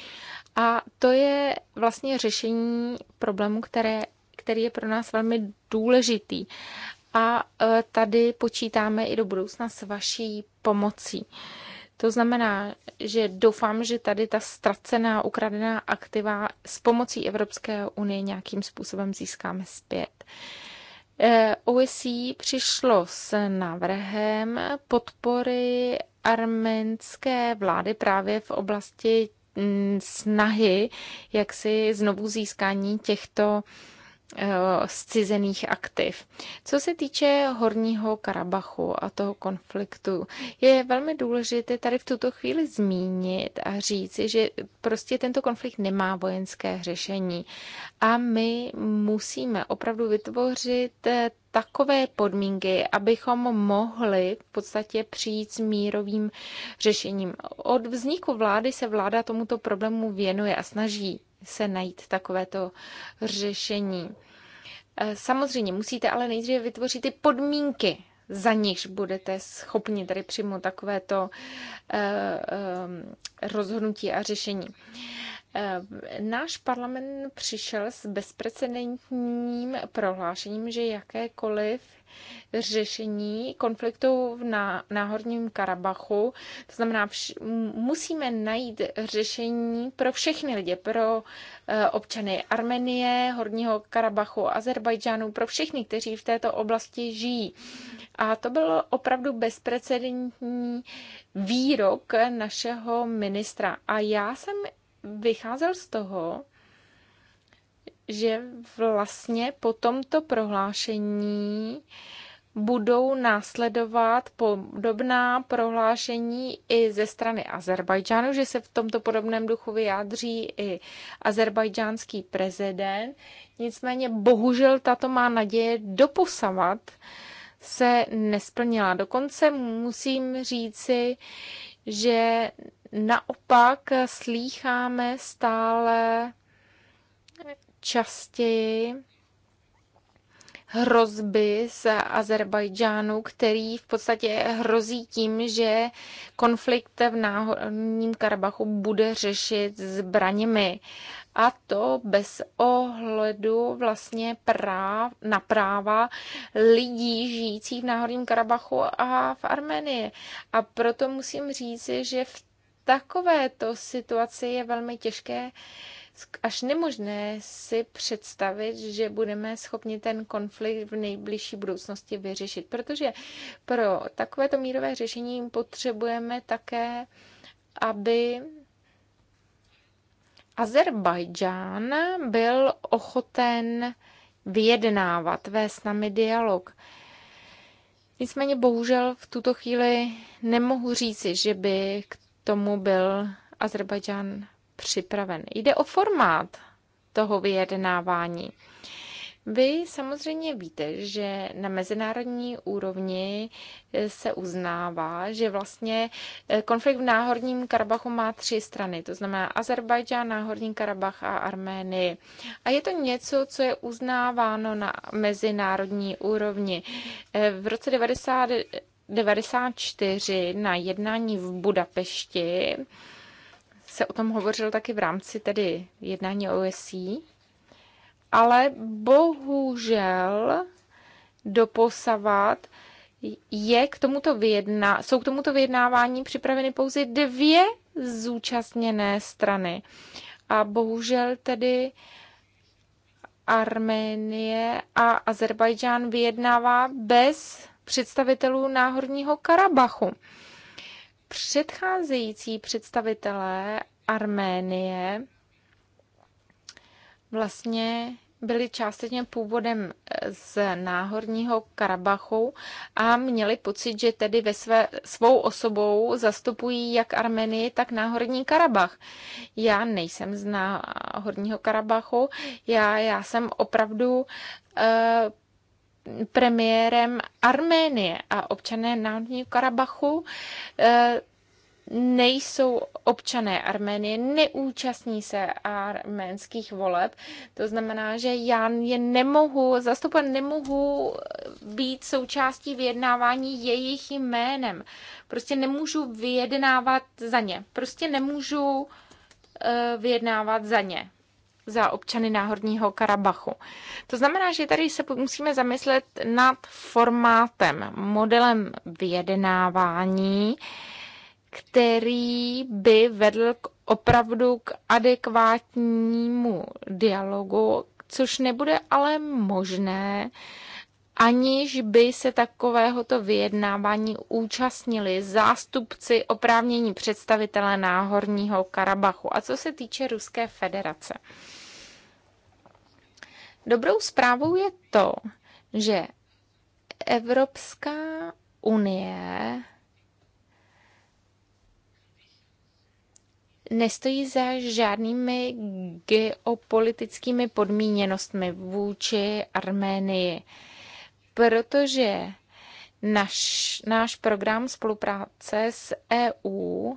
A to je vlastně řešení problému, které, který je pro nás velmi důležitý. A e, tady počítáme i do budoucna s vaší pomocí. To znamená, že doufám, že tady ta ztracená, ukradená aktiva s pomocí Evropské unie nějakým způsobem získáme zpět. Eh, OSI přišlo s návrhem podpory arménské vlády právě v oblasti mm, snahy, jak si znovu získání těchto Eh, cizených aktiv. Co se týče Horního Karabachu a toho konfliktu, je velmi důležité tady v tuto chvíli zmínit a říci, že prostě tento konflikt nemá vojenské řešení a my musíme opravdu vytvořit eh, takové podmínky, abychom mohli v podstatě přijít s mírovým řešením. Od vzniku vlády se vláda tomuto problému věnuje a snaží se najít takovéto řešení. E, samozřejmě musíte ale nejdříve vytvořit ty podmínky, za nichž budete schopni tady přijmout takovéto e, e, rozhodnutí a řešení. Náš parlament přišel s bezprecedentním prohlášením, že jakékoliv řešení konfliktu na náhorním Karabachu. To znamená, musíme najít řešení pro všechny lidi, pro eh, občany Armenie, Horního Karabachu, Azerbajdžánu, pro všechny, kteří v této oblasti žijí. A to byl opravdu bezprecedentní výrok našeho ministra. A já jsem vycházel z toho, že vlastně po tomto prohlášení budou následovat podobná prohlášení i ze strany Azerbajdžánu, že se v tomto podobném duchu vyjádří i azerbajdžánský prezident. Nicméně bohužel tato má naděje doposavat se nesplnila. Dokonce musím říci, že naopak slýcháme stále častěji hrozby z Azerbajdžánu, který v podstatě hrozí tím, že konflikt v náhodním Karabachu bude řešit zbraněmi. A to bez ohledu vlastně práv, na práva lidí žijících v náhodním Karabachu a v Armenii. A proto musím říci, že v takovéto situaci je velmi těžké až nemožné si představit, že budeme schopni ten konflikt v nejbližší budoucnosti vyřešit, protože pro takovéto mírové řešení potřebujeme také, aby Azerbajdžán byl ochoten vyjednávat, vést s nami dialog. Nicméně bohužel v tuto chvíli nemohu říci, že by k tomu byl Azerbajdžán připraven. Jde o formát toho vyjednávání. Vy samozřejmě víte, že na mezinárodní úrovni se uznává, že vlastně eh, konflikt v Náhorním Karabachu má tři strany, to znamená Azerbajdžán, Náhorní Karabach a Arménii. A je to něco, co je uznáváno na mezinárodní úrovni. Eh, v roce 90 94 na jednání v Budapešti se o tom hovořilo taky v rámci tedy jednání OSi, ale bohužel doposavat je k tomuto vyjedna, jsou k tomuto vyjednávání připraveny pouze dvě zúčastněné strany. A bohužel tedy Arménie a Azerbajdžán vyjednává bez představitelů Náhorního Karabachu předcházející představitelé Arménie vlastně byli částečně původem eh, z náhorního Karabachu a měli pocit, že tedy ve své, svou osobou zastupují jak Armenii, tak náhorní Karabach. Já nejsem z náhorního Karabachu, já, já jsem opravdu e, premiérem Arménie a občané Národního Karabachu eh, nejsou občané Arménie, neúčastní se arménských voleb. To znamená, že já je nemohu zastupovat, nemohu být součástí vyjednávání jejich jménem. Prostě nemůžu vyjednávat za ně. Prostě nemůžu eh, vyjednávat za ně za občany Náhorního Karabachu. To znamená, že tady se musíme zamyslet nad formátem, modelem vyjednávání, který by vedl k opravdu k adekvátnímu dialogu, což nebude ale možné, aniž by se takovéhoto vyjednávání účastnili zástupci oprávnění představitele Náhorního Karabachu. A co se týče Ruské federace. Dobrou zprávou je to, že Evropská unie nestojí za žádnými geopolitickými podmíněnostmi vůči Arménii protože naš, náš program spolupráce s EU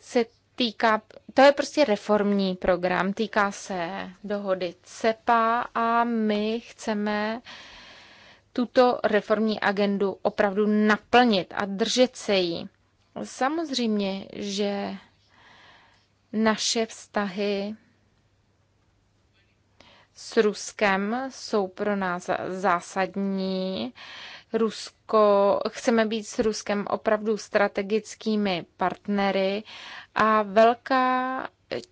se týká, to je prostě reformní program, týká se dohody CEPA a my chceme tuto reformní agendu opravdu naplnit a držet se jí. Samozřejmě, že naše vztahy s Ruskem jsou pro nás zásadní. Rusko, chceme být s Ruskem opravdu strategickými partnery a velká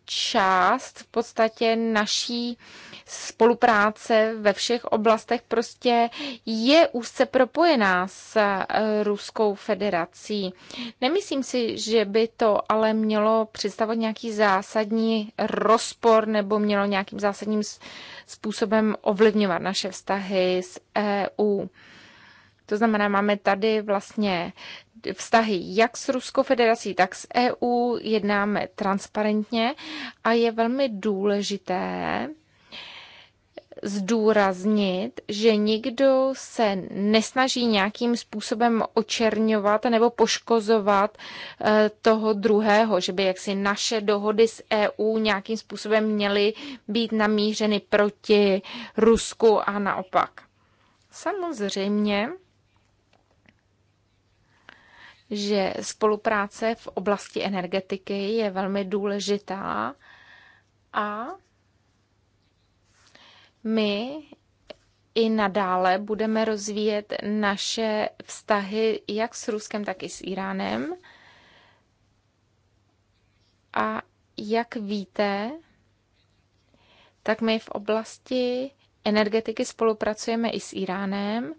část v podstatě naší spolupráce ve všech oblastech prostě je úzce propojená s eh, Ruskou federací. Nemyslím si, že by to ale mělo představovat nějaký zásadní rozpor nebo mělo nějakým zásadním způsobem ovlivňovat naše vztahy s EU. To znamená, máme tady vlastně vztahy jak s Ruskou federací, tak s EU, jednáme transparentně a je velmi důležité zdůraznit, že nikdo se nesnaží nějakým způsobem očerňovat nebo poškozovat eh, toho druhého, že by jaksi naše dohody s EU nějakým způsobem měly být namířeny proti Rusku a naopak. Samozřejmě, že spolupráce v oblasti energetiky je velmi důležitá a my i nadále budeme rozvíjet naše vztahy jak s Ruskem, tak i s Iránem. A jak víte, tak my v oblasti energetiky spolupracujeme i s Iránem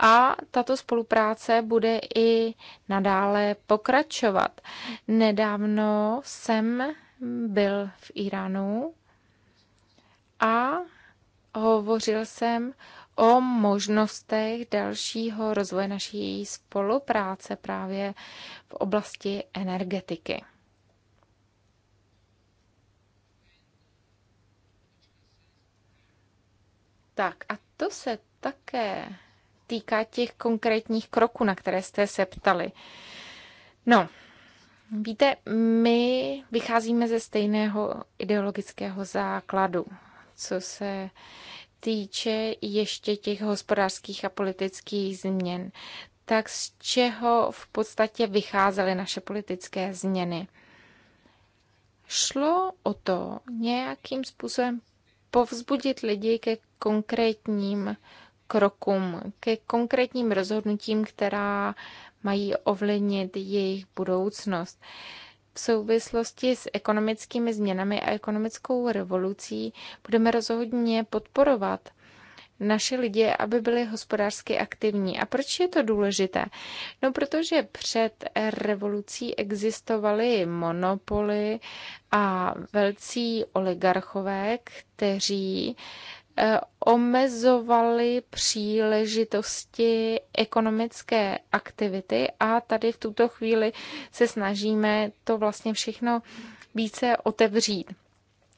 a tato spolupráce bude i nadále pokračovat. Nedávno jsem byl v Iránu a hovořil jsem o možnostech dalšího rozvoje naší spolupráce právě v oblasti energetiky. Tak a to se také týká těch konkrétních kroků, na které jste se ptali. No, víte, my vycházíme ze stejného ideologického základu, co se týče ještě těch hospodářských a politických změn, tak z čeho v podstatě vycházely naše politické změny? Šlo o to nějakým způsobem povzbudit lidi ke konkrétním krokům, ke konkrétním rozhodnutím, která mají ovlivnit jejich budoucnost. V souvislosti s ekonomickými změnami a ekonomickou revolucí budeme rozhodně podporovat naše lidi, aby byli hospodářsky aktivní. A proč je to důležité? No, protože před revolucí existovaly monopoly a velcí oligarchové, kteří omezovaly příležitosti ekonomické aktivity a tady v tuto chvíli se snažíme to vlastně všechno více otevřít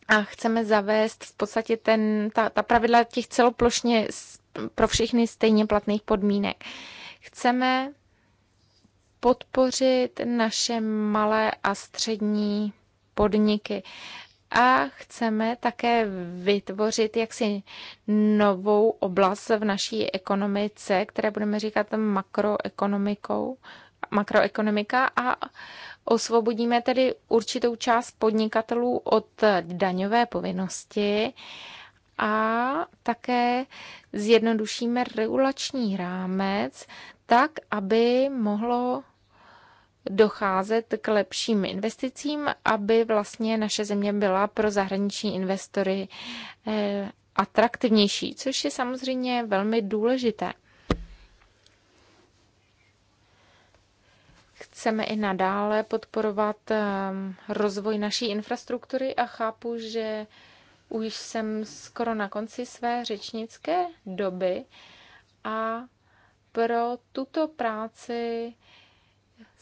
a chceme zavést v podstatě ten, ta, ta pravidla těch celoplošně pro všechny stejně platných podmínek. Chceme podpořit naše malé a střední podniky a chceme také vytvořit jaksi novou oblast v naší ekonomice, které budeme říkat makroekonomikou, makroekonomika a osvobodíme tedy určitou část podnikatelů od daňové povinnosti a také zjednodušíme regulační rámec tak, aby mohlo docházet k lepším investicím, aby vlastně naše země byla pro zahraniční investory eh, atraktivnější, což je samozřejmě velmi důležité. chceme i nadále podporovat eh, rozvoj naší infrastruktury a chápu, že už jsem skoro na konci své řečnické doby a pro tuto práci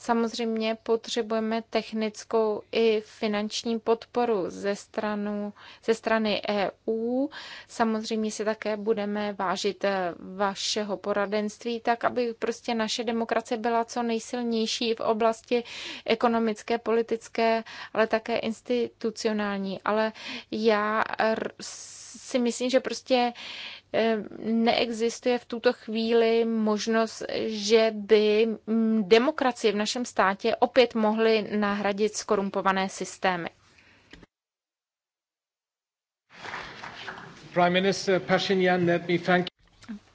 Samozřejmě potřebujeme technickou i finanční podporu ze, stranu, ze strany EU. Samozřejmě si také budeme vážit eh, vašeho poradenství, tak aby prostě naše demokracie byla co nejsilnější v oblasti ekonomické, politické, ale také institucionální. Ale já si myslím, že prostě neexistuje v tuto chvíli možnost, že by mm, demokracie v našem státě opět mohly nahradit skorumpované systémy. Prime Minister Pashinyan, let me thank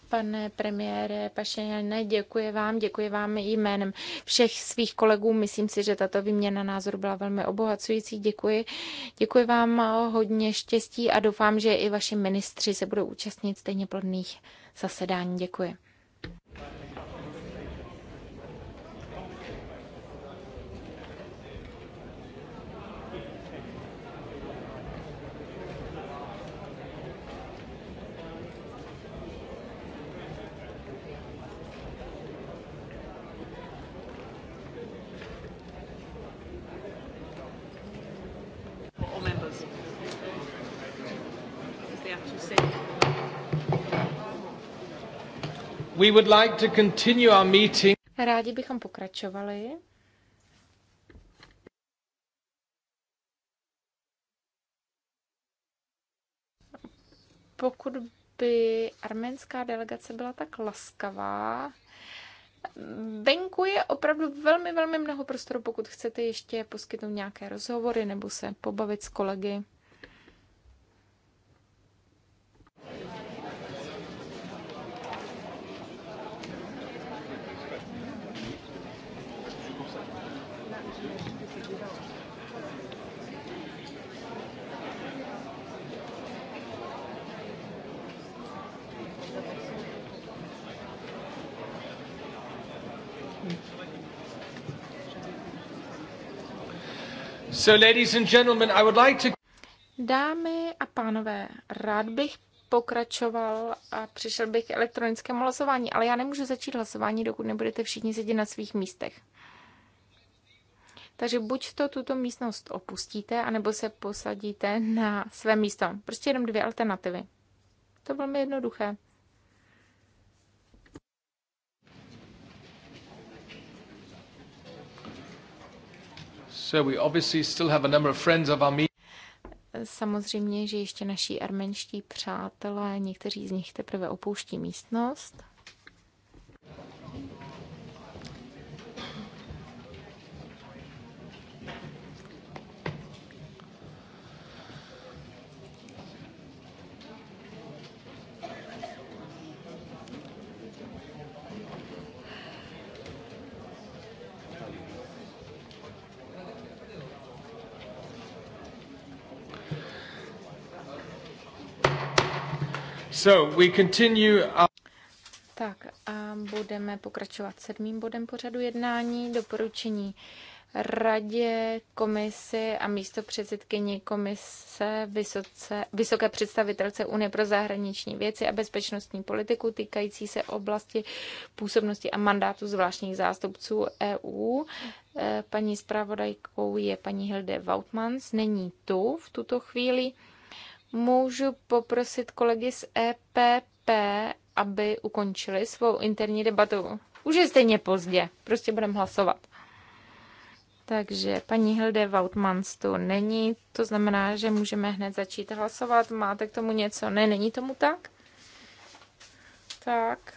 Pane premiére Pašeňane, děkuji vám, děkuji vám jménem všech svých kolegů. Myslím si, že tato výměna názoru byla velmi obohacující. Děkuji. Děkuji vám hodně štěstí a doufám, že i vaši ministři se budou účastnit stejně plodných zasedání. Děkuji. We would like to continue our meeting. Rádi bychom pokračovali. Pokud by arménská delegace byla tak laskavá, venku je opravdu velmi, velmi mnoho prostoru, pokud chcete ještě poskytnout nějaké rozhovory nebo se pobavit s kolegy. So, ladies and gentlemen, I would like to... Dámy a pánové, rád bych pokračoval a přišel bych k elektronickému hlasování, ale já nemůžu začít hlasování, dokud nebudete všichni sedět na svých místech. Takže buď to tuto místnost opustíte, anebo se posadíte na své místo. Prostě jenom dvě alternativy. To bylo mi jednoduché. So we obviously still have a number of friends of Armenia. Samozřejmě, že ještě naši arménští přátelé, někteří z nich teprve opouští místnost. So we continue our... Tak a budeme pokračovat sedmým bodem pořadu jednání, doporučení radě, komisi a místo předsedkyni komise vysoce, vysoké představitelce Unie pro zahraniční věci a bezpečnostní politiku týkající se oblasti působnosti a mandátu zvláštních zástupců EU. E, paní zpravodajkou je paní Hilde Vautmans, není tu v tuto chvíli. Můžu poprosit kolegy z EPP, aby ukončili svou interní debatu. Už je stejně pozdě, prostě budeme hlasovat. Takže paní Hilde Vautmans tu není, to znamená, že můžeme hned začít hlasovat. Máte k tomu něco? Ne, není tomu tak? Tak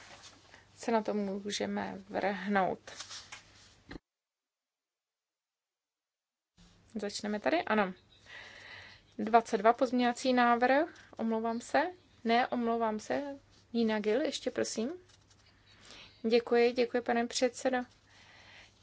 se na to můžeme vrhnout. Začneme tady? Ano. 22 pozměňovací návrh, omlouvám se, ne, omlouvám se, Nina Gil, ještě prosím. Děkuji, děkuji, pane předsedo.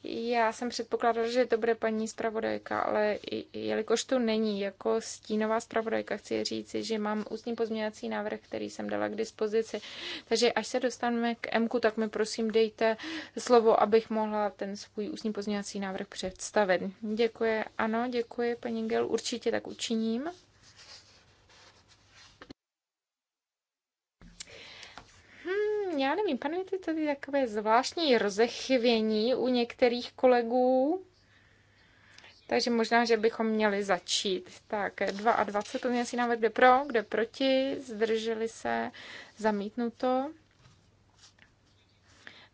Já jsem předpokládala, že to bude paní zpravodajka, ale jelikož to není jako stínová zpravodajka, chci říci, že mám ústní pozměňovací návrh, který jsem dala k dispozici. Takže až se dostaneme k Mku, tak mi prosím dejte slovo, abych mohla ten svůj ústní pozměňovací návrh představit. Děkuji, ano, děkuji, paní Gel, určitě tak učiním. já nevím, panuje tady takové zvláštní rozechvění u některých kolegů. Takže možná, že bychom měli začít. Tak 22 si návrh, kde pro, kde proti, zdrželi se, zamítnuto.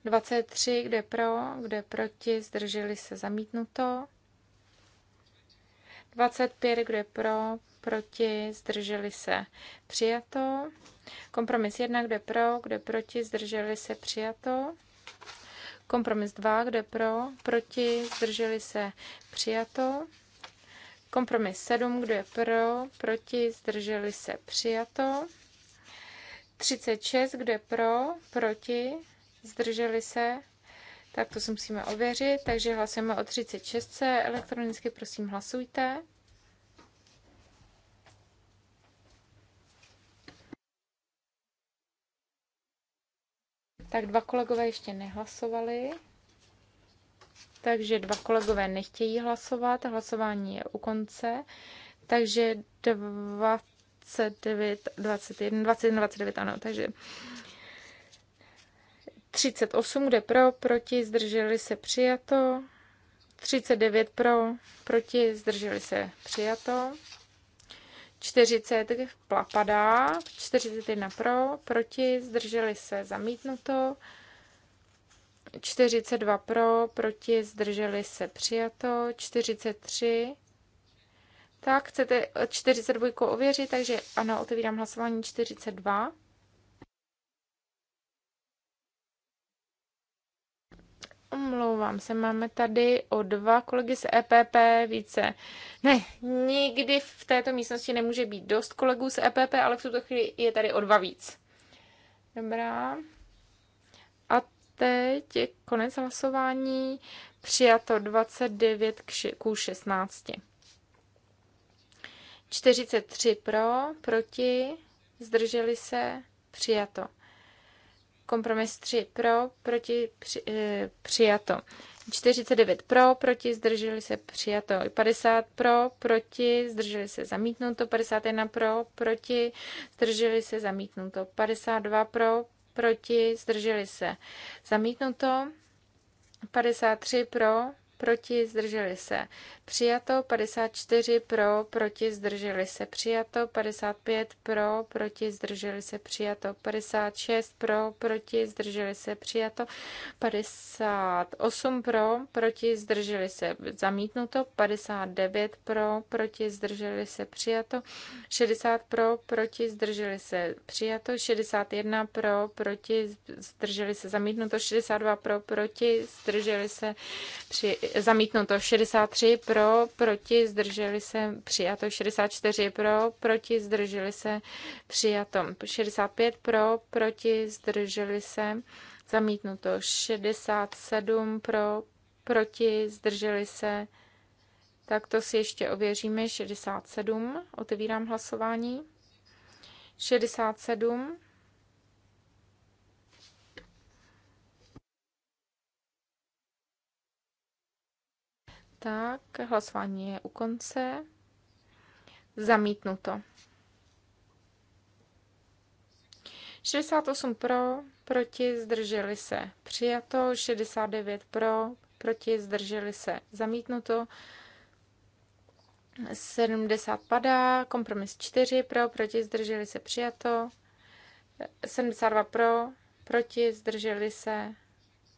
23, kde pro, kde proti, zdrželi se, zamítnuto. 25, kde pro, proti, zdrželi se, přijato. Kompromis 1, kde pro, kde proti, zdrželi se přijato. Kompromis 2, kde pro, proti, zdrželi se přijato. Kompromis 7, kdo je pro, proti, zdrželi se přijato. 36, kdo je pro, proti, zdrželi se. Tak to si musíme ověřit, takže hlasujeme o 36. Elektronicky prosím hlasujte. Tak dva kolegové ještě nehlasovali. Takže dva kolegové nechtějí hlasovat. Hlasování je u konce. Takže 29, 21, 21, 29, ano. Takže 38 jde pro, proti, zdrželi se přijato. 39 pro, proti, zdrželi se přijato. 40 plapadá, 41 pro, proti, zdrželi se, zamítnuto. 42 pro, proti, zdrželi se, přijato. 43 tak, chcete 42 ověřit, takže ano, otevírám hlasování 42. omlouvám se, máme tady o dva kolegy z EPP více. Ne, nikdy v této místnosti nemůže být dost kolegů z EPP, ale v tuto chvíli je tady o dva víc. Dobrá. A teď je konec hlasování. Přijato 29 k 16. 43 pro, proti, zdrželi se, přijato. Kompromis 3 pro, proti při, e, přijato. 49 pro, proti, zdrželi se přijato. 50 pro, proti, zdrželi se zamítnuto. 51 pro, proti, zdrželi se zamítnuto. 52 pro, proti, zdrželi se zamítnuto. 53 pro, proti, zdrželi se Přijato 54 pro, proti zdrželi se přijato, 55 pro, proti zdrželi se přijato, 56 pro, proti zdrželi se přijato, 58 pro, proti zdrželi se zamítnuto, 59 pro, proti zdrželi se přijato, 60 pro, proti zdrželi se přijato, 61 pro, proti zdrželi se zamítnuto, 62 pro, proti zdrželi se při, zamítnuto, 63 pro, pro, proti, zdrželi se, přijato. 64 pro, proti, zdrželi se, přijato. 65 pro, proti, zdrželi se, zamítnuto. 67 pro, proti, zdrželi se, tak to si ještě ověříme. 67, otevírám hlasování. 67. Tak, hlasování je u konce. Zamítnuto. 68 pro, proti, zdrželi se. Přijato. 69 pro, proti, zdrželi se. Zamítnuto. 70 padá, kompromis 4 pro, proti, zdrželi se. Přijato. 72 pro, proti, zdrželi se.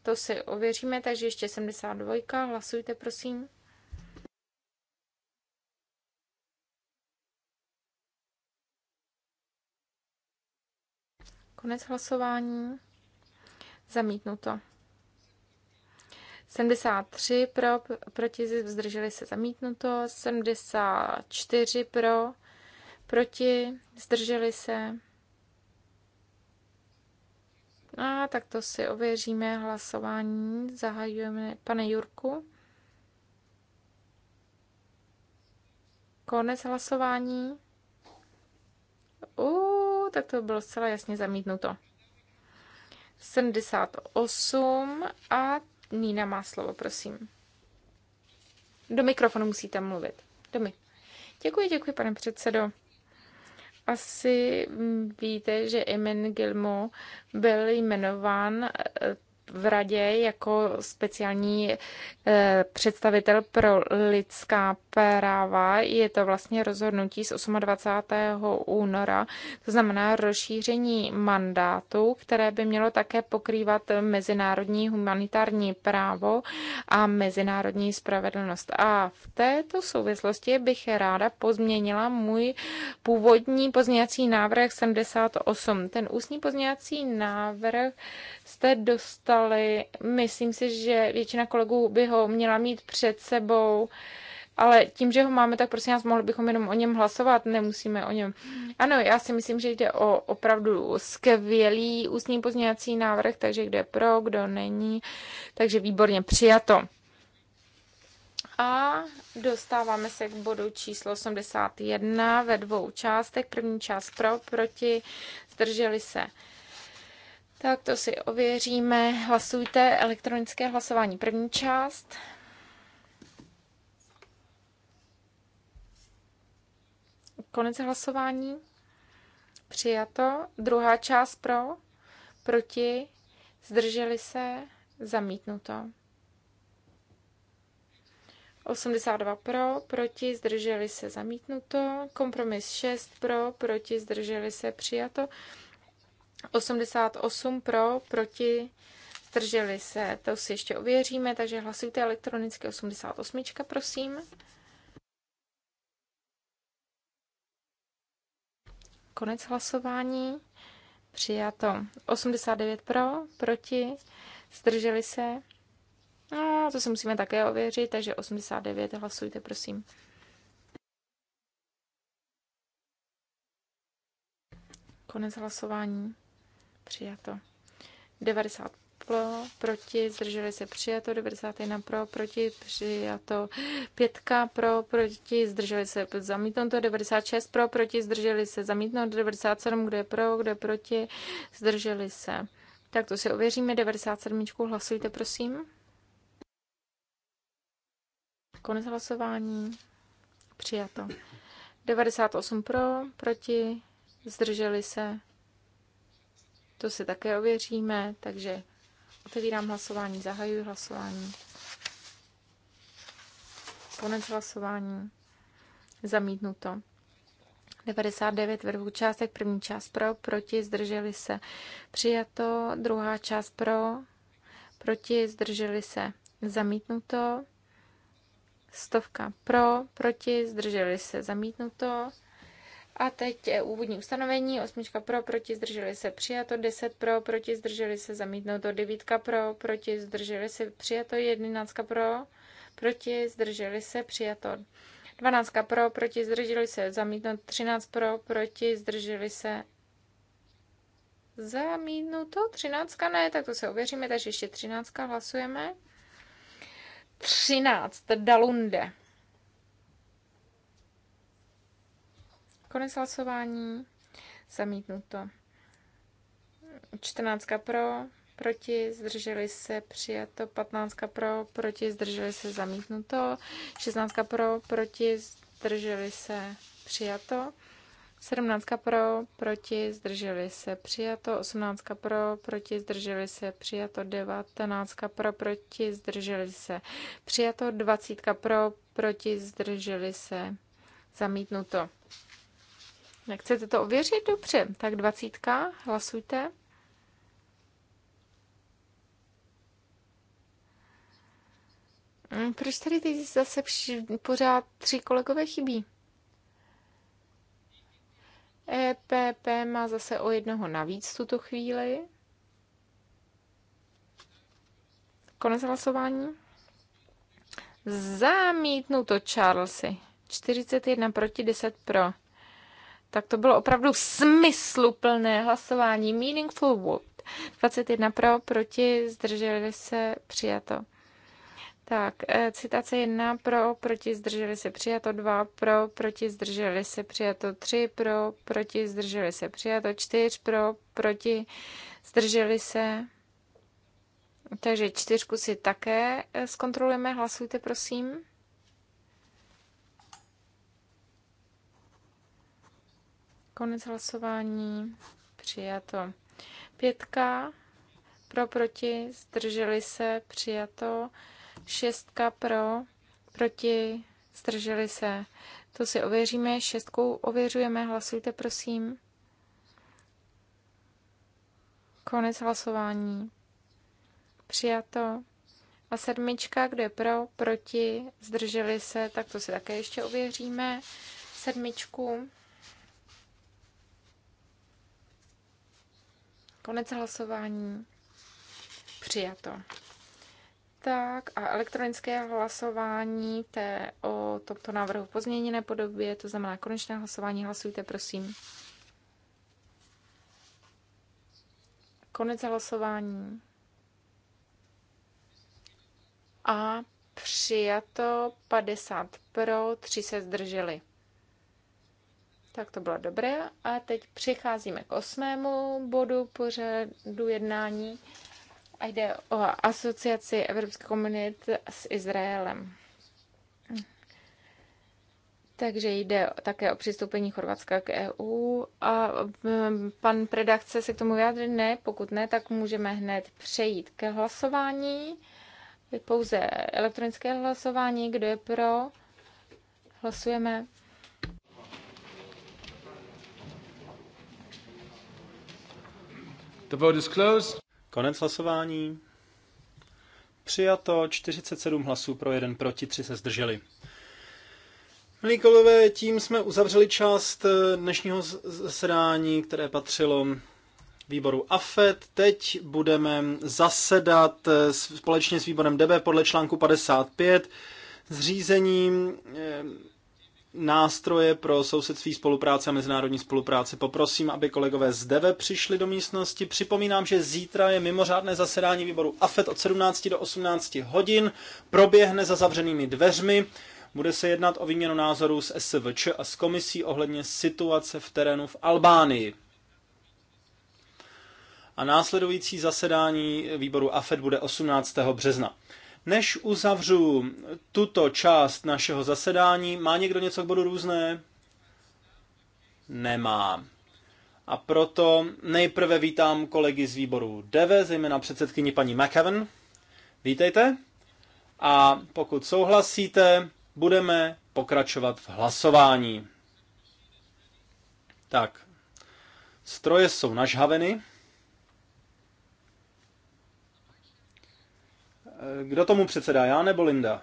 To si ověříme, takže ještě 72. Hlasujte, prosím. Konec hlasování. Zamítnuto. 73 pro, proti, zdrželi se zamítnuto. 74 pro, proti, zdrželi se. A tak to si ověříme hlasování. Zahajujeme pane Jurku. Konec hlasování. U, tak to bylo zcela jasně zamítnuto. 78 a Nina má slovo, prosím. Do mikrofonu musíte mluvit. Do mi. Děkuji, děkuji, pane předsedo asi mm, víte, že Emin Gilmo byl jmenován eh, v radě jako speciální eh, představitel pro lidská práva. Je to vlastně rozhodnutí z 28. února, to znamená rozšíření mandátu, které by mělo také pokrývat mezinárodní humanitární právo a mezinárodní spravedlnost. A v této souvislosti bych ráda pozměnila můj původní pozměňací návrh 78. Ten ústní pozměňací návrh jste dostal dostali. Myslím si, že většina kolegů by ho měla mít před sebou, ale tím, že ho máme, tak prosím nás, mohli bychom jenom o něm hlasovat, nemusíme o něm. Ano, já si myslím, že jde o opravdu skvělý ústní pozměňovací návrh, takže kde pro, kdo není, takže výborně přijato. A dostáváme se k bodu číslo 81 ve dvou částech. První část pro, proti, zdrželi se tak to si ověříme. Hlasujte elektronické hlasování. První část. Konec hlasování. Přijato. Druhá část pro, proti, zdrželi se, zamítnuto. 82 pro, proti, zdrželi se, zamítnuto. Kompromis 6 pro, proti, zdrželi se, přijato. 88 pro, proti, zdrželi se. To si ještě ověříme, takže hlasujte elektronicky 88, prosím. Konec hlasování. Přijato 89 pro, proti, zdrželi se. No, to si musíme také ověřit, takže 89 hlasujte, prosím. Konec hlasování přijato. 90 pro, proti, zdrželi se přijato, 91 pro, proti, přijato, 5 pro, proti, zdrželi se zamítnuto, 96 pro, proti, zdrželi se zamítnout, 97, kdo je pro, kdo je proti, zdrželi se. Tak to si ověříme, 97 hlasujte, prosím. Konec hlasování. Přijato. 98 pro, proti, zdrželi se. To si také ověříme, takže otevírám hlasování, zahajuji hlasování. Konec hlasování. Zamítnuto. 99 ve dvou částech, první část pro, proti, zdrželi se. Přijato, druhá část pro, proti, zdrželi se. Zamítnuto. Stovka pro, proti, zdrželi se. Zamítnuto. A teď je úvodní ustanovení, osmička pro, proti, zdrželi se, přijato, deset pro, proti, zdrželi se, zamítnuto, devítka pro, proti, zdrželi se, přijato, Jedenáctka pro, proti, zdrželi se, přijato. Dvanáctka pro, proti, zdrželi se, zamítnuto, Třináct pro, proti, zdrželi se, zamítnuto, Třináctka ne, tak to se ověříme, takže ještě třináctka hlasujeme. třináct Dalunde. Konec hlasování. Zamítnuto. 14 pro, proti, zdrželi se, přijato. 15 pro, proti, zdrželi se, zamítnuto. 16 pro, proti, zdrželi se, přijato. 17 pro, proti, zdrželi se, přijato. 18 pro, proti, zdrželi se, přijato. 19 pro, proti, zdrželi se, přijato. 20 pro, proti, zdrželi se, zamítnuto. Nechcete to ověřit? Dobře, tak dvacítka, hlasujte. Hm, proč tady teď zase pořád tři kolegové chybí? EPP má zase o jednoho navíc tuto chvíli. Konec hlasování. to Charlesy. 41 proti 10 pro tak to bylo opravdu smysluplné hlasování, meaningful vote. 21 pro, proti, zdrželi se, přijato. Tak, eh, citace 1 pro, proti, zdrželi se, přijato 2 pro, proti, zdrželi se, přijato 3 pro, proti, zdrželi se, přijato 4 pro, proti, zdrželi se. Takže čtyřku si také eh, zkontrolujeme, hlasujte prosím. Konec hlasování. Přijato. Pětka pro, proti, zdrželi se, přijato. Šestka pro, proti, zdrželi se. To si ověříme, šestkou ověřujeme, hlasujte prosím. Konec hlasování. Přijato. A sedmička, kde pro, proti, zdrželi se, tak to si také ještě ověříme. Sedmičku. Konec hlasování. Přijato. Tak a elektronické hlasování té o tomto návrhu pozměněné podobě, to znamená konečné hlasování, hlasujte prosím. Konec hlasování. A přijato 50 pro, 3 se zdrželi. Tak to bylo dobré. A teď přicházíme k osmému bodu pořadu jednání a jde o asociaci evropské komunit s Izraelem. Takže jde také o přistoupení Chorvatska k EU. A pan Preda chce se k tomu vyjádřit? Ne, pokud ne, tak můžeme hned přejít ke hlasování. pouze elektronické hlasování. Kdo je pro? Hlasujeme. The vote is closed. Konec hlasování. Přijato 47 hlasů pro jeden proti, tři se zdrželi. Milí kolegové, tím jsme uzavřeli část eh, dnešního zasedání, které patřilo výboru AFET. Teď budeme zasedat eh, společně s výborem DB podle článku 55 zřízením nástroje pro sousedství spolupráce a mezinárodní spolupráci. Poprosím, aby kolegové z DEVE přišli do místnosti. Připomínám, že zítra je mimořádné zasedání výboru AFET od 17 do 18 hodin. Proběhne za zavřenými dveřmi. Bude se jednat o výměnu názorů s SVČ a s komisí ohledně situace v terénu v Albánii. A následující zasedání výboru AFED bude 18. března. Než uzavřu tuto část našeho zasedání, má někdo něco k bodu různé? Nemá. A proto nejprve vítám kolegy z výboru DEVE, zejména předsedkyni paní McEwen. Vítejte. A pokud souhlasíte, budeme pokračovat v hlasování. Tak, stroje jsou nažhaveny. Eh, kdo tomu předsedá, já nebo Linda?